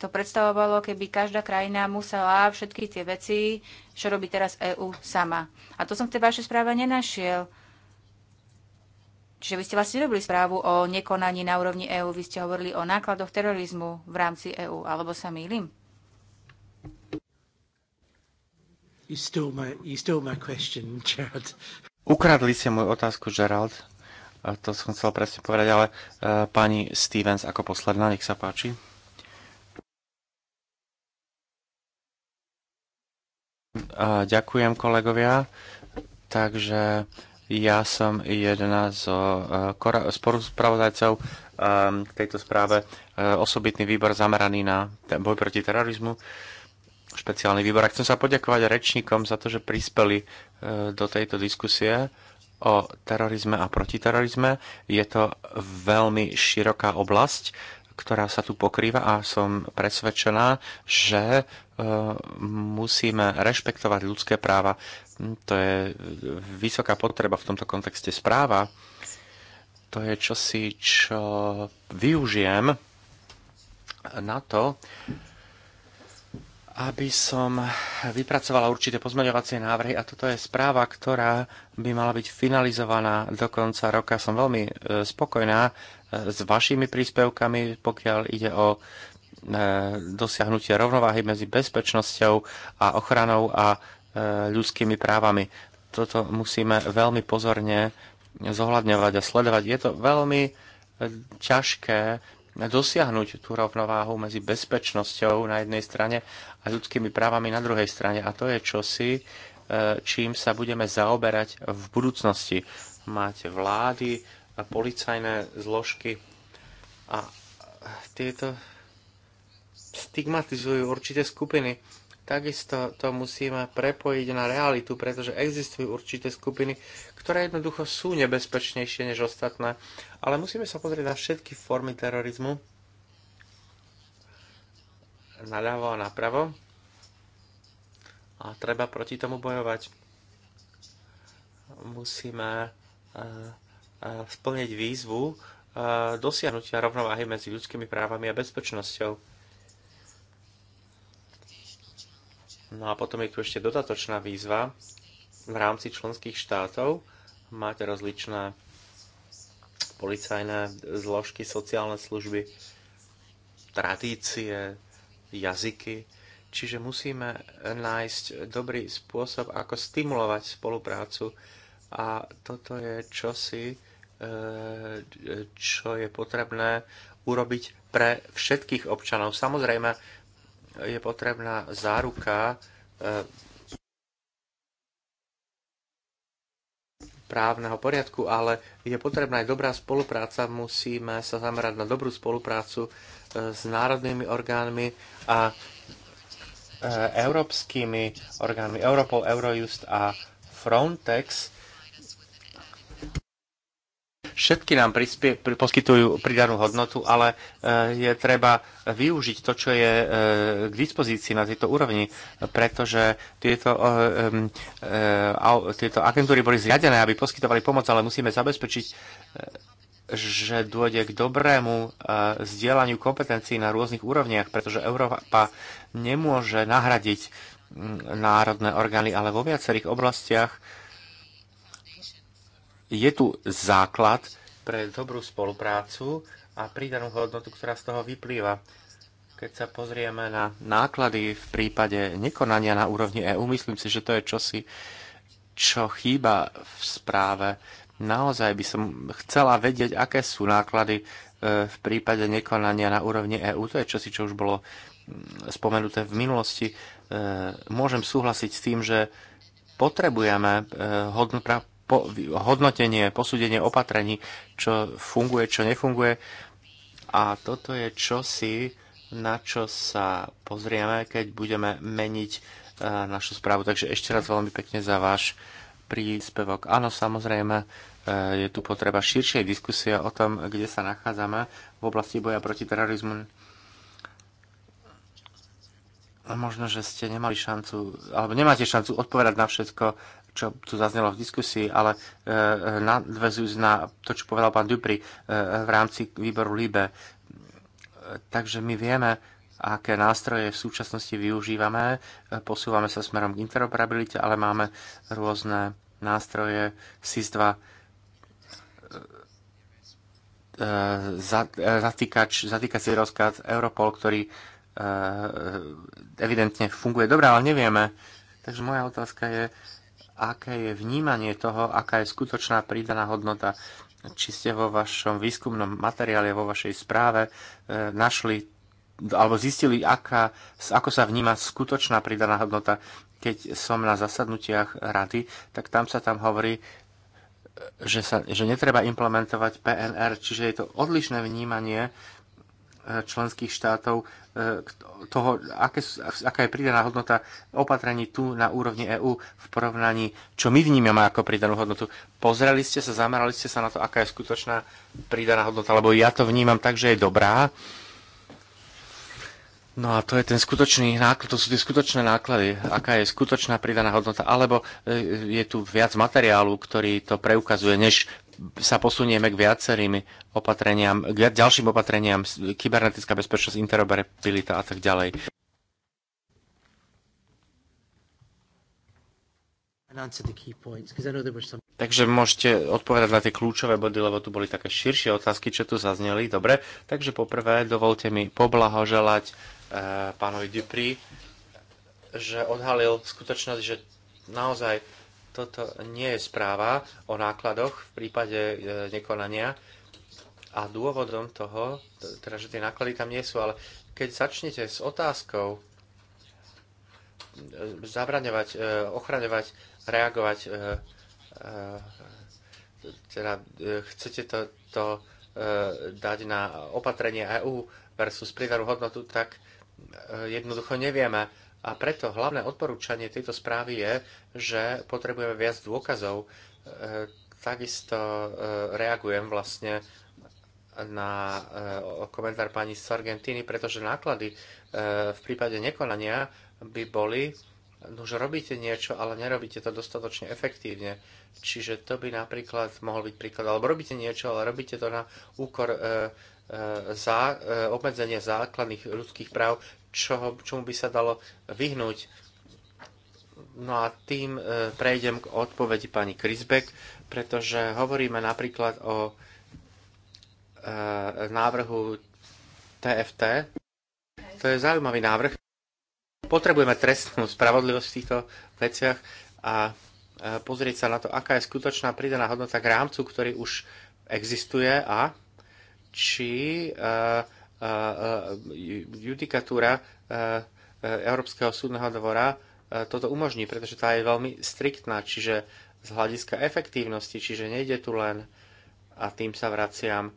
to predstavovalo, keby každá krajina musela všetky tie veci, čo robí teraz EÚ sama. A to som v tej vašej správe nenašiel. Čiže vy ste vlastne robili správu o nekonaní na úrovni EÚ, vy ste hovorili o nákladoch terorizmu v rámci EÚ, alebo sa mýlim? [laughs] Ukradli ste moju otázku, Gerald. A to som chcel presne povedať, ale uh, pani Stevens ako posledná, nech sa páči. Ďakujem kolegovia. Takže ja som jeden z eh, spravodajcov ehm, k tejto správe. Eh, osobitný výbor zameraný na boj proti terorizmu. Špeciálny výbor. A chcem sa poďakovať rečníkom za to, že prispeli eh, do tejto diskusie o terorizme a protiterorizme. Je to veľmi široká oblasť, ktorá sa tu pokrýva a som presvedčená, že E, musíme rešpektovať ľudské práva. To je vysoká potreba v tomto kontexte správa. To je čosi, čo využijem na to, aby som vypracovala určité pozmeňovacie návrhy a toto je správa, ktorá by mala byť finalizovaná do konca roka. Som veľmi e, spokojná e, s vašimi príspevkami, pokiaľ ide o E, dosiahnutie rovnováhy medzi bezpečnosťou a ochranou a e, ľudskými právami. Toto musíme veľmi pozorne zohľadňovať a sledovať. Je to veľmi e, ťažké dosiahnuť tú rovnováhu medzi bezpečnosťou na jednej strane a ľudskými právami na druhej strane. A to je čosi, čím sa budeme zaoberať v budúcnosti. Máte vlády, policajné zložky a tieto stigmatizujú určité skupiny. Takisto to musíme prepojiť na realitu, pretože existujú určité skupiny, ktoré jednoducho sú nebezpečnejšie než ostatné. Ale musíme sa pozrieť na všetky formy terorizmu, naľavo a napravo a treba proti tomu bojovať. Musíme e, e, splniť výzvu e, dosiahnutia rovnováhy medzi ľudskými právami a bezpečnosťou. No a potom je tu ešte dodatočná výzva v rámci členských štátov. Máte rozličné policajné zložky, sociálne služby, tradície, jazyky. Čiže musíme nájsť dobrý spôsob, ako stimulovať spoluprácu. A toto je čosi, e, čo je potrebné urobiť pre všetkých občanov. Samozrejme, je potrebná záruka eh, právneho poriadku, ale je potrebná aj dobrá spolupráca. Musíme sa zamerať na dobrú spoluprácu eh, s národnými orgánmi a eh, európskymi orgánmi Europol, Eurojust a Frontex Všetky nám prispie, pri, poskytujú pridanú hodnotu, ale e, je treba využiť to, čo je e, k dispozícii na tejto úrovni, pretože tieto, e, e, tieto agentúry boli zriadené, aby poskytovali pomoc, ale musíme zabezpečiť e, že dôjde k dobrému e, zdieľaniu kompetencií na rôznych úrovniach, pretože Európa nemôže nahradiť mm, národné orgány, ale vo viacerých oblastiach e, je tu základ pre dobrú spoluprácu a pridanú hodnotu, ktorá z toho vyplýva. Keď sa pozrieme na náklady v prípade nekonania na úrovni EÚ, myslím si, že to je čosi, čo chýba v správe. Naozaj by som chcela vedieť, aké sú náklady e, v prípade nekonania na úrovni EÚ. To je čosi, čo už bolo mm, spomenuté v minulosti. E, môžem súhlasiť s tým, že potrebujeme e, po, hodnotenie, posúdenie opatrení, čo funguje, čo nefunguje. A toto je čosi, na čo sa pozrieme, keď budeme meniť e, našu správu. Takže ešte raz veľmi pekne za váš príspevok. Áno, samozrejme, e, je tu potreba širšej diskusie o tom, kde sa nachádzame v oblasti boja proti terorizmu. Možno, že ste nemali šancu, alebo nemáte šancu odpovedať na všetko čo tu zaznelo v diskusii, ale e, nadvezujúc na to, čo povedal pán Dupri e, v rámci výboru LIBE. Takže my vieme, aké nástroje v súčasnosti využívame. Posúvame sa smerom k interoperabilite, ale máme rôzne nástroje SIS-2, e, e, e, zatýkač, zatýkací rozkaz Europol, ktorý evidentne funguje dobre, ale nevieme. Takže moja otázka je, aké je vnímanie toho, aká je skutočná pridaná hodnota. Či ste vo vašom výskumnom materiále, vo vašej správe e, našli alebo zistili, aká, ako sa vníma skutočná pridaná hodnota. Keď som na zasadnutiach rady, tak tam sa tam hovorí, e, že, sa, že netreba implementovať PNR, čiže je to odlišné vnímanie členských štátov, e, toho, aké, aká je pridaná hodnota opatrení tu na úrovni EÚ v porovnaní, čo my vnímame ako pridanú hodnotu. Pozreli ste sa, zamerali ste sa na to, aká je skutočná pridaná hodnota, lebo ja to vnímam tak, že je dobrá. No a to je ten skutočný náklad, to sú tie skutočné náklady, aká je skutočná pridaná hodnota, alebo e, je tu viac materiálu, ktorý to preukazuje, než sa posunieme k viacerým opatreniam, k ďalším opatreniam, kybernetická bezpečnosť, interoperabilita a tak ďalej. Takže môžete odpovedať na tie kľúčové body, lebo tu boli také širšie otázky, čo tu zazneli. Dobre, takže poprvé dovolte mi poblahoželať e, pánovi Dupri, že odhalil skutočnosť, že naozaj Toto nie je správa o nákladoch v prípade e, nekonania a dôvodom toho, teda že tie náklady tam nie sú, ale keď začnete s otázkou e, zabraňovať, e, ochraňovať, reagovať, teda chcete to, to dať na opatrenie EÚ versus pridanú hodnotu, tak jednoducho nevieme, a preto hlavné odporúčanie tejto správy je, že potrebujeme viac dôkazov. E, takisto e, reagujem vlastne na e, komentár pani Sargentini, pretože náklady v prípade nekonania by boli, už robíte niečo, ale nerobíte to dostatočne efektívne. Čiže to by napríklad mohol byť príklad, alebo robíte niečo, ale robíte to na úkor za, obmedzenie základných ľudských práv, čo, čomu by sa dalo vyhnúť. No a tým e, prejdem k odpovedi pani Krisbeck, pretože hovoríme napríklad o e, návrhu TFT. To je zaujímavý návrh. Potrebujeme trestnú spravodlivosť v týchto veciach a e, pozrieť sa na to, aká je skutočná pridaná hodnota k rámcu, ktorý už existuje a či uh, judikatúra Európskeho súdneho dvora toto umožní, pretože tá je veľmi striktná, čiže z hľadiska efektívnosti, čiže nejde tu len, a tým sa vraciam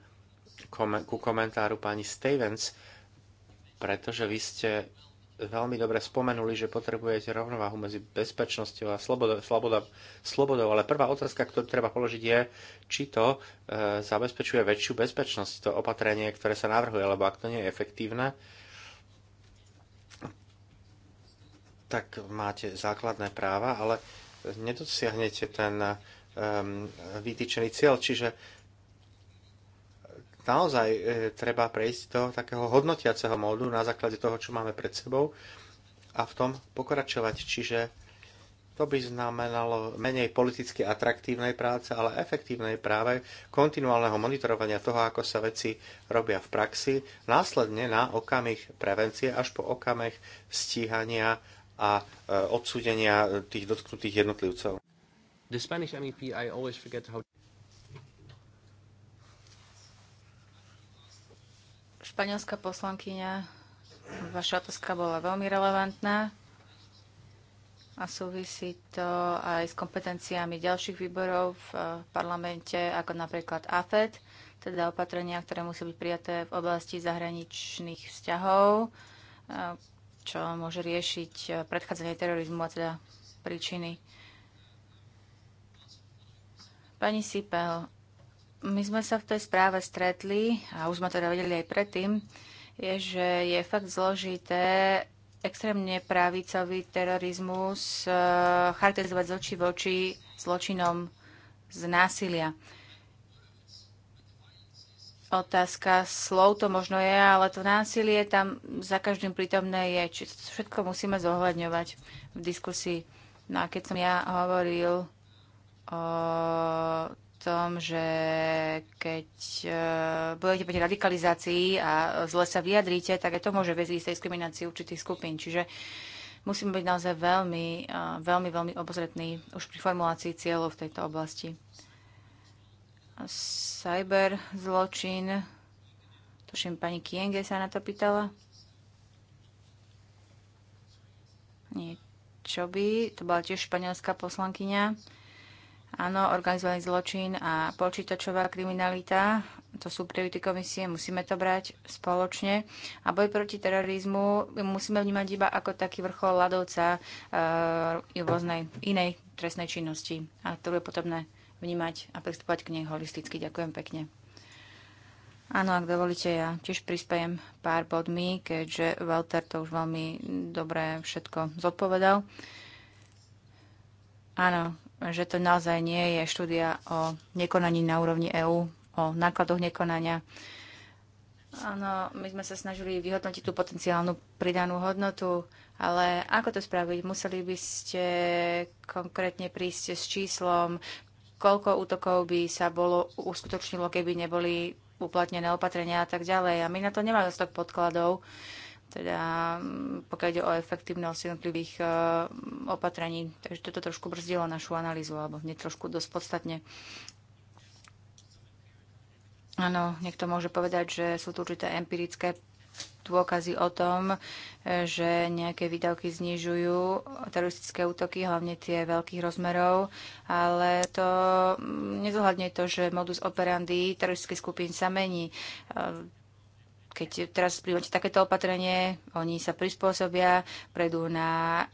ku komentáru pani Stevens, pretože vy ste veľmi dobre spomenuli, že potrebujete rovnováhu medzi bezpečnosťou a slobodou, slobodou, slobodou ale prvá otázka, ktorú treba položiť je, či to e, zabezpečuje väčšiu bezpečnosť, to opatrenie, ktoré sa navrhuje, lebo ak to nie je efektívne, tak máte základné práva, ale nedosiahnete ten e, vytýčený cieľ, čiže naozaj e, treba prejsť do takého hodnotiaceho módu na základe toho, čo máme pred sebou a v tom pokračovať. Čiže to by znamenalo menej politicky atraktívnej práce, ale efektívnej práve kontinuálneho monitorovania toho, ako sa veci robia v praxi, následne na okamih prevencie až po okamih stíhania a e, odsúdenia tých dotknutých jednotlivcov. The Spanish MEP, I always forget how... Španielská poslankyňa, vaša otázka bola veľmi relevantná a súvisí to aj s kompetenciami ďalších výborov v eh, parlamente, ako napríklad AFED, teda opatrenia, ktoré musí byť prijaté v oblasti zahraničných vzťahov, eh, čo môže riešiť eh, predchádzanie terorizmu a teda príčiny. Pani Sipel, my sme sa v tej správe stretli, a už sme teda vedeli aj predtým, je, že je fakt zložité extrémne pravicový terorizmus e, charakterizovať z očí v oči zločinom z násilia. Otázka slov to možno je, ale to násilie tam za každým prítomné je. Či všetko musíme zohľadňovať v diskusii. No a keď som ja hovoril o tom, že keď eh, budete proti radikalizácii a zle sa vyjadríte, tak aj to môže viesť k diskriminácii určitých skupín. Čiže musíme byť naozaj veľmi, eh, veľmi, veľmi obozretní už pri formulácii cieľov v tejto oblasti. Cyber zločin, tuším pani Kienge sa na to pýtala. Niečo by, to bola tiež španielská poslankyňa. Áno, organizovaný zločin a počítačová kriminalita, to sú priority komisie, musíme to brať spoločne. A boj proti terorizmu musíme vnímať iba ako taký vrchol ľadovca uh, rôznej inej trestnej činnosti, a ktorú je potrebné vnímať a pristupovať k nej holisticky. Ďakujem pekne. Áno, ak dovolíte, ja tiež prispiem pár bodmi, keďže Walter to už veľmi dobre všetko zodpovedal. Áno, že to naozaj nie je štúdia o nekonaní na úrovni EÚ, o nákladoch nekonania. Áno, my sme sa snažili vyhodnotiť tú potenciálnu pridanú hodnotu, ale ako to spraviť? Museli by ste konkrétne prísť s číslom, koľko útokov by sa bolo uskutočnilo, keby neboli uplatnené opatrenia a tak ďalej. A my na to nemáme dostok podkladov. Uh, teda mm, pokiaľ ide o efektívnosť jednotlivých e, opatrení. Takže toto trošku brzdilo našu analýzu, alebo nie trošku dosť podstatne. Áno, niekto môže povedať, že sú tu určité empirické dôkazy o tom, e, že nejaké výdavky znižujú teroristické útoky, hlavne tie veľkých rozmerov, ale to mm, nezohľadne to, že modus operandi teroristických skupín sa mení. E, keď teraz príjmete takéto opatrenie, oni sa prispôsobia, prejdú na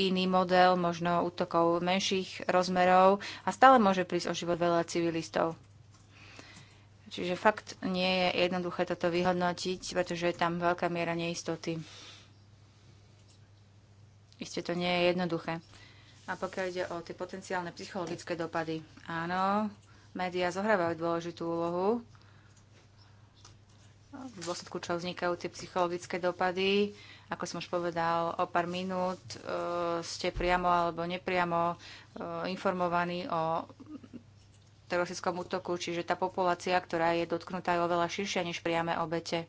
iný model, možno útokov menších rozmerov a stále môže prísť o život veľa civilistov. Čiže fakt nie je jednoduché toto vyhodnotiť, pretože je tam veľká miera neistoty. Isté to nie je jednoduché. A pokiaľ ide o tie potenciálne psychologické dopady, áno, médiá zohrávajú dôležitú úlohu v dôsledku čo vznikajú tie psychologické dopady. Ako som už povedal, o pár minút e, ste priamo alebo nepriamo e, informovaní o teroristickom útoku, čiže tá populácia, ktorá je dotknutá, je oveľa širšia než priame obete.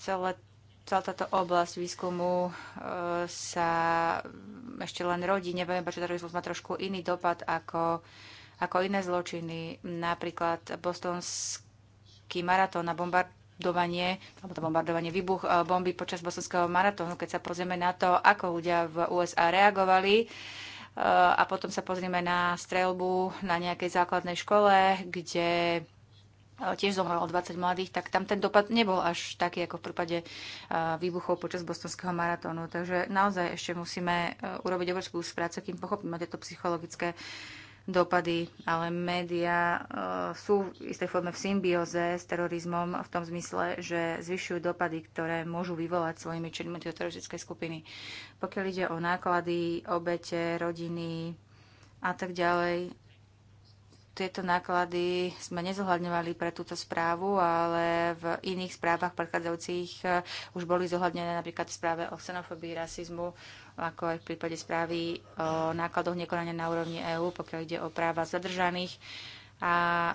Celé, celá táto oblasť výskumu e, sa ešte len rodí. Neviem, prečo terorizmus má trošku iný dopad ako, ako iné zločiny. Napríklad bostonský bosanský maratón a bombardovanie, alebo to bombardovanie, výbuch e, bomby počas bosonského maratónu, keď sa pozrieme na to, ako ľudia v USA reagovali, e, a potom sa pozrieme na strelbu na nejakej základnej škole, kde e, tiež zomrelo 20 mladých, tak tam ten dopad nebol až taký ako v prípade výbuchov počas bostonského maratónu. Takže naozaj ešte musíme urobiť obrovskú prácu, kým pochopíme tieto psychologické uh, dopady, ale médiá eh, sú v istej forme v symbióze s terorizmom v tom zmysle, že zvyšujú dopady, ktoré môžu vyvolať svojimi činmi tieto teroristické skupiny. Pokiaľ ide o náklady, obete, rodiny a tak ďalej, tieto náklady sme nezohľadňovali pre túto správu, ale v iných správach predchádzajúcich eh, už boli zohľadnené napríklad v správe o xenofóbii, rasizmu ako aj v prípade správy o nákladoch nekonania na úrovni EÚ, pokiaľ ide o práva zadržaných. A e,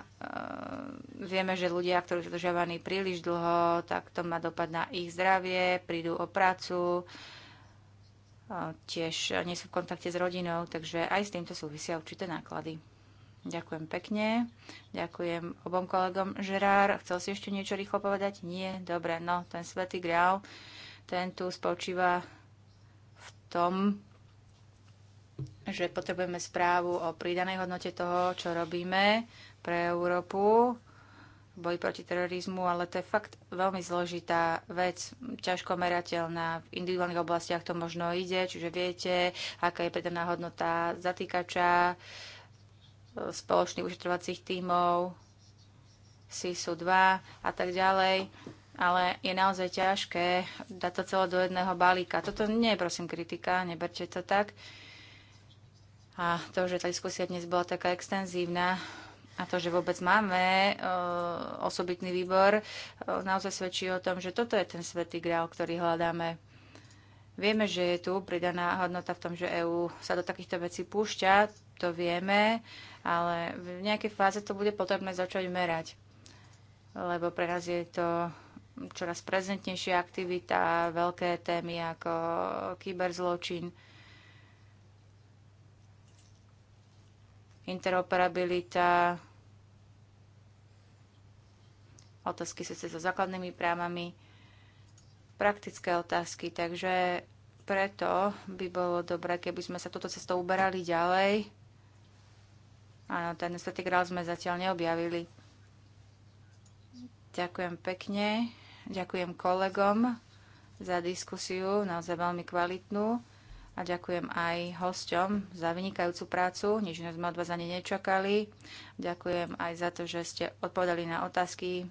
vieme, že ľudia, ktorí sú zadržovaní príliš dlho, tak to má dopad na ich zdravie, prídu o prácu, e, tiež nie sú v kontakte s rodinou, takže aj s týmto súvisia určité náklady. Ďakujem pekne. Ďakujem obom kolegom. Žerár, chcel si ešte niečo rýchlo povedať? Nie? Dobre, no, ten svetý grál, ten tu spočíva tom, že potrebujeme správu o pridanej hodnote toho, čo robíme pre Európu, boj proti terorizmu, ale to je fakt veľmi zložitá vec, ťažko merateľná. V individuálnych oblastiach to možno ide, čiže viete, aká je pridaná hodnota zatýkača, spoločných ušetrovacích tímov, SISU 2 a tak ďalej ale je naozaj ťažké dať to celé do jedného balíka. Toto nie je prosím kritika, neberte to tak. A to, že tá diskusia dnes bola taká extenzívna a to, že vôbec máme e, osobitný výbor, e, naozaj svedčí o tom, že toto je ten svetý grál, ktorý hľadáme. Vieme, že je tu pridaná hodnota v tom, že EÚ sa do takýchto vecí púšťa, to vieme, ale v nejakej fáze to bude potrebné začať merať, lebo pre nás je to čoraz prezentnejšia aktivita, veľké témy ako kyberzločin, interoperabilita, otázky sice so základnými právami, praktické otázky, takže preto by bolo dobré, keby sme sa túto cestou uberali ďalej. Áno, ten svetý grál sme zatiaľ neobjavili. Ďakujem pekne. Ďakujem kolegom za diskusiu, naozaj veľmi kvalitnú a ďakujem aj hosťom za vynikajúcu prácu, nič iné sme od vás ani nečakali. Ďakujem aj za to, že ste odpovedali na otázky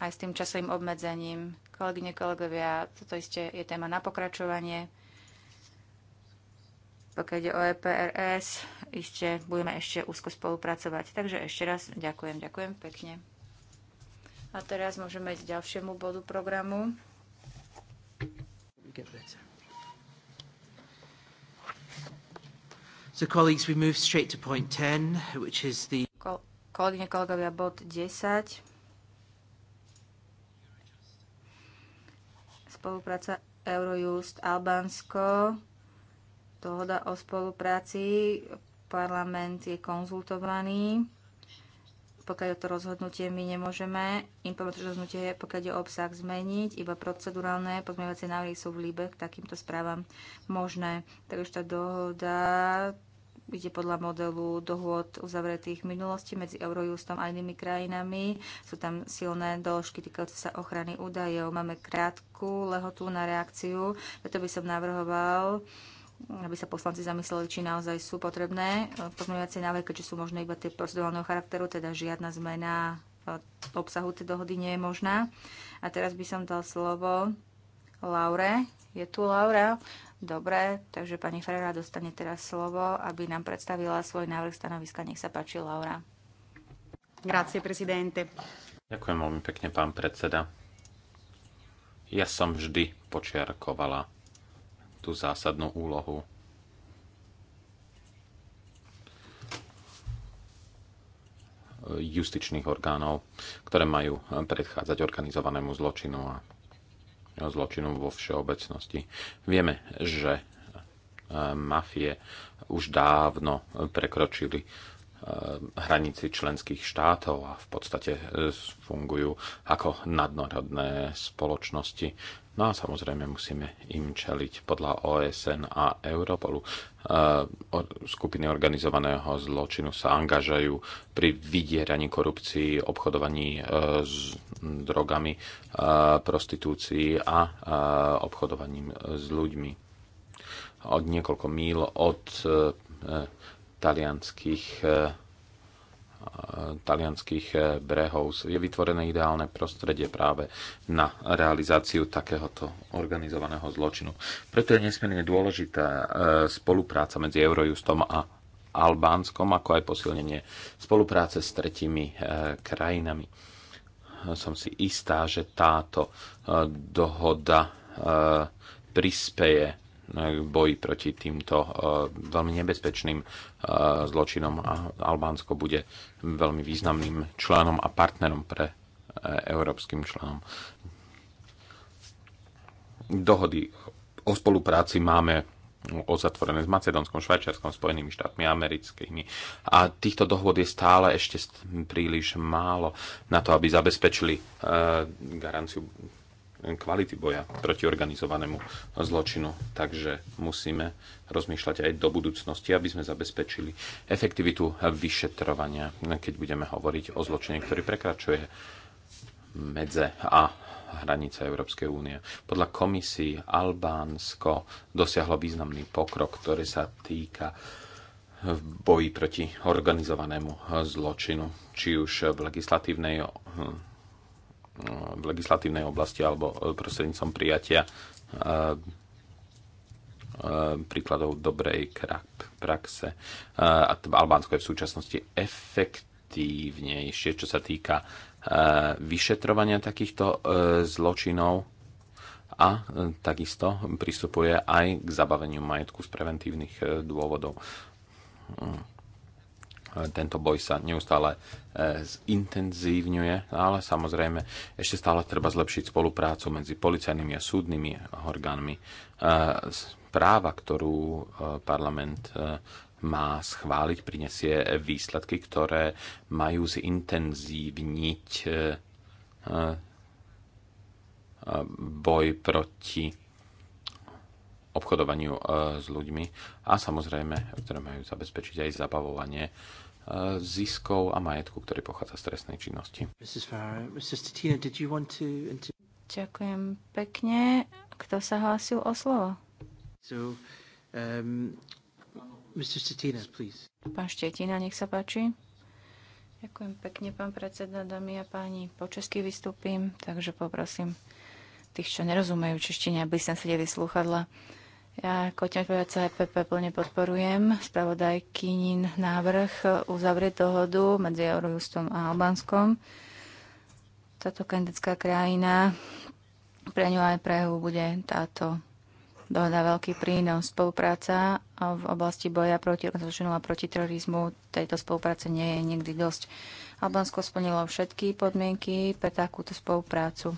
aj s tým časovým obmedzením. Kolegyne, kolegovia, toto isté je téma na pokračovanie. Pokiaľ ide o EPRS, iste budeme ešte úzko spolupracovať. Takže ešte raz ďakujem, ďakujem pekne. A teraz môžeme ísť k ďalšiemu bodu programu. So colleagues, we move straight to point 10, which is the... Kolegyne, kolegovia, bod 10. Spolupráca Eurojust Albánsko. Dohoda o spolupráci. Parlament je konzultovaný pokiaľ je to rozhodnutie, my nemôžeme implementačné rozhodnutie, pokiaľ je obsah zmeniť, iba procedurálne pozmeňovacie návrhy sú v líbe k takýmto správam možné. Takže tá dohoda ide podľa modelu dohôd uzavretých v minulosti medzi Eurojustom a inými krajinami. Sú tam silné dĺžky týkajúce sa ochrany údajov. Máme krátku lehotu na reakciu, preto by som navrhoval aby sa poslanci zamysleli, či naozaj sú potrebné eh, pozmeňovacie návrhy, keďže sú možné iba tie procedurálneho charakteru, teda žiadna zmena eh, obsahu tej dohody nie je možná. A teraz by som dal slovo Laure. Je tu Laura? Dobre, takže pani Ferrera dostane teraz slovo, aby nám predstavila svoj návrh stanoviska. Nech sa páči, Laura. Grazie, prezidente. Ďakujem veľmi pekne, pán predseda. Ja som vždy počiarkovala tú zásadnú úlohu. justičných orgánov, ktoré majú predchádzať organizovanému zločinu a zločinu vo všeobecnosti. Vieme, že e, mafie už dávno prekročili e, hranici členských štátov a v podstate e, fungujú ako nadnárodné spoločnosti. No a samozrejme musíme im čeliť podľa OSN a Europolu. E, skupiny organizovaného zločinu sa angažajú pri vydieraní korupcii, obchodovaní e, s drogami, e, prostitúcii a obchodovaním s ľuďmi. Od niekoľko míl od talianských talianských eh, brehov. Je vytvorené ideálne prostredie práve na realizáciu takéhoto organizovaného zločinu. Preto je nesmierne dôležitá eh, spolupráca medzi Eurojustom a Albánskom, ako aj posilnenie spolupráce s tretimi eh, krajinami. Som si istá, že táto dohoda prispeje Eh, boji proti týmto eh, veľmi nebezpečným eh, zločinom a Albánsko bude veľmi významným členom a partnerom pre európskym členom. Dohody o spolupráci máme ozatvorené s Macedónskom, Švajčiarskom, Spojenými štátmi americkými. A týchto dohôd je stále ešte príliš málo na to, aby zabezpečili garanciu kvality boja proti organizovanému zločinu. Takže musíme rozmýšľať aj do budúcnosti, aby sme zabezpečili efektivitu vyšetrovania, keď budeme hovoriť o zločine, ktorý prekračuje medze a hranice Európskej únie. Podľa komisí Albánsko dosiahlo významný pokrok, ktorý sa týka v boji proti organizovanému zločinu, či už v legislatívnej v legislatívnej oblasti alebo e, prostredníctvom prijatia e, e, príkladov dobrej praxe. A Albánsko je v súčasnosti efektívnejšie, čo sa týka vyšetrovania takýchto zločinov a takisto pristupuje aj k zabaveniu majetku z preventívnych dôvodov. Mm. Eh, tento boj sa neustále eh, zintenzívňuje, ale samozrejme ešte stále treba zlepšiť spoluprácu medzi policajnými a súdnymi orgánmi. Eh, Práva, ktorú parlament má schváliť, prinesie výsledky, ktoré majú zintenzívniť boj proti obchodovaniu s ľuďmi a samozrejme, ktoré majú zabezpečiť aj zabavovanie ziskov a majetku, ktorý pochádza z trestnej činnosti. Ďakujem pekne. Kto sa hlásil o slovo? So, um, Mr. Stetina, Pán Štetina, nech sa páči. Ďakujem pekne, pán predseda, dámy a páni. Po česky vystúpim, takže poprosím tých, čo nerozumejú češtine, aby sa sedeli slúchadla. Uh, Ja ako ťaňová CPP plne podporujem spravodajkynin návrh uzavrieť dohodu medzi Eurojustom a Albánskom. Táto kandidátska krajina pre ňu aj pre EU bude táto dohoda veľký prínos. Spolupráca v oblasti boja proti zločinu a proti terorizmu tejto spolupráce nie je nikdy dosť. Albánsko splnilo všetky podmienky pre takúto spoluprácu.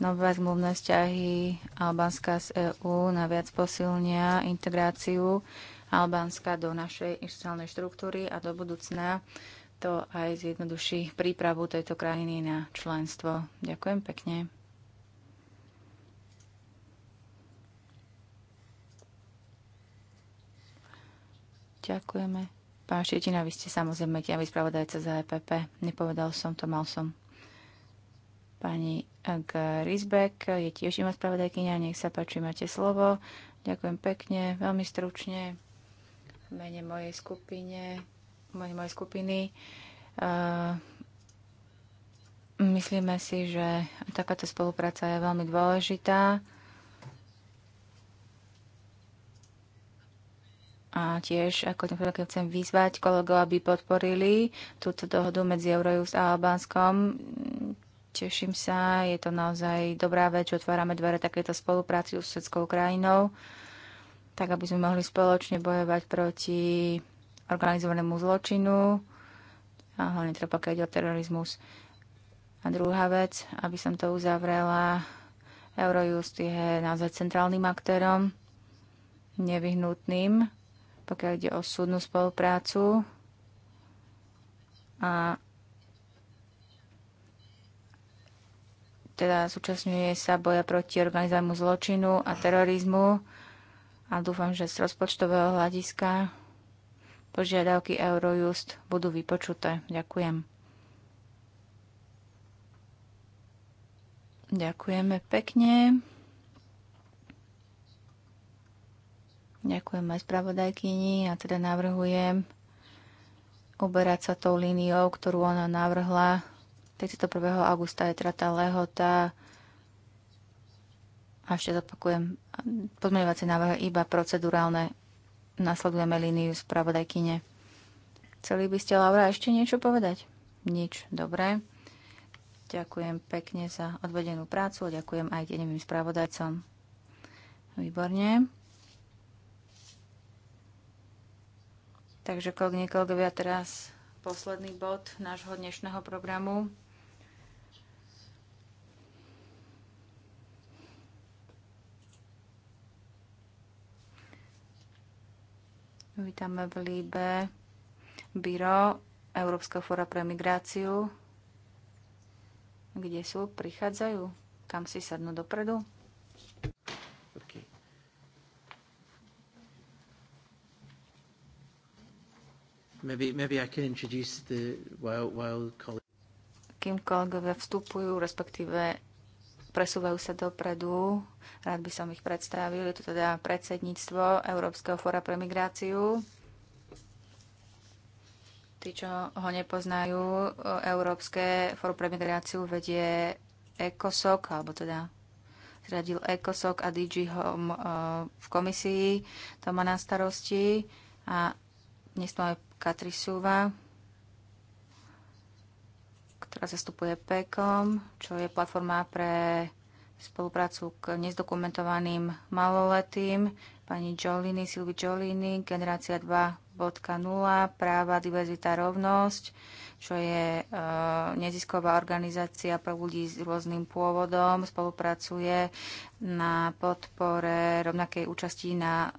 Nové zmluvné vzťahy Albánska s EÚ naviac posilnia integráciu Albánska do našej inštitucionálnej štruktúry a do budúcna to aj zjednoduší prípravu tejto krajiny na členstvo. Ďakujem pekne. Ďakujeme. Pán Šietina, vy ste samozrejme tiavý spravodajca za EPP. Nepovedal som to, mal som Pani Grisbeck je tiež ima spravodajkynia, nech sa páči, máte slovo. Ďakujem pekne, veľmi stručne. V mene mojej skupine, mene mojej skupiny. Uh, myslíme si, že takáto spolupráca je veľmi dôležitá. A tiež, ako tým chcem vyzvať kolegov, aby podporili túto dohodu medzi Eurojust a Albánskom Teším sa, je to naozaj dobrá vec, že otvárame dvere takéto spolupráci s susedskou krajinou, tak aby sme mohli spoločne bojovať proti organizovanému zločinu a hlavne treba keď o terorizmus. A druhá vec, aby som to uzavrela, Eurojust je naozaj centrálnym aktérom, nevyhnutným, pokiaľ ide o súdnu spoluprácu a teda zúčastňuje sa boja proti organizovanému zločinu a terorizmu a dúfam, že z rozpočtového hľadiska požiadavky Eurojust budú vypočuté. Ďakujem. Ďakujeme pekne. Ďakujem aj spravodajkyni a teda navrhujem uberať sa tou líniou, ktorú ona navrhla 31. augusta je teda tá lehota. A ešte zopakujem, podmeňovacie návrhy iba procedurálne. Nasledujeme líniu spravodajkyne. Chceli by ste, Laura, ešte niečo povedať? Nič, dobre. Ďakujem pekne za odvedenú prácu a ďakujem aj denným spravodajcom. Výborne. Takže kolegyne, kolegovia, teraz posledný bod nášho dnešného programu. Vítame v Líbe Biro, Európska fóra pre migráciu. Kde sú? Prichádzajú? Kam si sadnú dopredu? Okay. Maybe, maybe I can introduce the while, while colleagues kým kolegovia vstupujú, respektíve presúvajú sa dopredu. Rád by som ich predstavil. Je to teda predsedníctvo Európskeho fóra pre migráciu. Tí, čo ho nepoznajú, Európske fóru pre migráciu vedie ECOSOC, alebo teda zradil ECOSOC a DG Home eh, v komisii. To má na starosti. A dnes máme Katri Suva. Teraz zastupuje PECOM, čo je platforma pre spoluprácu k nezdokumentovaným maloletým. Pani Jolini, Silvi Jolini, generácia 2.0, práva, diverzita, rovnosť, čo je e, nezisková organizácia pre ľudí s rôznym pôvodom, spolupracuje na podpore rovnakej účasti na e,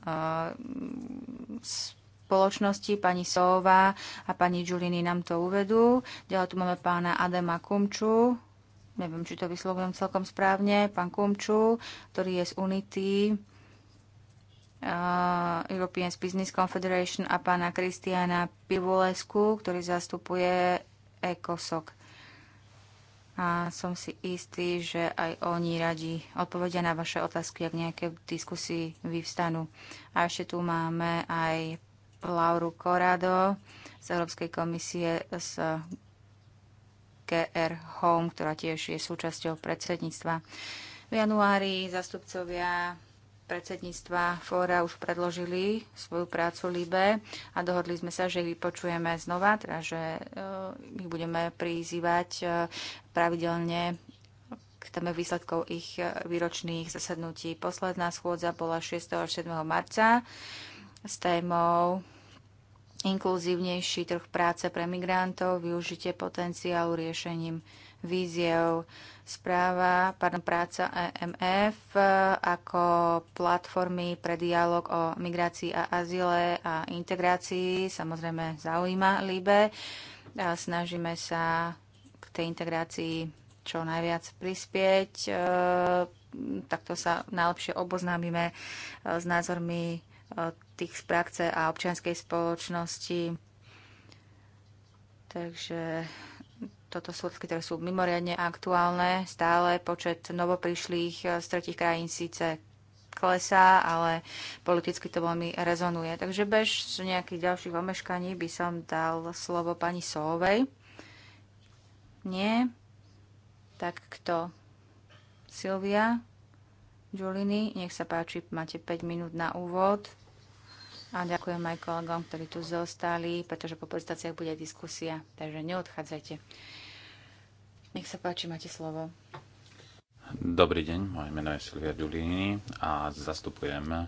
spoločnosti. Pani Sová a pani Giulini nám to uvedú. Ďalej tu máme pána Adema Kumču, neviem, či to vyslovujem celkom správne, pán Kumču, ktorý je z Unity, uh, European Business Confederation a pána Kristiana Pivulesku, ktorý zastupuje ECOSOC. A som si istý, že aj oni radi odpovedia na vaše otázky, ak nejaké diskusii vyvstanú. A ešte tu máme aj Lauru Corrado z Európskej komisie z GR Home, ktorá tiež je súčasťou predsedníctva. V januári zastupcovia predsedníctva fóra už predložili svoju prácu LIBE a dohodli sme sa, že ich vypočujeme znova, teda že eh, ich budeme prizývať eh, pravidelne k téme výsledkov ich eh, výročných zasadnutí. Posledná schôdza bola 6. až 7. marca s témou inkluzívnejší trh práce pre migrantov, využitie potenciálu riešením víziev. Správa, pardon, práca EMF eh, ako platformy pre dialog o migrácii a azile a integrácii samozrejme zaujíma Libe. Snažíme sa k tej integrácii čo najviac prispieť. Eh, takto sa najlepšie oboznámime eh, s názormi tých z praxe a občianskej spoločnosti. Takže toto sú otázky, ktoré sú mimoriadne aktuálne. Stále počet novoprišlých z tretich krajín síce klesá, ale politicky to veľmi rezonuje. Takže bez nejakých ďalších omeškaní by som dal slovo pani Sovej. Nie. Tak kto? Silvia? Giuliani? nech sa páči, máte 5 minút na úvod. A ďakujem aj kolegom, ktorí tu zostali, pretože po prezentáciách bude diskusia, takže neodchádzajte. Nech sa páči, máte slovo. Dobrý deň, moje meno je Silvia Dulini a zastupujem e,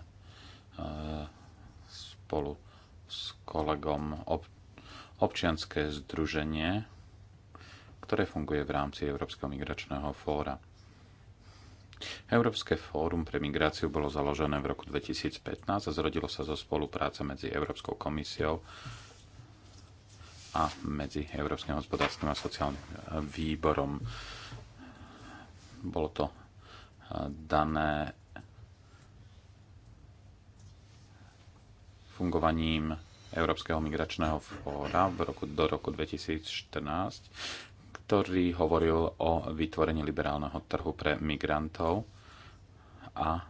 spolu s kolegom ob, občianské združenie, ktoré funguje v rámci Európskeho migračného fóra. Európske fórum pre migráciu bolo založené v roku 2015 a zrodilo sa zo spolupráce medzi Európskou komisiou a medzi Európskym hospodárskym a sociálnym eh, výborom. Bolo to eh, dané fungovaním Európskeho migračného fóra v roku, do roku 2014, ktorý hovoril o vytvorení liberálneho trhu pre migrantov a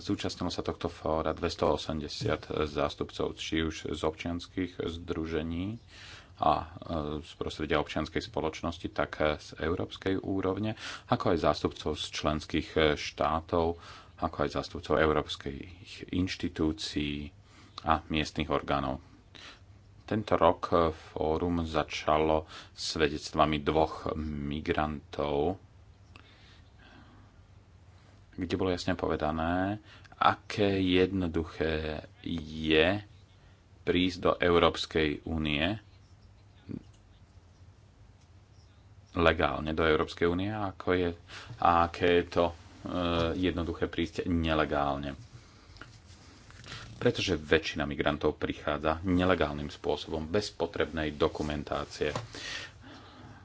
zúčastnilo sa tohto fóra 280 zástupcov, či už z občianských združení, a e, z prostredia občianskej spoločnosti, tak z európskej úrovne, ako aj zástupcov z členských e, štátov, ako aj zástupcov európskej inštitúcií a miestnych orgánov. Tento rok eh, fórum začalo svedectvami dvoch migrantov, kde bolo jasne povedané, aké jednoduché je prísť do Európskej únie legálne do Európskej únie a, ako je, a aké je to e, jednoduché prísť nelegálne pretože väčšina migrantov prichádza nelegálnym spôsobom, bez potrebnej dokumentácie.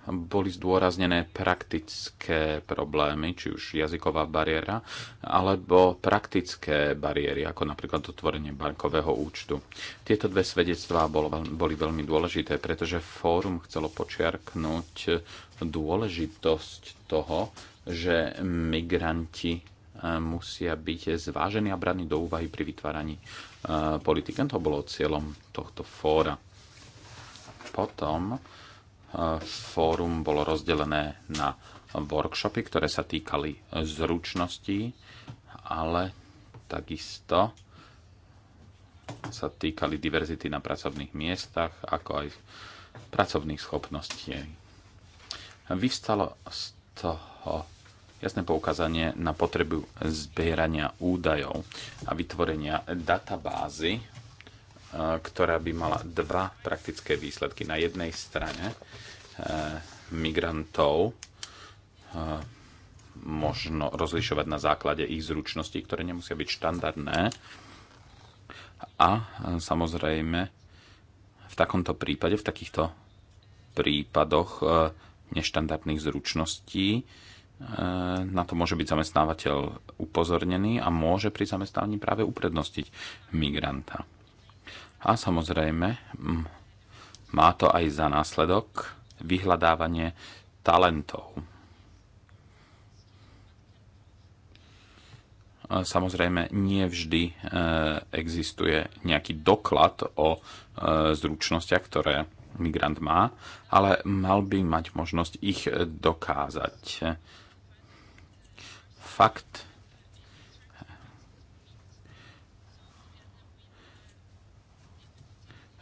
Boli zdôraznené praktické problémy, či už jazyková bariéra, alebo praktické bariéry, ako napríklad otvorenie bankového účtu. Tieto dve svedectvá boli veľmi dôležité, pretože fórum chcelo počiarknúť dôležitosť toho, že migranti musia byť zvážení a braní do úvahy pri vytváraní e, politik. To bolo cieľom tohto fóra. Potom e, fórum bolo rozdelené na workshopy, ktoré sa týkali zručností, ale takisto sa týkali diverzity na pracovných miestach, ako aj pracovných schopností. Vyvstalo z toho jasné poukázanie na potrebu zbierania údajov a vytvorenia databázy, e, ktorá by mala dva praktické výsledky. Na jednej strane e, migrantov e, možno rozlišovať na základe ich zručností, ktoré nemusia byť štandardné. A samozrejme, v takomto prípade, v takýchto prípadoch neštandardných zručností, Eh, na to môže byť zamestnávateľ upozornený a môže pri zamestnávaní práve uprednostiť migranta. A samozrejme, mm, má to aj za následok vyhľadávanie talentov. Eh, samozrejme, nie vždy eh, existuje nejaký doklad o zručnostiach, ktoré migrant má, ale mal by mať možnosť ich dokázať fakt,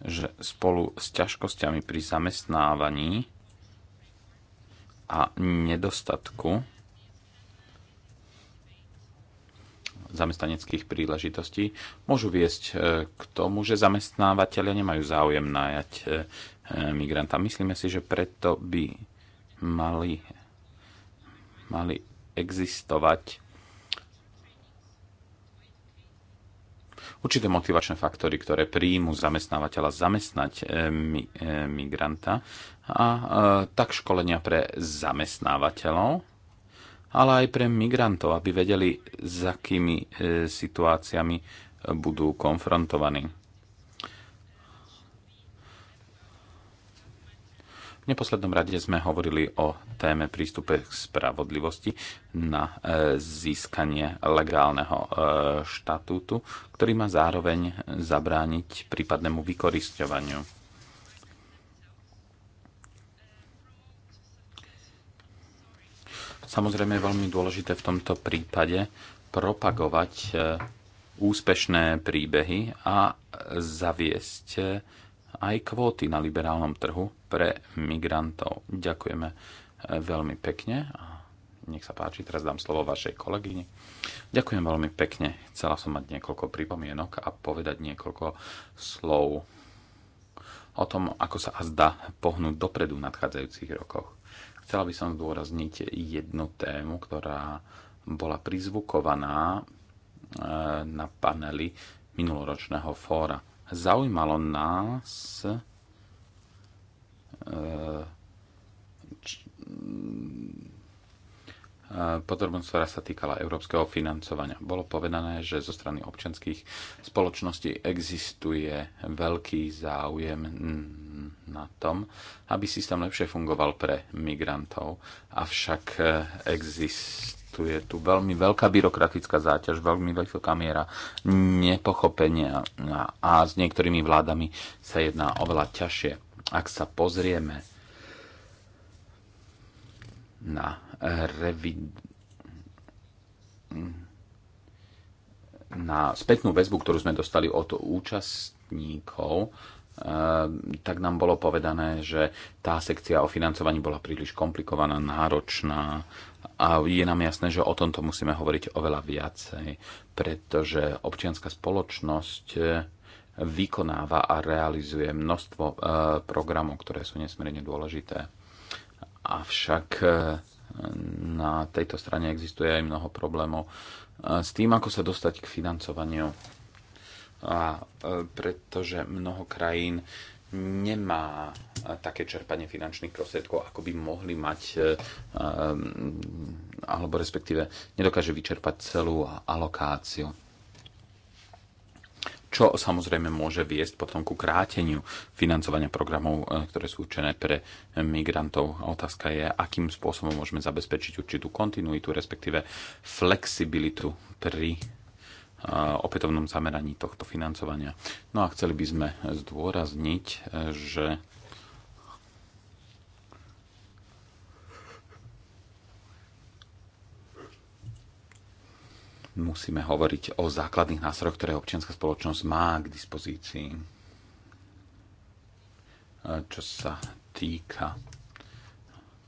že spolu s ťažkosťami pri zamestnávaní a nedostatku zamestnaneckých príležitostí môžu viesť e, k tomu, že zamestnávateľe nemajú záujem nájať e, e, migranta. Myslíme si, že preto by mali, mali existovať určité motivačné faktory, ktoré príjmu zamestnávateľa zamestnať eh, mi, eh, migranta a eh, tak školenia pre zamestnávateľov, ale aj pre migrantov, aby vedeli, s akými situáciami budú konfrontovaní. V neposlednom rade sme hovorili o téme prístupe k spravodlivosti na e, získanie legálneho e, štatútu, ktorý má zároveň zabrániť prípadnému vykorisťovaniu. Samozrejme je veľmi dôležité v tomto prípade propagovať e, úspešné príbehy a zaviesť aj kvóty na liberálnom trhu pre migrantov. Ďakujeme eh, veľmi pekne a nech sa páči, teraz dám slovo vašej kolegyni. Ďakujem veľmi pekne. Chcela som mať niekoľko pripomienok a povedať niekoľko slov o tom, ako sa azda pohnúť dopredu v nadchádzajúcich rokoch. Chcela by som zdôrazniť jednu tému, ktorá bola prizvukovaná eh, na paneli minuloročného fóra Zaujímalo nás, e, e, podrobnosť, ktorá sa týkala európskeho financovania. Bolo povedané, že zo strany občanských spoločností existuje veľký záujem na tom, aby systém lepšie fungoval pre migrantov, avšak e, exist tu je tu veľmi veľká byrokratická záťaž, veľmi veľká miera nepochopenia a s niektorými vládami sa jedná oveľa ťažšie. Ak sa pozrieme na revi... na spätnú väzbu, ktorú sme dostali od účastníkov, e, tak nám bolo povedané, že tá sekcia o financovaní bola príliš komplikovaná, náročná a je nám jasné, že o tomto musíme hovoriť oveľa viacej, pretože občianská spoločnosť e, vykonáva a realizuje množstvo e, programov, ktoré sú nesmierne dôležité. Avšak e, na tejto strane existuje aj mnoho problémov s tým, ako sa dostať k financovaniu. A pretože mnoho krajín nemá eh, také čerpanie finančných prostriedkov, ako by mohli mať, eh, eh, alebo respektíve nedokáže vyčerpať celú alokáciu. Čo samozrejme môže viesť potom ku kráteniu financovania programov, ktoré sú určené pre migrantov. A otázka je, akým spôsobom môžeme zabezpečiť určitú kontinuitu, respektíve flexibilitu pri opätovnom zameraní tohto financovania. No a chceli by sme zdôrazniť, že musíme hovoriť o základných nástrojoch, ktoré občianská spoločnosť má k dispozícii. Čo sa týka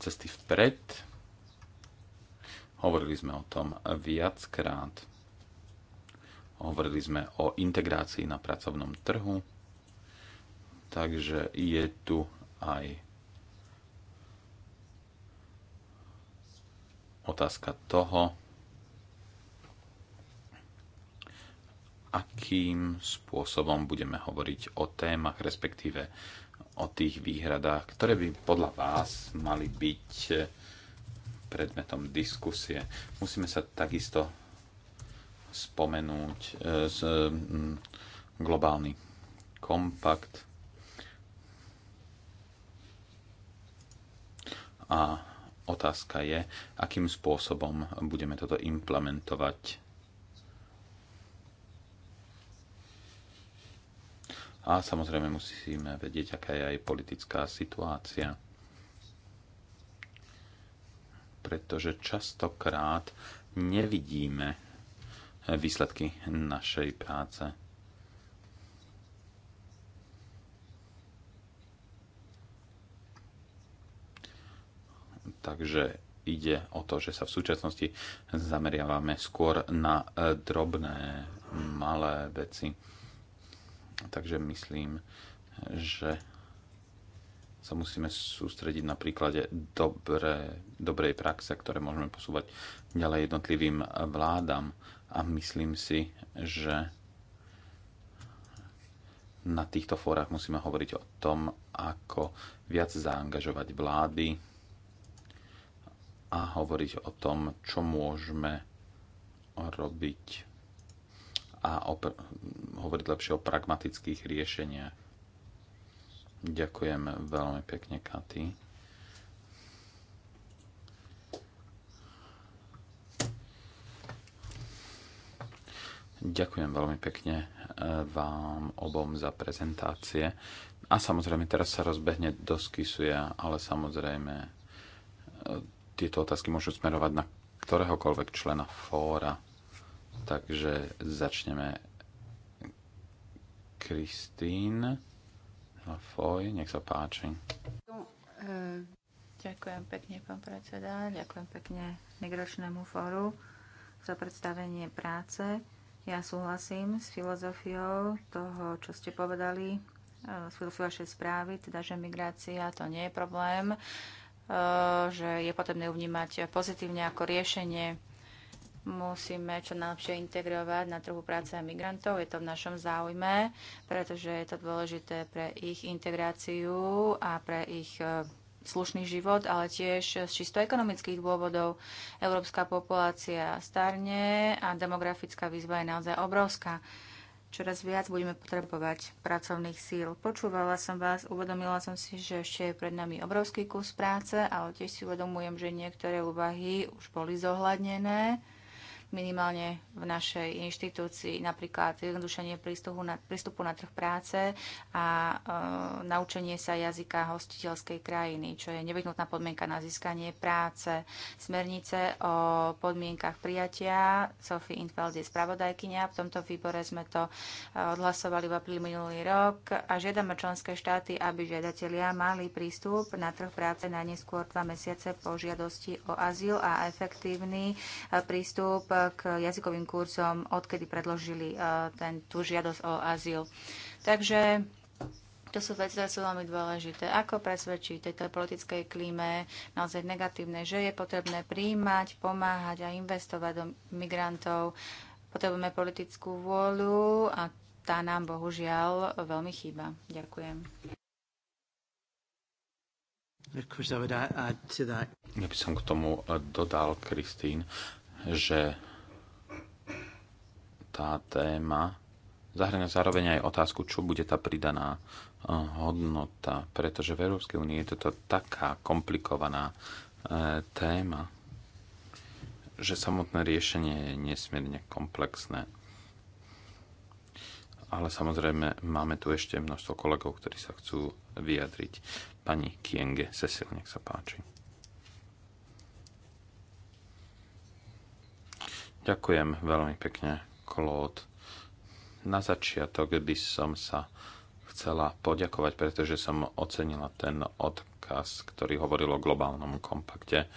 cesty vpred, hovorili sme o tom viackrát. Hovorili sme o integrácii na pracovnom trhu, takže je tu aj otázka toho, akým spôsobom budeme hovoriť o témach, respektíve o tých výhradách, ktoré by podľa vás mali byť predmetom diskusie. Musíme sa takisto spomenúť e, z globálny kompakt a otázka je, akým spôsobom budeme toto implementovať. A samozrejme musíme vedieť, aká je aj politická situácia. Pretože častokrát nevidíme výsledky našej práce. Takže ide o to, že sa v súčasnosti zameriavame skôr na e, drobné, malé veci. Takže myslím, že sa musíme sústrediť na príklade dobré, dobrej praxe, ktoré môžeme posúvať ďalej jednotlivým vládam a myslím si, že na týchto fórach musíme hovoriť o tom, ako viac zaangažovať vlády a hovoriť o tom, čo môžeme robiť a hovoriť lepšie o pragmatických riešeniach. Ďakujem veľmi pekne, Katy. Ďakujem veľmi pekne eh, vám obom za prezentácie. A samozrejme, teraz sa rozbehne do skisuja, ale samozrejme, eh, tieto otázky môžu smerovať na ktoréhokoľvek člena fóra. Takže začneme Kristín Lafoy, nech sa páči. Ďakujem pekne, pán predseda. Ďakujem pekne Migračnému fóru za predstavenie práce. Ja súhlasím s filozofiou toho, čo ste povedali, eh, s filozofiou vašej správy, teda, že migrácia to nie je problém, eh, že je potrebné ju vnímať pozitívne ako riešenie musíme čo najlepšie integrovať na trhu práce a migrantov. Je to v našom záujme, pretože je to dôležité pre ich integráciu a pre ich eh, slušný život, ale tiež z čisto ekonomických dôvodov. Európska populácia starne a demografická výzva je naozaj obrovská. Čoraz viac budeme potrebovať pracovných síl. Počúvala som vás, uvedomila som si, že ešte je pred nami obrovský kus práce, ale tiež si uvedomujem, že niektoré úvahy už boli zohľadnené minimálne v našej inštitúcii, napríklad jednodušenie prístupu na, prístupu na trh práce a e, naučenie sa jazyka hostiteľskej krajiny, čo je nevyhnutná podmienka na získanie práce. Smernice o podmienkach prijatia, Sophie Infeld je spravodajkynia, v tomto výbore sme to e, odhlasovali v apríli minulý rok a žiadame členské štáty, aby žiadatelia mali prístup na trh práce najnieskôr dva mesiace po žiadosti o azyl a efektívny e, prístup k jazykovým kurzom, odkedy predložili eh, ten, tú žiadosť o azyl. Takže to sú veci, ktoré sú veľmi dôležité. Ako presvedčiť tejto politickej klíme naozaj negatívne, že je potrebné príjmať, pomáhať a investovať do migrantov. Potrebujeme politickú vôľu a tá nám bohužiaľ veľmi chýba. Ďakujem. Ja by som k tomu eh, dodal, Kristín, že tá téma zahrania zároveň aj otázku, čo bude tá pridaná eh, hodnota, pretože v Európskej únii je toto taká komplikovaná eh, téma, že samotné riešenie je nesmierne komplexné. Ale samozrejme, máme tu ešte množstvo kolegov, ktorí sa chcú vyjadriť. Pani Kienge, Cecil, nech sa páči. Ďakujem veľmi pekne, Claude. Na začiatok by som sa chcela poďakovať, pretože som ocenila ten odkaz, ktorý hovoril o globálnom kompakte, e,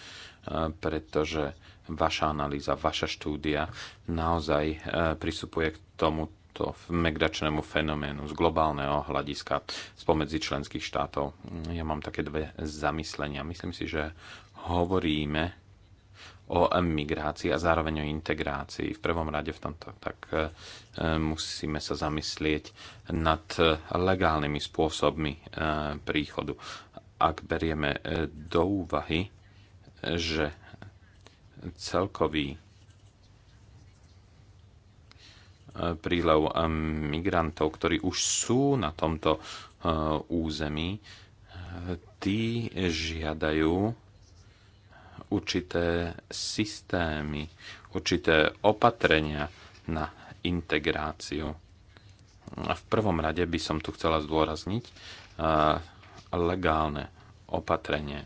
pretože vaša analýza, vaša štúdia naozaj e, pristupuje k tomuto megdačnému fenoménu z globálneho hľadiska spomedzi členských štátov. Ja mám také dve zamyslenia. Myslím si, že hovoríme o emigrácii a zároveň o integrácii. V prvom rade v tomto tak e, e, musíme sa zamyslieť nad e, legálnymi spôsobmi príchodu. Ak berieme do úvahy, že celkový prílev migrantov, ktorí už sú na tomto území, tí žiadajú určité systémy, určité opatrenia na integráciu. A v prvom rade by som tu chcela zdôrazniť legálne opatrenie.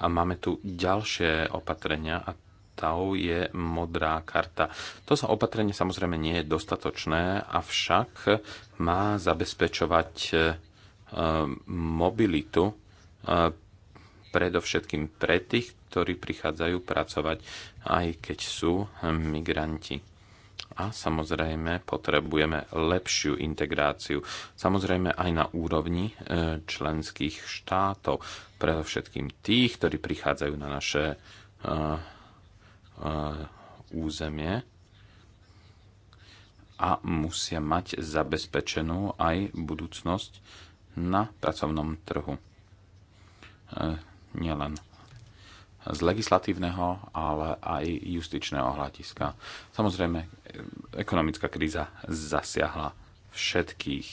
A máme tu ďalšie opatrenia a tou je modrá karta. To sa opatrenie samozrejme nie je dostatočné, avšak má zabezpečovať e, mobilitu e, predovšetkým pre tých, ktorí prichádzajú pracovať, aj keď sú migranti. A samozrejme potrebujeme lepšiu integráciu, samozrejme aj na úrovni e, členských štátov, predovšetkým tých, ktorí prichádzajú na naše e, e, územie a musia mať zabezpečenú aj budúcnosť na pracovnom trhu nielen z legislatívneho, ale aj justičného hľadiska. Samozrejme, ekonomická kríza zasiahla všetkých,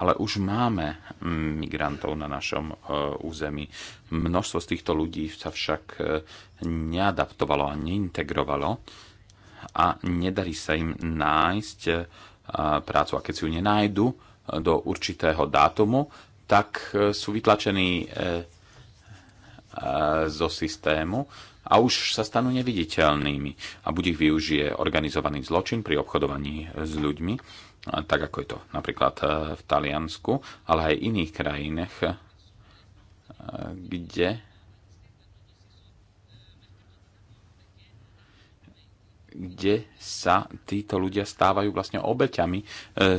ale už máme migrantov na našom e, území. Množstvo z týchto ľudí sa však e, neadaptovalo a neintegrovalo a nedarí sa im nájsť e, prácu. A keď si ju nenájdu do určitého dátumu, tak sú vytlačení zo systému a už sa stanú neviditeľnými a buď ich využije organizovaný zločin pri obchodovaní s ľuďmi, tak ako je to napríklad e, v Taliansku, ale aj iných krajinách, e, kde kde sa títo ľudia stávajú vlastne obeťami e,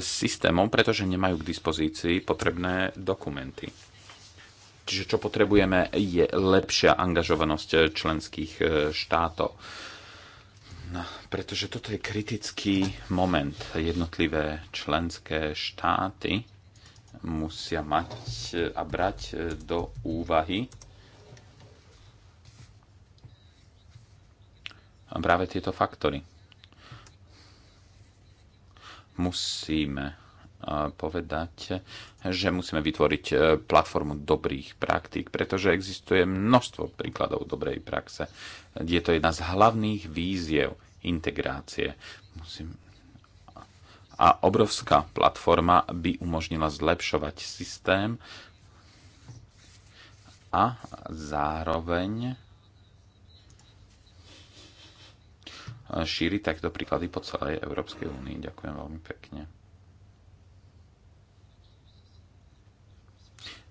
systémom, pretože nemajú k dispozícii potrebné dokumenty. Čiže čo potrebujeme je lepšia angažovanosť eh, členských eh, štátov. No, pretože toto je kritický moment. Jednotlivé členské štáty musia mať eh, a brať do úvahy práve tieto faktory. Musíme povedať, že musíme vytvoriť e, platformu dobrých praktík, pretože existuje množstvo príkladov dobrej praxe. Je to jedna z hlavných víziev integrácie. Musím... A obrovská platforma by umožnila zlepšovať systém a zároveň šíriť takto príklady po celej Európskej únii. Ďakujem veľmi pekne.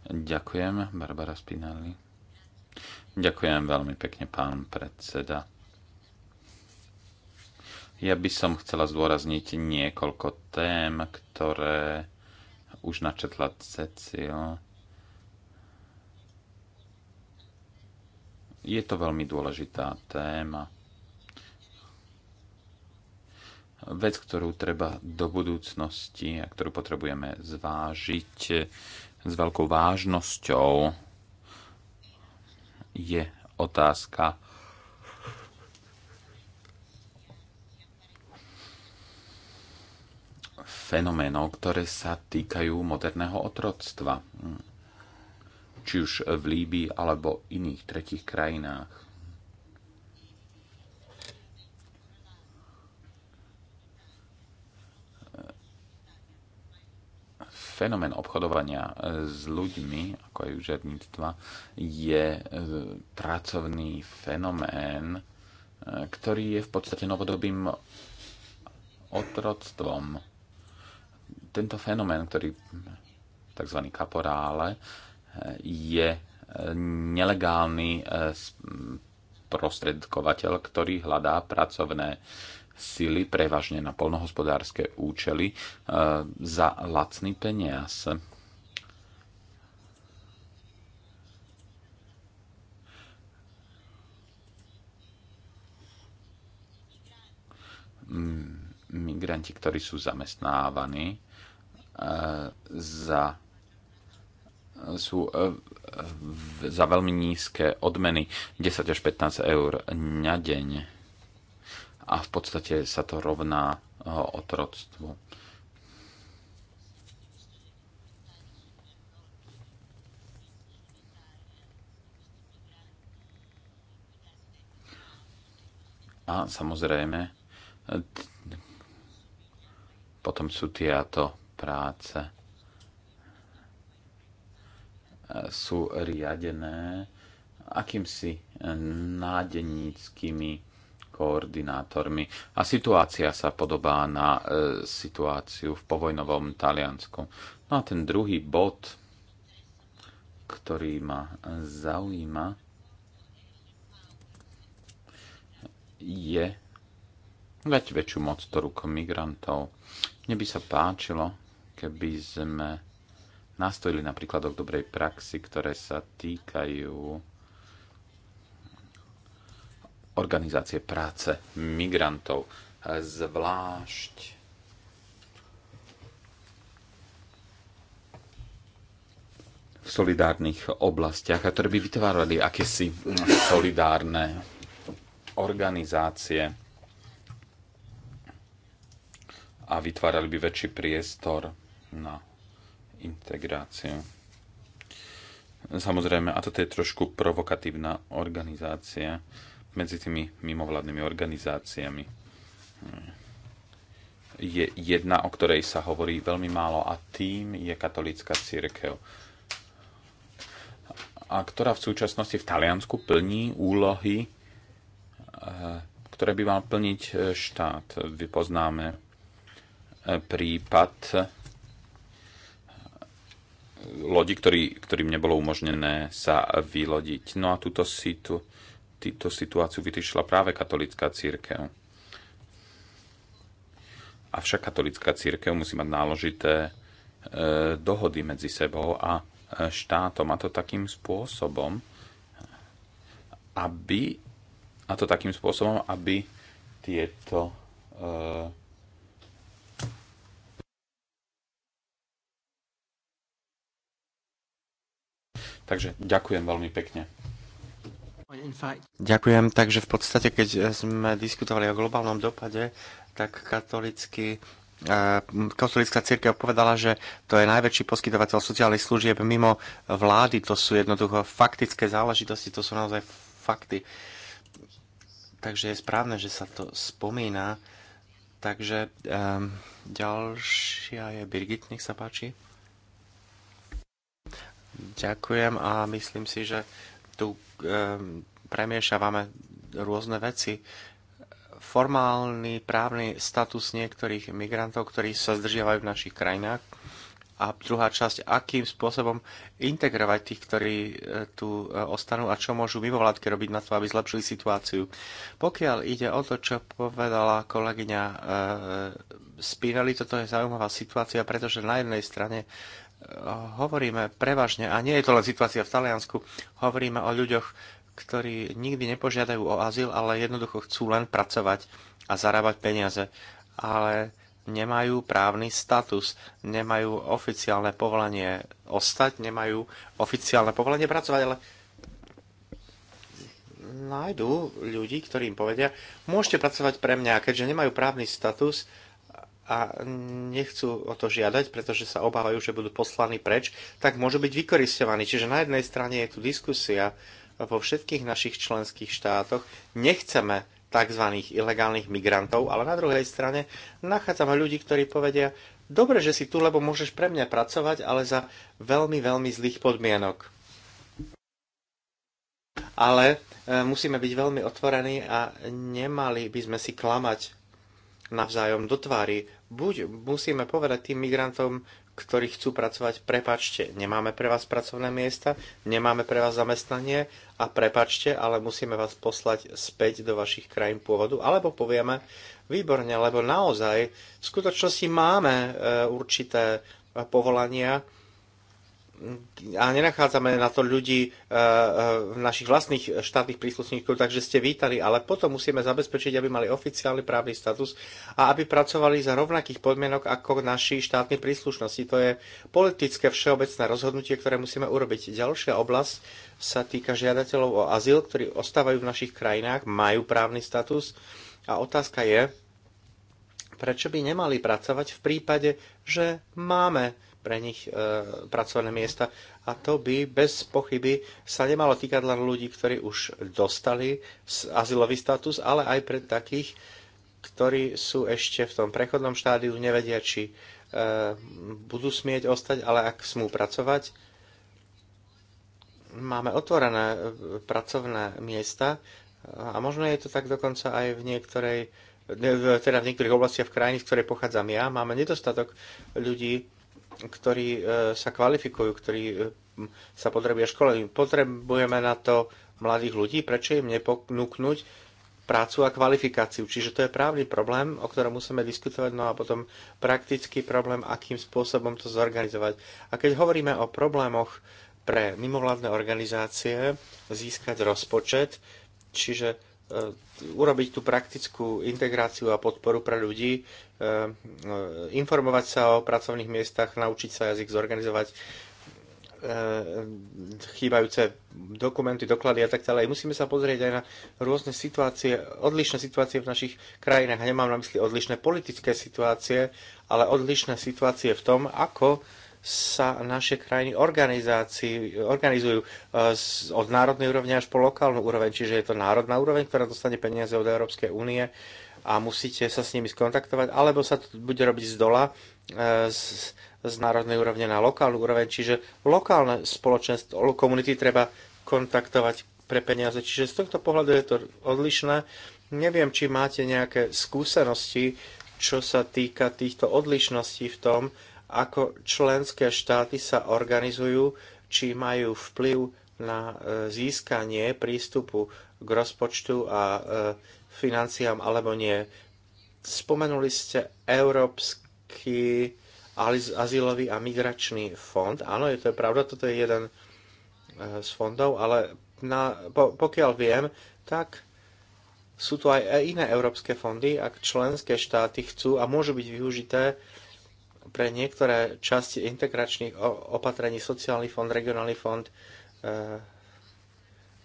Ďakujem, Barbara Spinelli. Ďakujem veľmi pekne, pán predseda. Ja by som chcela zdôrazniť niekoľko tém, ktoré už načetla Cecil. Je to veľmi dôležitá téma. Vec, ktorú treba do budúcnosti a ktorú potrebujeme zvážiť, s veľkou vážnosťou je otázka fenoménov, ktoré sa týkajú moderného otroctva, hm. či už v Líbii alebo iných tretich krajinách. fenomén obchodovania e, s ľuďmi, ako aj úžadníctva, je e, pracovný fenomén, e, ktorý je v podstate novodobým otroctvom. Tento fenomén, ktorý tzv. kaporále, je nelegálny prostredkovateľ, ktorý hľadá pracovné sily prevažne na polnohospodárske účely e, za lacný peniaz. Mm, migranti, ktorí sú zamestnávaní e, za sú e, za veľmi nízke odmeny 10 až 15 eur na deň a v podstate sa to rovná eh, otroctvu. A samozrejme, potom sú tieto práce eh, sú riadené akýmsi eh, nádeníckými koordinátormi. A situácia sa podobá na e, situáciu v povojnovom Taliansku. No a ten druhý bod, ktorý ma zaujíma, je veď väčšiu moc do rúk migrantov. Mne by sa páčilo, keby sme nastojili na príkladoch dobrej praxi, ktoré sa týkajú organizácie práce migrantov, zvlášť v solidárnych oblastiach, a ktoré by vytvárali akési solidárne organizácie a vytvárali by väčší priestor na integráciu. Samozrejme, a toto je trošku provokatívna organizácia, medzi tými mimovládnymi organizáciami je jedna, o ktorej sa hovorí veľmi málo a tým je katolická církev a ktorá v súčasnosti v Taliansku plní úlohy, e, ktoré by mal plniť e, štát. Vypoznáme e, prípad lodi, ktorý, ktorým nebolo umožnené sa vylodiť. No a túto situ, túto situáciu vytýčila práve katolická církev. Avšak katolická církev musí mať náležité e, dohody medzi sebou a e, štátom. A to takým spôsobom, aby a to takým spôsobom, aby tieto e, Takže ďakujem veľmi pekne. Ďakujem, takže v podstate, keď sme diskutovali o globálnom dopade, tak katolický eh, katolická církev povedala, že to je najväčší poskytovateľ sociálnych služieb mimo vlády. To sú jednoducho faktické záležitosti, to sú naozaj fakty. Takže je správne, že sa to spomína. Takže um, ďalšia je Birgit, nech sa páči. Ďakujem a myslím si, že tu ehm, premiešavame rôzne veci. Formálny právny status niektorých migrantov, ktorí sa zdržiavajú v našich krajinách, a druhá časť, akým spôsobom integrovať tých, ktorí e, tu e, ostanú a čo môžu mimovládky robiť na to, aby zlepšili situáciu. Pokiaľ ide o to, čo povedala kolegyňa e, Spinelli, toto je zaujímavá situácia, pretože na jednej strane hovoríme prevažne, a nie je to len situácia v Taliansku, hovoríme o ľuďoch, ktorí nikdy nepožiadajú o azyl, ale jednoducho chcú len pracovať a zarábať peniaze. Ale nemajú právny status, nemajú oficiálne povolenie ostať, nemajú oficiálne povolenie pracovať, ale nájdú ľudí, ktorí im povedia, môžete pracovať pre mňa, keďže nemajú právny status, a nechcú o to žiadať, pretože sa obávajú, že budú poslaní preč, tak môžu byť vykoristovaní. Čiže na jednej strane je tu diskusia vo všetkých našich členských štátoch. Nechceme tzv. ilegálnych migrantov, ale na druhej strane nachádzame ľudí, ktorí povedia, dobre, že si tu, lebo môžeš pre mňa pracovať, ale za veľmi, veľmi zlých podmienok. Ale e, musíme byť veľmi otvorení a nemali by sme si klamať navzájom do tvári buď musíme povedať tým migrantom, ktorí chcú pracovať, prepačte, nemáme pre vás pracovné miesta, nemáme pre vás zamestnanie a prepačte, ale musíme vás poslať späť do vašich krajín pôvodu, alebo povieme, výborne, lebo naozaj v skutočnosti máme e, určité e, povolania, a nenachádzame na to ľudí, e, e, v našich vlastných štátnych príslušníkov, takže ste vítali, ale potom musíme zabezpečiť, aby mali oficiálny právny status a aby pracovali za rovnakých podmienok ako naši štátni príslušnosti. To je politické všeobecné rozhodnutie, ktoré musíme urobiť. Ďalšia oblasť sa týka žiadateľov o azyl, ktorí ostávajú v našich krajinách, majú právny status a otázka je, prečo by nemali pracovať v prípade, že máme pre nich e, pracovné miesta. A to by bez pochyby sa nemalo týkať len ľudí, ktorí už dostali azylový status, ale aj pre takých, ktorí sú ešte v tom prechodnom štádiu, nevedia, či e, budú smieť ostať, ale ak smú pracovať, máme otvorené e, pracovné miesta a možno je to tak dokonca aj v niektorej teda v niektorých oblastiach v krajine, z ktorej pochádzam ja, máme nedostatok ľudí, ktorí e, sa kvalifikujú, ktorí e, sa potrebujú školení. Potrebujeme na to mladých ľudí, prečo im nepoknúknuť prácu a kvalifikáciu. Čiže to je právny problém, o ktorom musíme diskutovať, no a potom praktický problém, akým spôsobom to zorganizovať. A keď hovoríme o problémoch pre mimovládne organizácie získať rozpočet, čiže Eh, urobiť tú praktickú integráciu a podporu pre ľudí, eh, eh, informovať sa o pracovných miestach, naučiť sa jazyk, zorganizovať chýbajúce dokumenty, doklady a tak ďalej. Musíme sa pozrieť aj na rôzne situácie, odlišné situácie v našich krajinách. Nemám na mysli odlišné politické situácie, ale odlišné situácie v tom, ako sa naše krajiny organizujú e, od národnej úrovne až po lokálnu úroveň, čiže je to národná úroveň, ktorá dostane peniaze od Európskej únie a musíte sa s nimi skontaktovať, alebo sa to bude robiť z dola, e, z, z národnej úrovne na lokálnu úroveň, čiže lokálne spoločenstvo, komunity treba kontaktovať pre peniaze. Čiže z tohto pohľadu je to odlišné. Neviem, či máte nejaké skúsenosti, čo sa týka týchto odlišností v tom, ako členské štáty sa organizujú, či majú vplyv na e, získanie prístupu k rozpočtu a e, financiám alebo nie. Spomenuli ste Európsky azylový a migračný fond. Áno, je to je pravda, toto je jeden e, z fondov, ale na, po, pokiaľ viem, tak sú tu aj iné európske fondy, ak členské štáty chcú a môžu byť využité Pre niektoré časti integračných opatrení, sociálny fond, regionálny fond e,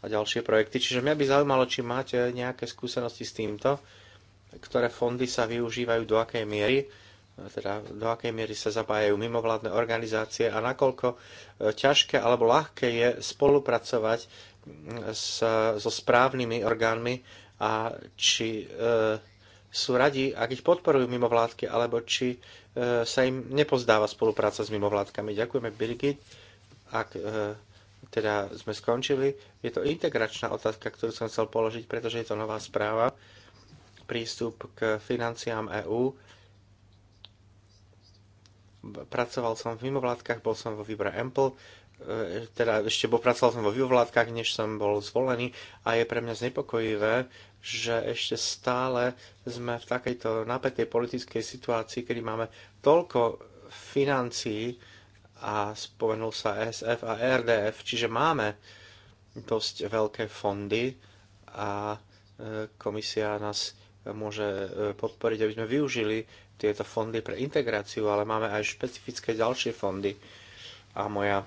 a ďalšie projekty. Čiže mňa by zaujímalo, či máte nejaké skúsenosti s týmto, ktoré fondy sa využívajú, do akej miery e, teda do akej miery sa zapájajú mimovládne organizácie a nakoľko e, ťažké alebo ľahké je spolupracovať mm, s, so správnymi orgánmi a či e, sú radi, ak ich podporujú mimovládky, alebo či e, sa im nepozdáva spolupráca s mimovládkami. Ďakujeme, Birgit. Ak teda sme skončili, je to integračná otázka, ktorú som chcel položiť, pretože je to nová správa. Prístup k financiám EÚ. Pracoval som v mimovládkach, bol som vo výbore Ample E, teda ešte popracoval som vo vyvládkach, než som bol zvolený a je pre mňa znepokojivé, že ešte stále sme v takejto napätej politickej situácii, kedy máme toľko financií a spomenul sa SF a RDF, čiže máme dosť veľké fondy a e, komisia nás môže e, podporiť, aby sme využili tieto fondy pre integráciu, ale máme aj špecifické ďalšie fondy. A moja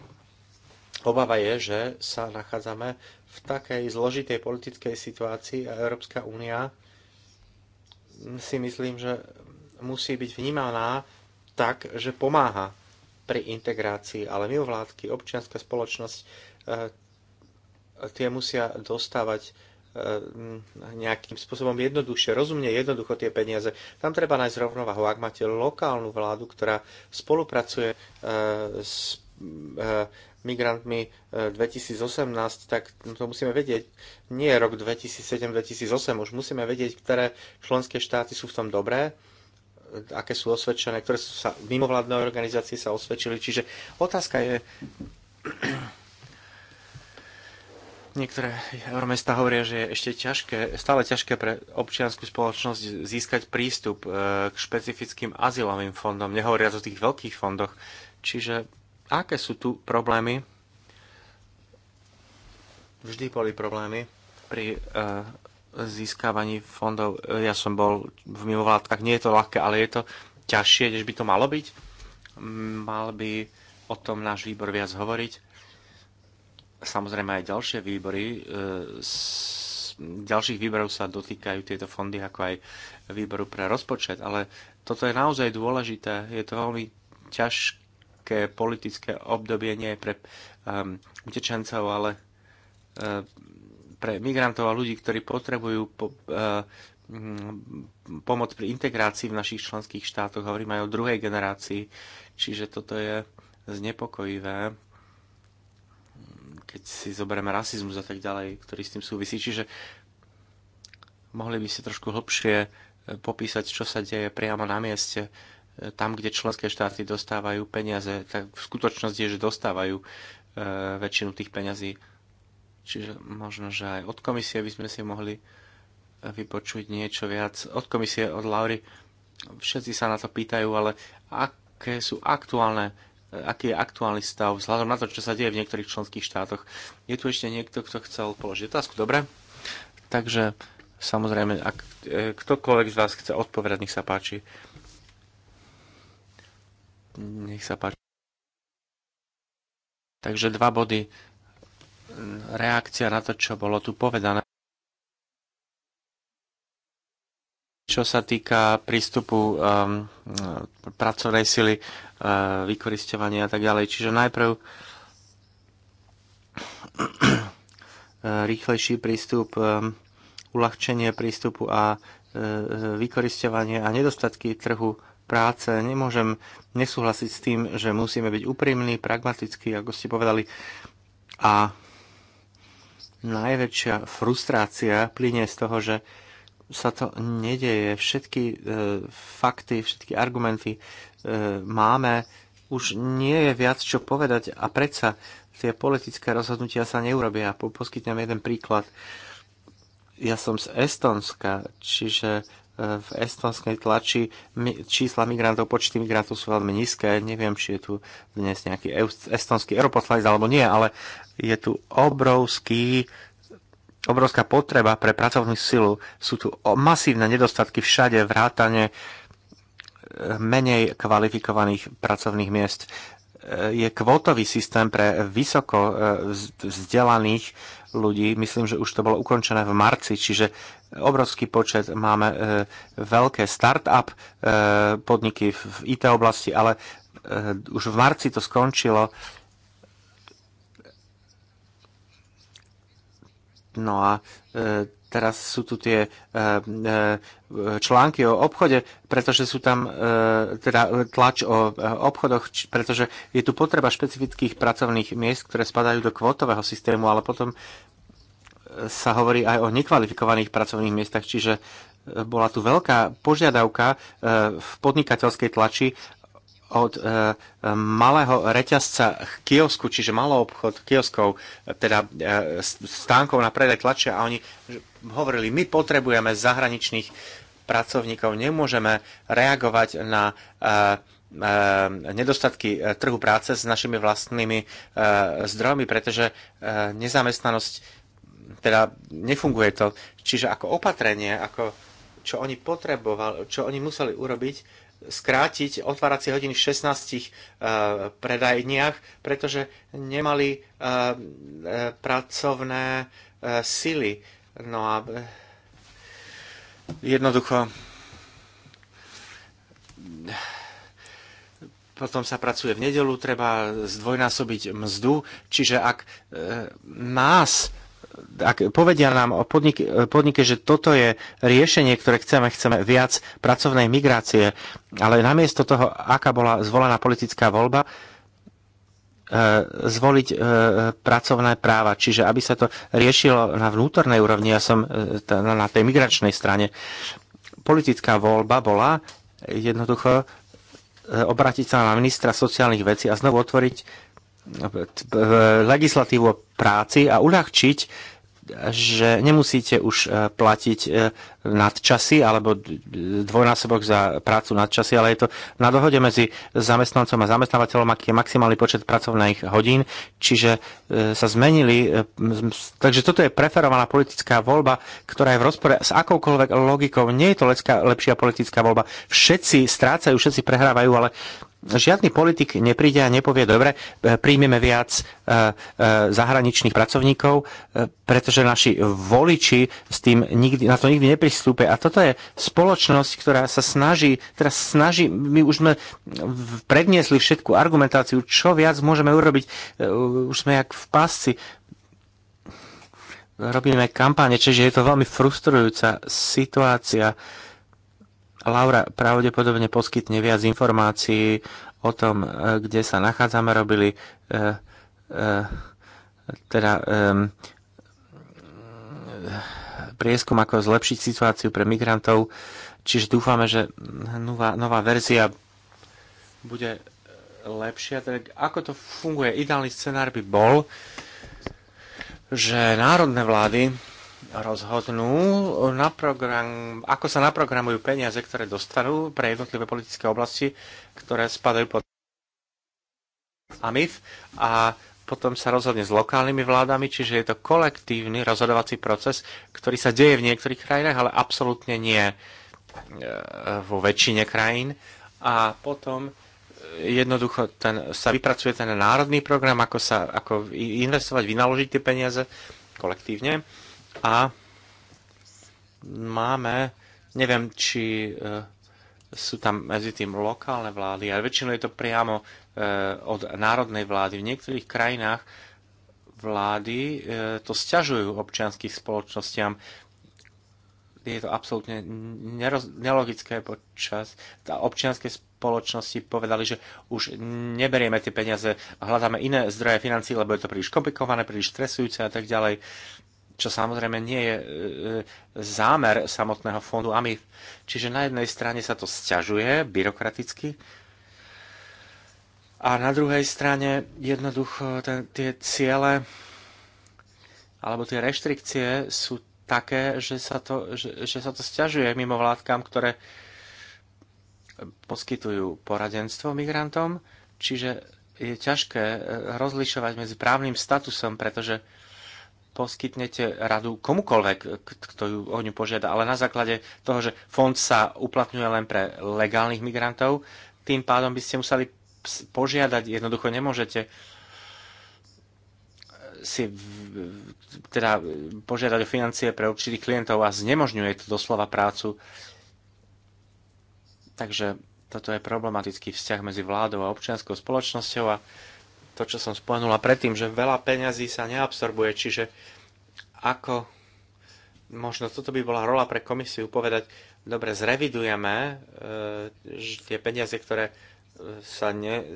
Obava je, že sa nachádzame v takej zložitej politickej situácii a Európska únia mm, si myslím, že musí byť vnímaná tak, že pomáha pri integrácii, ale vládky, občianská spoločnosť, e, tie musia dostávať e, mm, nejakým spôsobom jednoduchšie, rozumne jednoducho tie peniaze. Tam treba nájsť rovnovahu. Ak máte lokálnu vládu, ktorá spolupracuje e, s migrantmi 2018, e, tak to musíme vedieť. Nie rok 2007-2008, už musíme vedieť, ktoré členské štáty sú v tom dobré, e, aké sú osvedčené, ktoré sú sa, mimovládne organizácie sa osvedčili. Čiže otázka je... [clears throat] Niektoré euromesta hovoria, že je ešte ťažké, stále ťažké pre občianskú spoločnosť získať prístup e, k špecifickým azylovým fondom, nehovoriac o tých veľkých fondoch. Čiže Aké sú tu problémy? Vždy boli problémy pri uh, e, získavaní fondov. E, ja som bol v mimovládkach, nie je to ľahké, ale je to ťažšie, než by to malo byť. Mal by o tom náš výbor viac hovoriť. Samozrejme aj ďalšie výbory, e, ďalších výborov sa dotýkajú tieto fondy, ako aj výboru pre rozpočet, ale toto je naozaj dôležité. Je to veľmi ťažké krátke politické obdobie nie pre um, utečencov, ale uh, pre migrantov a ľudí, ktorí potrebujú po, uh, pomoc pri integrácii v našich členských štátoch. Hovorím aj o druhej generácii, čiže toto je znepokojivé keď si zoberieme rasizmus a tak ďalej, ktorý s tým súvisí. Čiže mohli by ste trošku hlbšie popísať, čo sa deje priamo na mieste tam, kde členské štáty dostávajú peniaze, tak v skutočnosti je, že dostávajú e, väčšinu tých peňazí. Čiže možno, že aj od komisie by sme si mohli e, vypočuť niečo viac. Od komisie, od Laury, všetci sa na to pýtajú, ale aké sú aktuálne e, aký je aktuálny stav vzhľadom na to, čo sa deje v niektorých členských štátoch. Je tu ešte niekto, kto chcel položiť otázku, dobre? Takže samozrejme, ak ktokoľvek z vás chce odpovedať, nech sa páči. Niech sa Także dwa body. Reakcja na to, co było tu powiedziane. Co się týka prístupu um, pracownej sily, uh, wykorzystywania i tak dalej. Czyli najpierw [clears throat] rychlejszy prístup, um, uľahčenie prístupu a uh, vykoristovanie a niedostatki trhu práce. Nemôžem nesúhlasiť s tým, že musíme byť úprimní, pragmatickí, ako ste povedali. A najväčšia frustrácia plinie z toho, že sa to nedeje. Všetky e, fakty, všetky argumenty e, máme. Už nie je viac čo povedať a predsa tie politické rozhodnutia sa neurobia. Poskytnem jeden príklad. Ja som z Estonska, čiže v estonskej tlači čísla migrantov, počty migrantov sú veľmi nízke. Neviem, či je tu dnes nejaký estonský europoslanec alebo nie, ale je tu obrovský obrovská potreba pre pracovnú silu. Sú tu masívne nedostatky všade, vrátane e, menej kvalifikovaných pracovných miest. E, je kvotový systém pre vysoko e, vzdelaných ľudí. Myslím, že už to bolo ukončené v marci, čiže obrovský počet, máme e, veľké start-up e, podniky v IT oblasti, ale e, už v marci to skončilo. No a teraz sú tu tie články o obchode, pretože sú tam teda tlač o obchodoch, pretože je tu potreba špecifických pracovných miest, ktoré spadajú do kvotového systému, ale potom sa hovorí aj o nekvalifikovaných pracovných miestach, čiže e, bola tu veľká požiadavka e, v podnikateľskej tlači od e, malého reťazca kiosku, čiže malý obchod kioskov, teda stánkov na predaj tlačia a oni hovorili, my potrebujeme zahraničných pracovníkov, nemôžeme reagovať na nedostatky trhu práce s našimi vlastnými zdrojmi, pretože nezamestnanosť teda nefunguje to. Čiže ako opatrenie, ako čo oni potrebovali, čo oni museli urobiť, skrátiť otváracie hodiny v 16 uh, eh, predajniach, pretože nemali uh, uh, pracovné uh, sily. No a jednoducho potom sa pracuje v nedelu, treba zdvojnásobiť mzdu, čiže ak e, nás ak povedia nám o podnike, podnike, že toto je riešenie, ktoré chceme, chceme viac pracovnej migrácie, ale namiesto toho, aká bola zvolená politická voľba, e, zvoliť e, pracovné práva. Čiže aby sa to riešilo na vnútornej úrovni, ja som e, na tej migračnej strane. Politická voľba bola jednoducho obrátiť sa na ministra sociálnych vecí a znovu otvoriť legislatívu o práci a uľahčiť, že nemusíte už e, platiť e, nadčasy alebo dvojnásobok za prácu nadčasy, ale je to na dohode medzi zamestnancom a zamestnávateľom, aký je maximálny počet pracovných hodín, čiže e, sa zmenili. Takže toto je preferovaná politická voľba, ktorá je v rozpore s akoukoľvek logikou. Nie je to lepšia politická voľba. Všetci strácajú, všetci prehrávajú, ale žiadny politik nepríde a nepovie, dobre, príjmeme viac e, e, zahraničných pracovníkov, e, pretože naši voliči s tým nikdy, na to nikdy nepristúpe. A toto je spoločnosť, ktorá sa snaží, teraz snaží, my už sme predniesli všetku argumentáciu, čo viac môžeme urobiť, už sme jak v pásci, robíme kampáne, čiže je to veľmi frustrujúca situácia. Uh, Laura pravdepodobne poskytne viac informácií o tom, e, kde sa nachádzame. Robili e, e, teda eh, prieskum, ako zlepšiť situáciu pre migrantov. Čiže dúfame, že nová, nová verzia bude lepšia. Tak ako to funguje? Ideálny scenár by bol, že národné vlády rozhodnú, na program, ako sa naprogramujú peniaze, ktoré dostanú pre jednotlivé politické oblasti, ktoré spadajú pod AMIF a potom sa rozhodne s lokálnymi vládami, čiže je to kolektívny rozhodovací proces, ktorý sa deje v niektorých krajinách, ale absolútne nie e, vo väčšine krajín. A potom e, jednoducho ten, sa vypracuje ten národný program, ako, sa, ako investovať, vynaložiť tie peniaze kolektívne a máme, neviem, či e, sú tam medzi tým lokálne vlády, ale väčšinou je to priamo e, od národnej vlády. V niektorých krajinách vlády e, to sťažujú občianským spoločnostiam. Je to absolútne nelogické počas občianské spoločnosti povedali, že už neberieme tie peniaze a hľadáme iné zdroje financí, lebo je to príliš komplikované, príliš stresujúce a tak ďalej čo samozrejme nie je e, e, zámer samotného fondu AMIF. Čiže na jednej strane sa to sťažuje byrokraticky, a na druhej strane jednoducho ten, tie ciele alebo tie reštrikcie sú také, že sa to, že, že sa to sťažuje mimo vládkam, ktoré poskytujú poradenstvo migrantom, čiže je ťažké e, rozlišovať medzi právnym statusom, pretože poskytnete radu komukolvek, kto ju o ňu požiada, ale na základe toho, že fond sa uplatňuje len pre legálnych migrantov, tým pádom by ste museli požiadať, jednoducho nemôžete e, si teda požiadať o financie pre určitých klientov a znemožňuje to doslova prácu. Takže toto je problematický vzťah medzi vládou a občianskou spoločnosťou a to, čo som spomenula predtým, že veľa peňazí sa neabsorbuje, čiže ako možno toto by bola rola pre komisiu povedať, dobre, zrevidujeme e, tie peniaze, ktoré e, sa ne,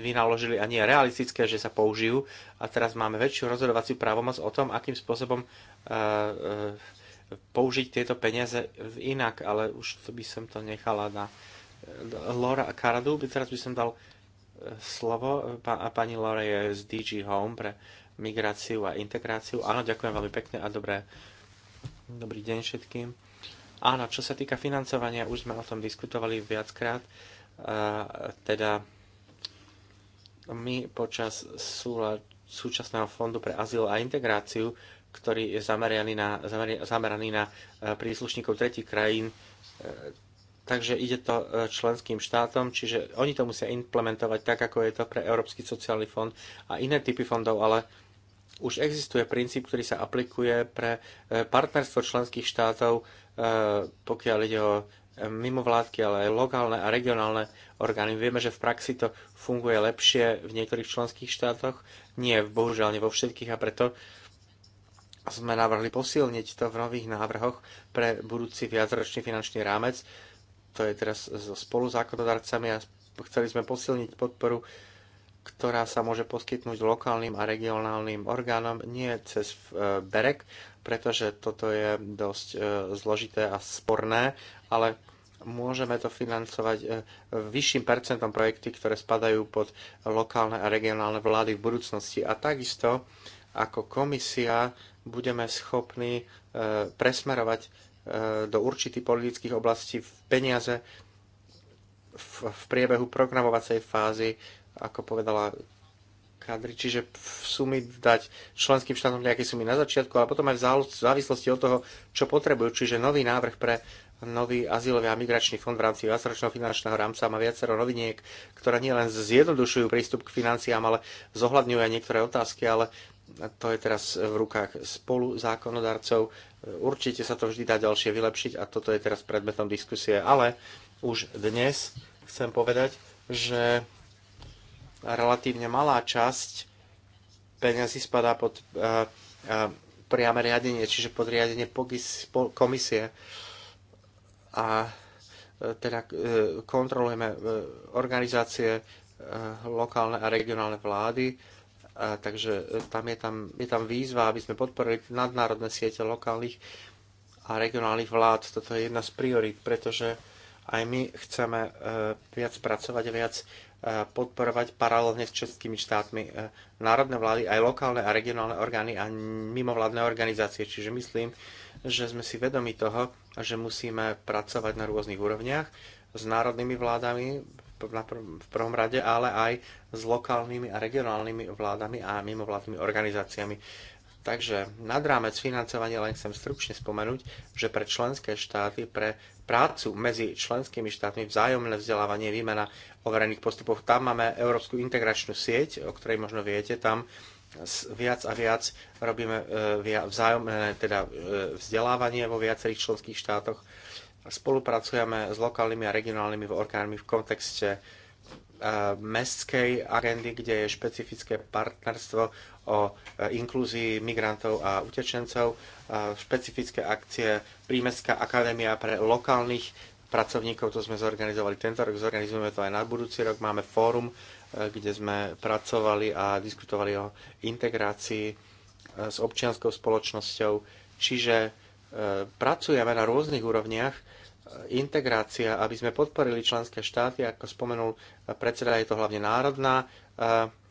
vynaložili a nie realistické, že sa použijú a teraz máme väčšiu rozhodovaciu právomoc o tom, akým spôsobom e, e, použiť tieto peniaze inak, ale už to by som to nechala na e, Lora a Karadu, by teraz by som dal slovo a pani Lore je z DG Home pre migráciu a integráciu. Áno, ďakujem veľmi pekne a dobré, dobrý deň všetkým. Áno, čo sa týka financovania, už sme o tom diskutovali viackrát. Teda my počas súla, súčasného fondu pre azyl a integráciu, ktorý je zameraný na, zameraný na príslušníkov tretich krajín, e, Takže ide to e, členským štátom, čiže oni to musia implementovať tak, ako je to pre Európsky sociálny fond a iné typy fondov, ale už existuje princíp, ktorý sa aplikuje pre e, partnerstvo členských štátov, e, pokiaľ ide o mimovládky, ale aj lokálne a regionálne orgány. Vieme, že v praxi to funguje lepšie v niektorých členských štátoch, nie bohužiaľ nie vo všetkých a preto sme navrhli posilniť to v nových návrhoch pre budúci viacročný finančný rámec, to je teraz so spoluzákonodarcami a chceli sme posilniť podporu, ktorá sa môže poskytnúť lokálnym a regionálnym orgánom, nie cez e, BEREK, pretože toto je dosť e, zložité a sporné, ale môžeme to financovať e, vyšším percentom projekty, ktoré spadajú pod lokálne a regionálne vlády v budúcnosti. A takisto ako komisia budeme schopní presmerovať do určitých politických oblastí v peniaze v, v priebehu programovacej fázy, ako povedala kadri, čiže v sumy dať členským štátom nejaké sumy na začiatku, ale potom aj v závislosti od toho, čo potrebujú. Čiže nový návrh pre nový azylový a migračný fond v rámci vásročného finančného rámca má viacero noviniek, ktoré nielen zjednodušujú prístup k financiám, ale zohľadňujú aj niektoré otázky, ale to je teraz v rukách spolu zákonodarcov Určite sa to vždy dá ďalšie vylepšiť a toto je teraz predmetom diskusie, ale už dnes chcem povedať, že relatívne malá časť peňazí spadá pod eh, eh, priame riadenie, čiže pod riadenie komisie. A eh, teda kontrolujeme organizácie lokálne a regionálne vlády takže e, tam je, tam je tam výzva, aby sme podporili nadnárodné siete lokálnych a regionálnych vlád. Toto je jedna z priorit, pretože aj my chceme e, viac pracovať a viac e, podporovať paralelne s českými štátmi národné vlády, aj lokálne a regionálne orgány a mimovládne organizácie. Čiže myslím, že sme si vedomi toho, že musíme pracovať na rôznych úrovniach s národnými vládami v prvom rade, ale aj s lokálnymi a regionálnymi vládami a mimovládnymi organizáciami. Takže nad rámec financovania len chcem stručne spomenúť, že pre členské štáty, pre prácu medzi členskými štátmi, vzájomné vzdelávanie, výmena overených postupov, tam máme Európsku integračnú sieť, o ktorej možno viete, tam viac a viac robíme e, vzájomné teda e, vzdelávanie vo viacerých členských štátoch Spolupracujeme s lokálnymi a regionálnymi orgánmi v kontexte eh, mestskej agendy, kde je špecifické partnerstvo o eh, inklúzii migrantov a utečencov, eh, špecifické akcie Prímestská akadémia pre lokálnych pracovníkov, to sme zorganizovali tento rok, zorganizujeme to aj na budúci rok, máme fórum, kde sme pracovali a diskutovali o integrácii s občianskou spoločnosťou, čiže E, pracujeme na rôznych úrovniach, e, integrácia, aby sme podporili členské štáty, ako spomenul predseda, je to hlavne národná e,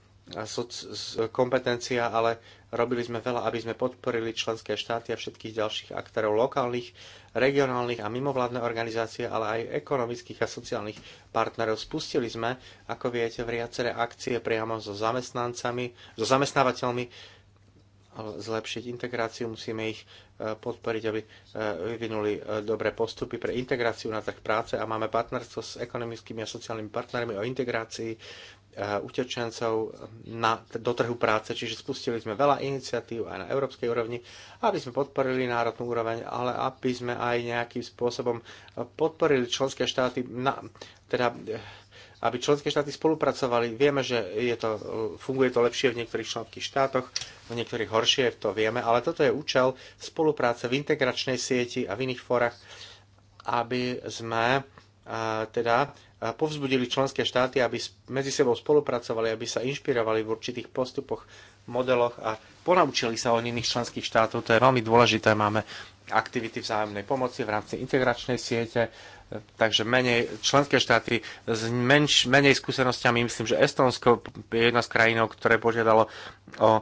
kompetencia, ale robili sme veľa, aby sme podporili členské štáty a všetkých ďalších aktérov lokálnych, regionálnych a mimovládne organizácie, ale aj ekonomických a sociálnych partnerov. Spustili sme, ako viete, viaceré akcie priamo so zamestnancami, so zamestnávateľmi, zlepšiť integráciu, musíme ich e, podporiť, aby e, vyvinuli e, dobré postupy pre integráciu na trh práce a máme partnerstvo s ekonomickými a sociálnymi partnermi o integrácii utečencov na, do trhu práce, čiže spustili sme veľa iniciatív aj na európskej úrovni, aby sme podporili národnú úroveň, ale aby sme aj nejakým spôsobom podporili členské štáty, na, teda aby členské štáty spolupracovali. Vieme, že je to, funguje to lepšie v niektorých členských štátoch, o niektorých horšie, to vieme, ale toto je účel spolupráce v integračnej sieti a v iných forách, aby sme e, teda e, povzbudili členské štáty, aby medzi sebou spolupracovali, aby sa inšpirovali v určitých postupoch, modeloch a ponaučili sa od iných členských štátov. To je veľmi dôležité. Máme aktivity vzájomnej pomoci v rámci integračnej siete, Takže menej, členské štáty s menš, menej skúsenostiami, myslím, že Estonsko je jedna z krajín, ktoré požiadalo o e,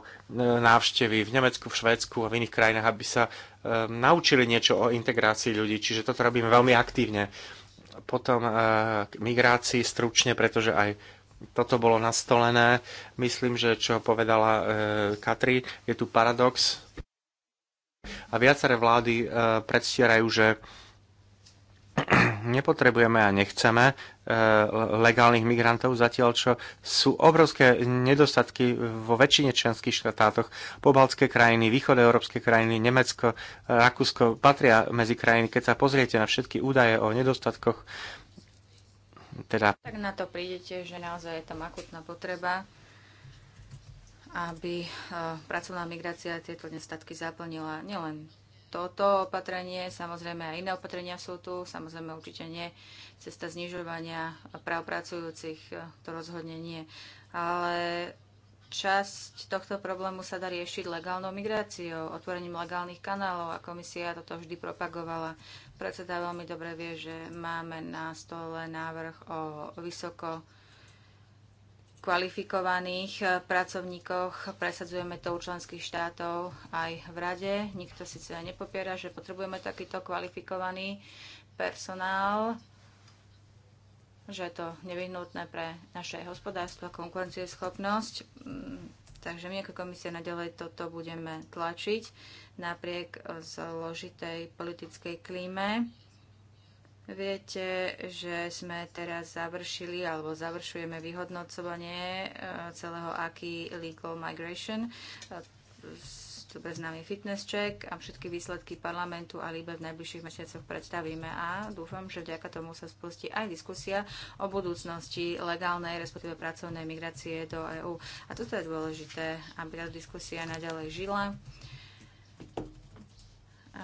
návštevy v Nemecku, v Švédsku a v iných krajinách, aby sa um, naučili niečo o integrácii ľudí. Čiže toto robíme veľmi aktívne. Potom uh, k migrácii stručne, pretože aj toto bolo nastolené. Myslím, že čo povedala uh, Katri, je tu paradox. A viaceré vlády uh, predstierajú, že nepotrebujeme a nechceme e, legálnych migrantov, zatiaľ čo sú obrovské nedostatky vo väčšine členských štátoch. Pobaltské krajiny, východe európske krajiny, Nemecko, Rakúsko patria medzi krajiny. Keď sa pozriete na všetky údaje o nedostatkoch, teda... Tak na to prídete, že naozaj je tam akutná potreba aby e, pracovná migrácia tieto nedostatky zaplnila nielen toto opatrenie, samozrejme aj iné opatrenia sú tu, samozrejme určite nie cesta znižovania práv pracujúcich, to rozhodne nie. Ale časť tohto problému sa dá riešiť legálnou migráciou, otvorením legálnych kanálov a komisia toto vždy propagovala. Predseda veľmi dobre vie, že máme na stole návrh o vysoko kvalifikovaných eh, pracovníkoch, presadzujeme to u členských štátov aj v rade. Nikto síce nepopiera, že potrebujeme takýto kvalifikovaný personál, že je to nevyhnutné pre naše hospodárstvo a konkurencieschopnosť. Mm, takže my ako komisia naďalej toto budeme tlačiť napriek eh, zložitej politickej klíme. Viete, že sme teraz završili alebo završujeme vyhodnocovanie eh, celého AKI Legal Migration. Dobre eh, známy fitness check a všetky výsledky parlamentu a líbe v najbližších mesiacoch predstavíme a dúfam, že vďaka tomu sa spustí aj diskusia o budúcnosti legálnej, respektíve pracovnej migrácie do EÚ. A toto je dôležité, aby tá diskusia naďalej žila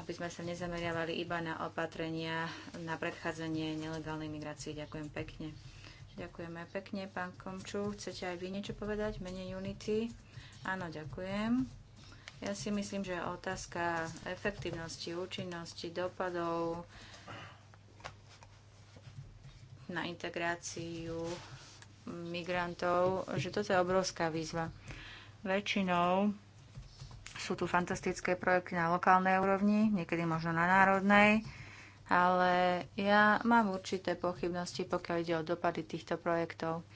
aby sme sa nezameriavali iba na opatrenia na predchádzanie nelegálnej migrácii. Ďakujem pekne. Ďakujeme pekne, pán Komču. Chcete aj vy niečo povedať? Menej Unity? Áno, ďakujem. Ja si myslím, že otázka efektivnosti, účinnosti, dopadov na integráciu migrantov, že toto je obrovská výzva. Väčšinou Sú tu fantastické projekty na lokálnej úrovni, niekedy možno na národnej, ale ja mám určité pochybnosti, pokiaľ ide o dopady týchto projektov.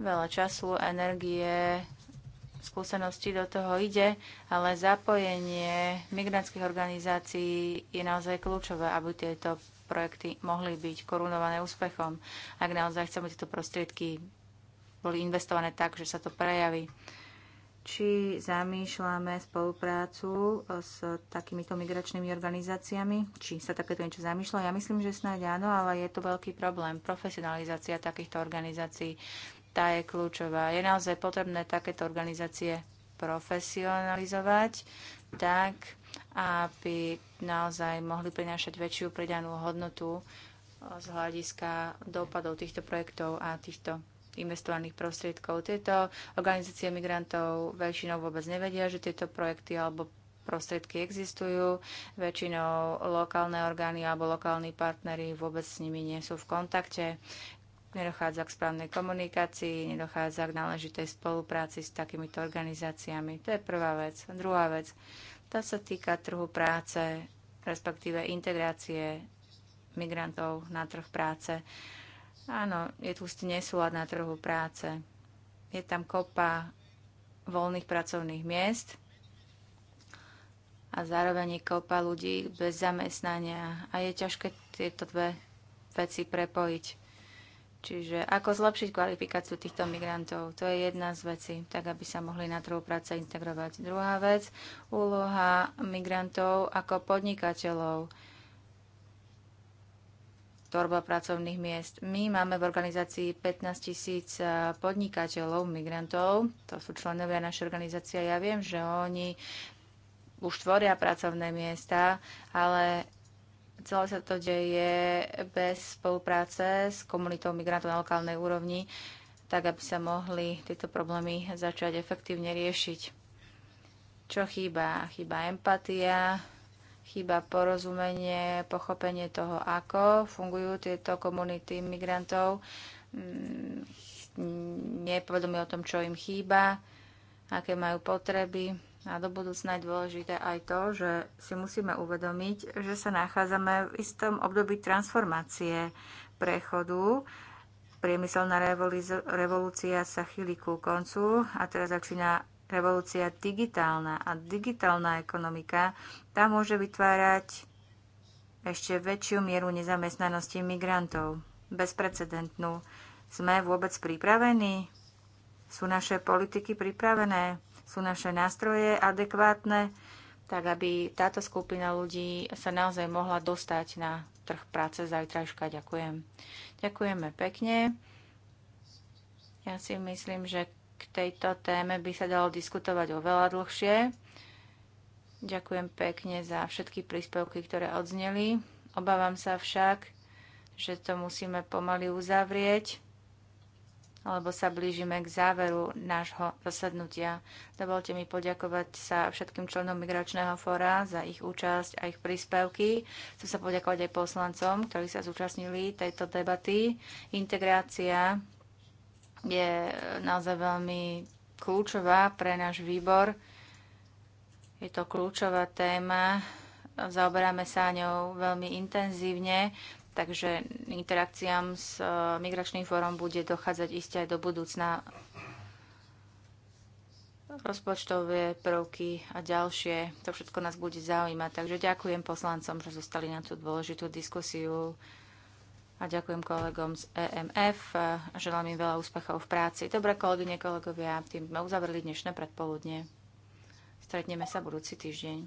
Veľa času, energie, skúsenosti do toho ide, ale zapojenie migrantských organizácií je naozaj kľúčové, aby tieto projekty mohli byť korunované úspechom, ak naozaj chceme tieto prostriedky boli investované tak, že sa to prejaví či zamýšľame spoluprácu e, s takýmito migračnými organizáciami? Či sa takéto niečo zamýšľa? Ja myslím, že snáď áno, ale je to veľký problém. Profesionalizácia takýchto organizácií, tá je kľúčová. Je naozaj potrebné takéto organizácie profesionalizovať tak, aby naozaj mohli prinášať väčšiu pridanú hodnotu e, z hľadiska dopadov týchto projektov a týchto investovaných prostriedkov. Tieto organizácie migrantov väčšinou vôbec nevedia, že tieto projekty alebo prostriedky existujú. Väčšinou lokálne orgány alebo lokálni partnery vôbec s nimi nie sú v kontakte. Nedochádza k správnej komunikácii, nedochádza k náležitej spolupráci s takýmito organizáciami. To je prvá vec. Druhá vec, tá sa týka trhu práce, respektíve integrácie migrantov na trh práce. Áno, je tu ste nesúlad na trhu práce. Je tam kopa voľných pracovných miest a zároveň je kopa ľudí bez zamestnania a je ťažké tieto dve veci prepojiť. Čiže ako zlepšiť kvalifikáciu týchto migrantov, to je jedna z vecí, tak aby sa mohli na trhu práce integrovať. Druhá vec, úloha migrantov ako podnikateľov tvorba pracovných miest. My máme v organizácii 15 tisíc eh, podnikateľov, migrantov, to sú členovia našej organizácie. Ja viem, že oni už tvoria pracovné miesta, ale celé sa to deje bez spolupráce s komunitou migrantov na lokálnej úrovni, tak aby sa mohli tieto problémy začať efektívne riešiť. Čo chýba? Chýba empatia, chýba porozumenie, pochopenie toho, ako fungujú tieto komunity migrantov, mm, nepovedomí o tom, čo im chýba, aké majú potreby. A do budúcna je dôležité aj to, že si musíme uvedomiť, že sa nachádzame v istom období transformácie prechodu. Priemyselná revolúcia sa chýli ku koncu a teraz začína revolúcia digitálna a digitálna ekonomika, tá môže vytvárať ešte väčšiu mieru nezamestnanosti migrantov. Bezprecedentnú. Sme vôbec pripravení? Sú naše politiky pripravené? Sú naše nástroje adekvátne? Tak, aby táto skupina ľudí sa naozaj mohla dostať na trh práce zajtrajška. Ďakujem. Ďakujeme pekne. Ja si myslím, že k tejto téme by sa dalo diskutovať oveľa dlhšie. Ďakujem pekne za všetky príspevky, ktoré odzneli. Obávam sa však, že to musíme pomaly uzavrieť, alebo sa blížime k záveru nášho zasadnutia. Dovolte mi poďakovať sa všetkým členom Migračného fóra za ich účasť a ich príspevky. Chcem sa poďakovať aj poslancom, ktorí sa zúčastnili tejto debaty. Integrácia je naozaj veľmi kľúčová pre náš výbor. Je to kľúčová téma, zaoberáme sa ňou veľmi intenzívne, takže interakciám s e, Migračným fórom bude dochádzať iste aj do budúcna rozpočtové prvky a ďalšie. To všetko nás bude zaujímať. Takže ďakujem poslancom, že zostali na tú dôležitú diskusiu a ďakujem kolegom z EMF. a Želám im veľa úspechov v práci. Dobre, kolegyne, kolegovia, tým sme uzavreli dnešné predpoludne. Stretneme sa budúci týždeň.